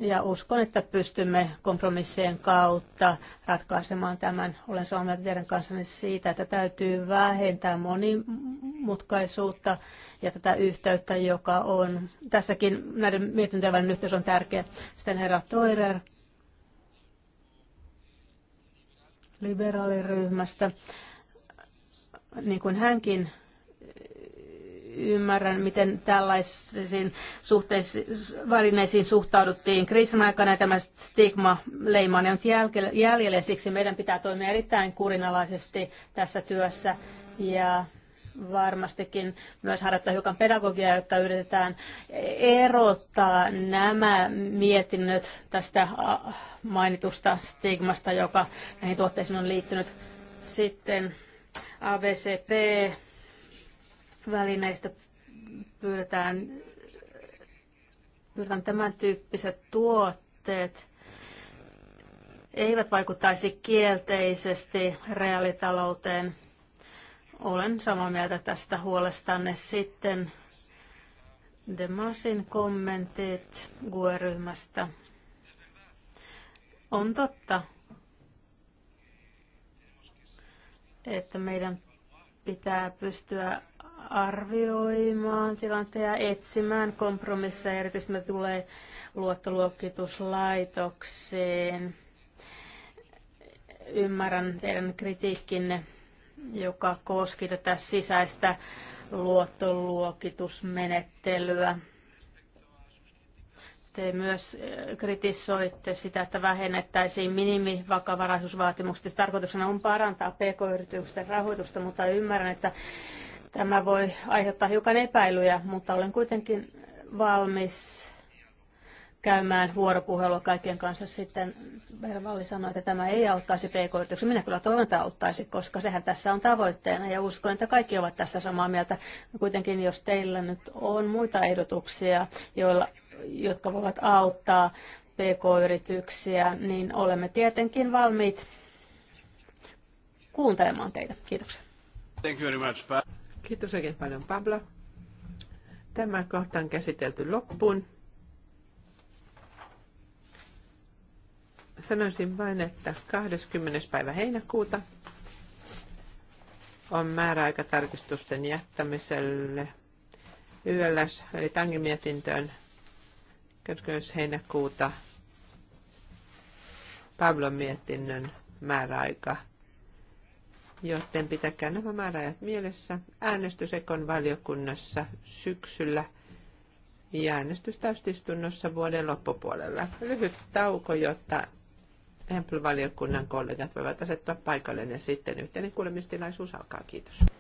Speaker 3: ja uskon, että pystymme kompromissien kautta ratkaisemaan tämän. Olen samaa mieltä teidän kanssanne siitä, että täytyy vähentää monimutkaisuutta ja tätä yhteyttä, joka on tässäkin näiden mietintöjen välinen yhteys on tärkeä. Sitten herra Toirer liberaaliryhmästä, niin kuin hänkin ymmärrän, miten tällaisiin välineisiin suhtauduttiin kriisin aikana ja tämä stigma leima on jäljellä. Siksi meidän pitää toimia erittäin kurinalaisesti tässä työssä ja varmastikin myös harjoittaa hiukan pedagogiaa, jotta yritetään erottaa nämä mietinnöt tästä mainitusta stigmasta, joka näihin tuotteisiin on liittynyt. Sitten ABCP, välineistä pyydetään, pyydetään tämän tyyppiset tuotteet eivät vaikuttaisi kielteisesti reaalitalouteen. Olen samaa mieltä tästä huolestanne sitten. Demasin kommentit GUE-ryhmästä. On totta, että meidän pitää pystyä arvioimaan tilanteen ja etsimään kompromisseja, erityisesti mitä tulee luottoluokituslaitokseen. Ymmärrän teidän kritiikkinne, joka koski tätä sisäistä luottoluokitusmenettelyä. Te myös eh, kritisoitte sitä, että vähennettäisiin minimivakavaraisuusvaatimukset. Tarkoituksena on parantaa pk-yritysten rahoitusta, mutta ymmärrän, että Tämä voi aiheuttaa hiukan epäilyjä, mutta olen kuitenkin valmis käymään vuoropuhelua kaikkien kanssa. Sitten Vervalli sanoi, että tämä ei auttaisi pk-yrityksiä. Minä kyllä toivon, että auttaisi, koska sehän tässä on tavoitteena ja uskon, että kaikki ovat tästä samaa mieltä. Kuitenkin jos teillä nyt on muita ehdotuksia, joilla, jotka voivat auttaa pk-yrityksiä, niin olemme tietenkin valmiit
Speaker 2: kuuntelemaan teitä. Kiitoksia.
Speaker 1: Thank you very much,
Speaker 2: Kiitos oikein paljon Pablo. Tämä kohta on käsitelty loppuun. Sanoisin vain, että 20. päivä heinäkuuta on määräaika tarkistusten jättämiselle YLS, eli tangimietintöön 20. heinäkuuta Pablon mietinnön määräaika joten pitäkää nämä määräajat mielessä. Äänestysekon valiokunnassa syksyllä ja äänestys täysistunnossa vuoden loppupuolella. Lyhyt tauko, jotta Hempel-valiokunnan kollegat voivat asettua paikalleen ja sitten yhteinen kuulemistilaisuus alkaa. Kiitos.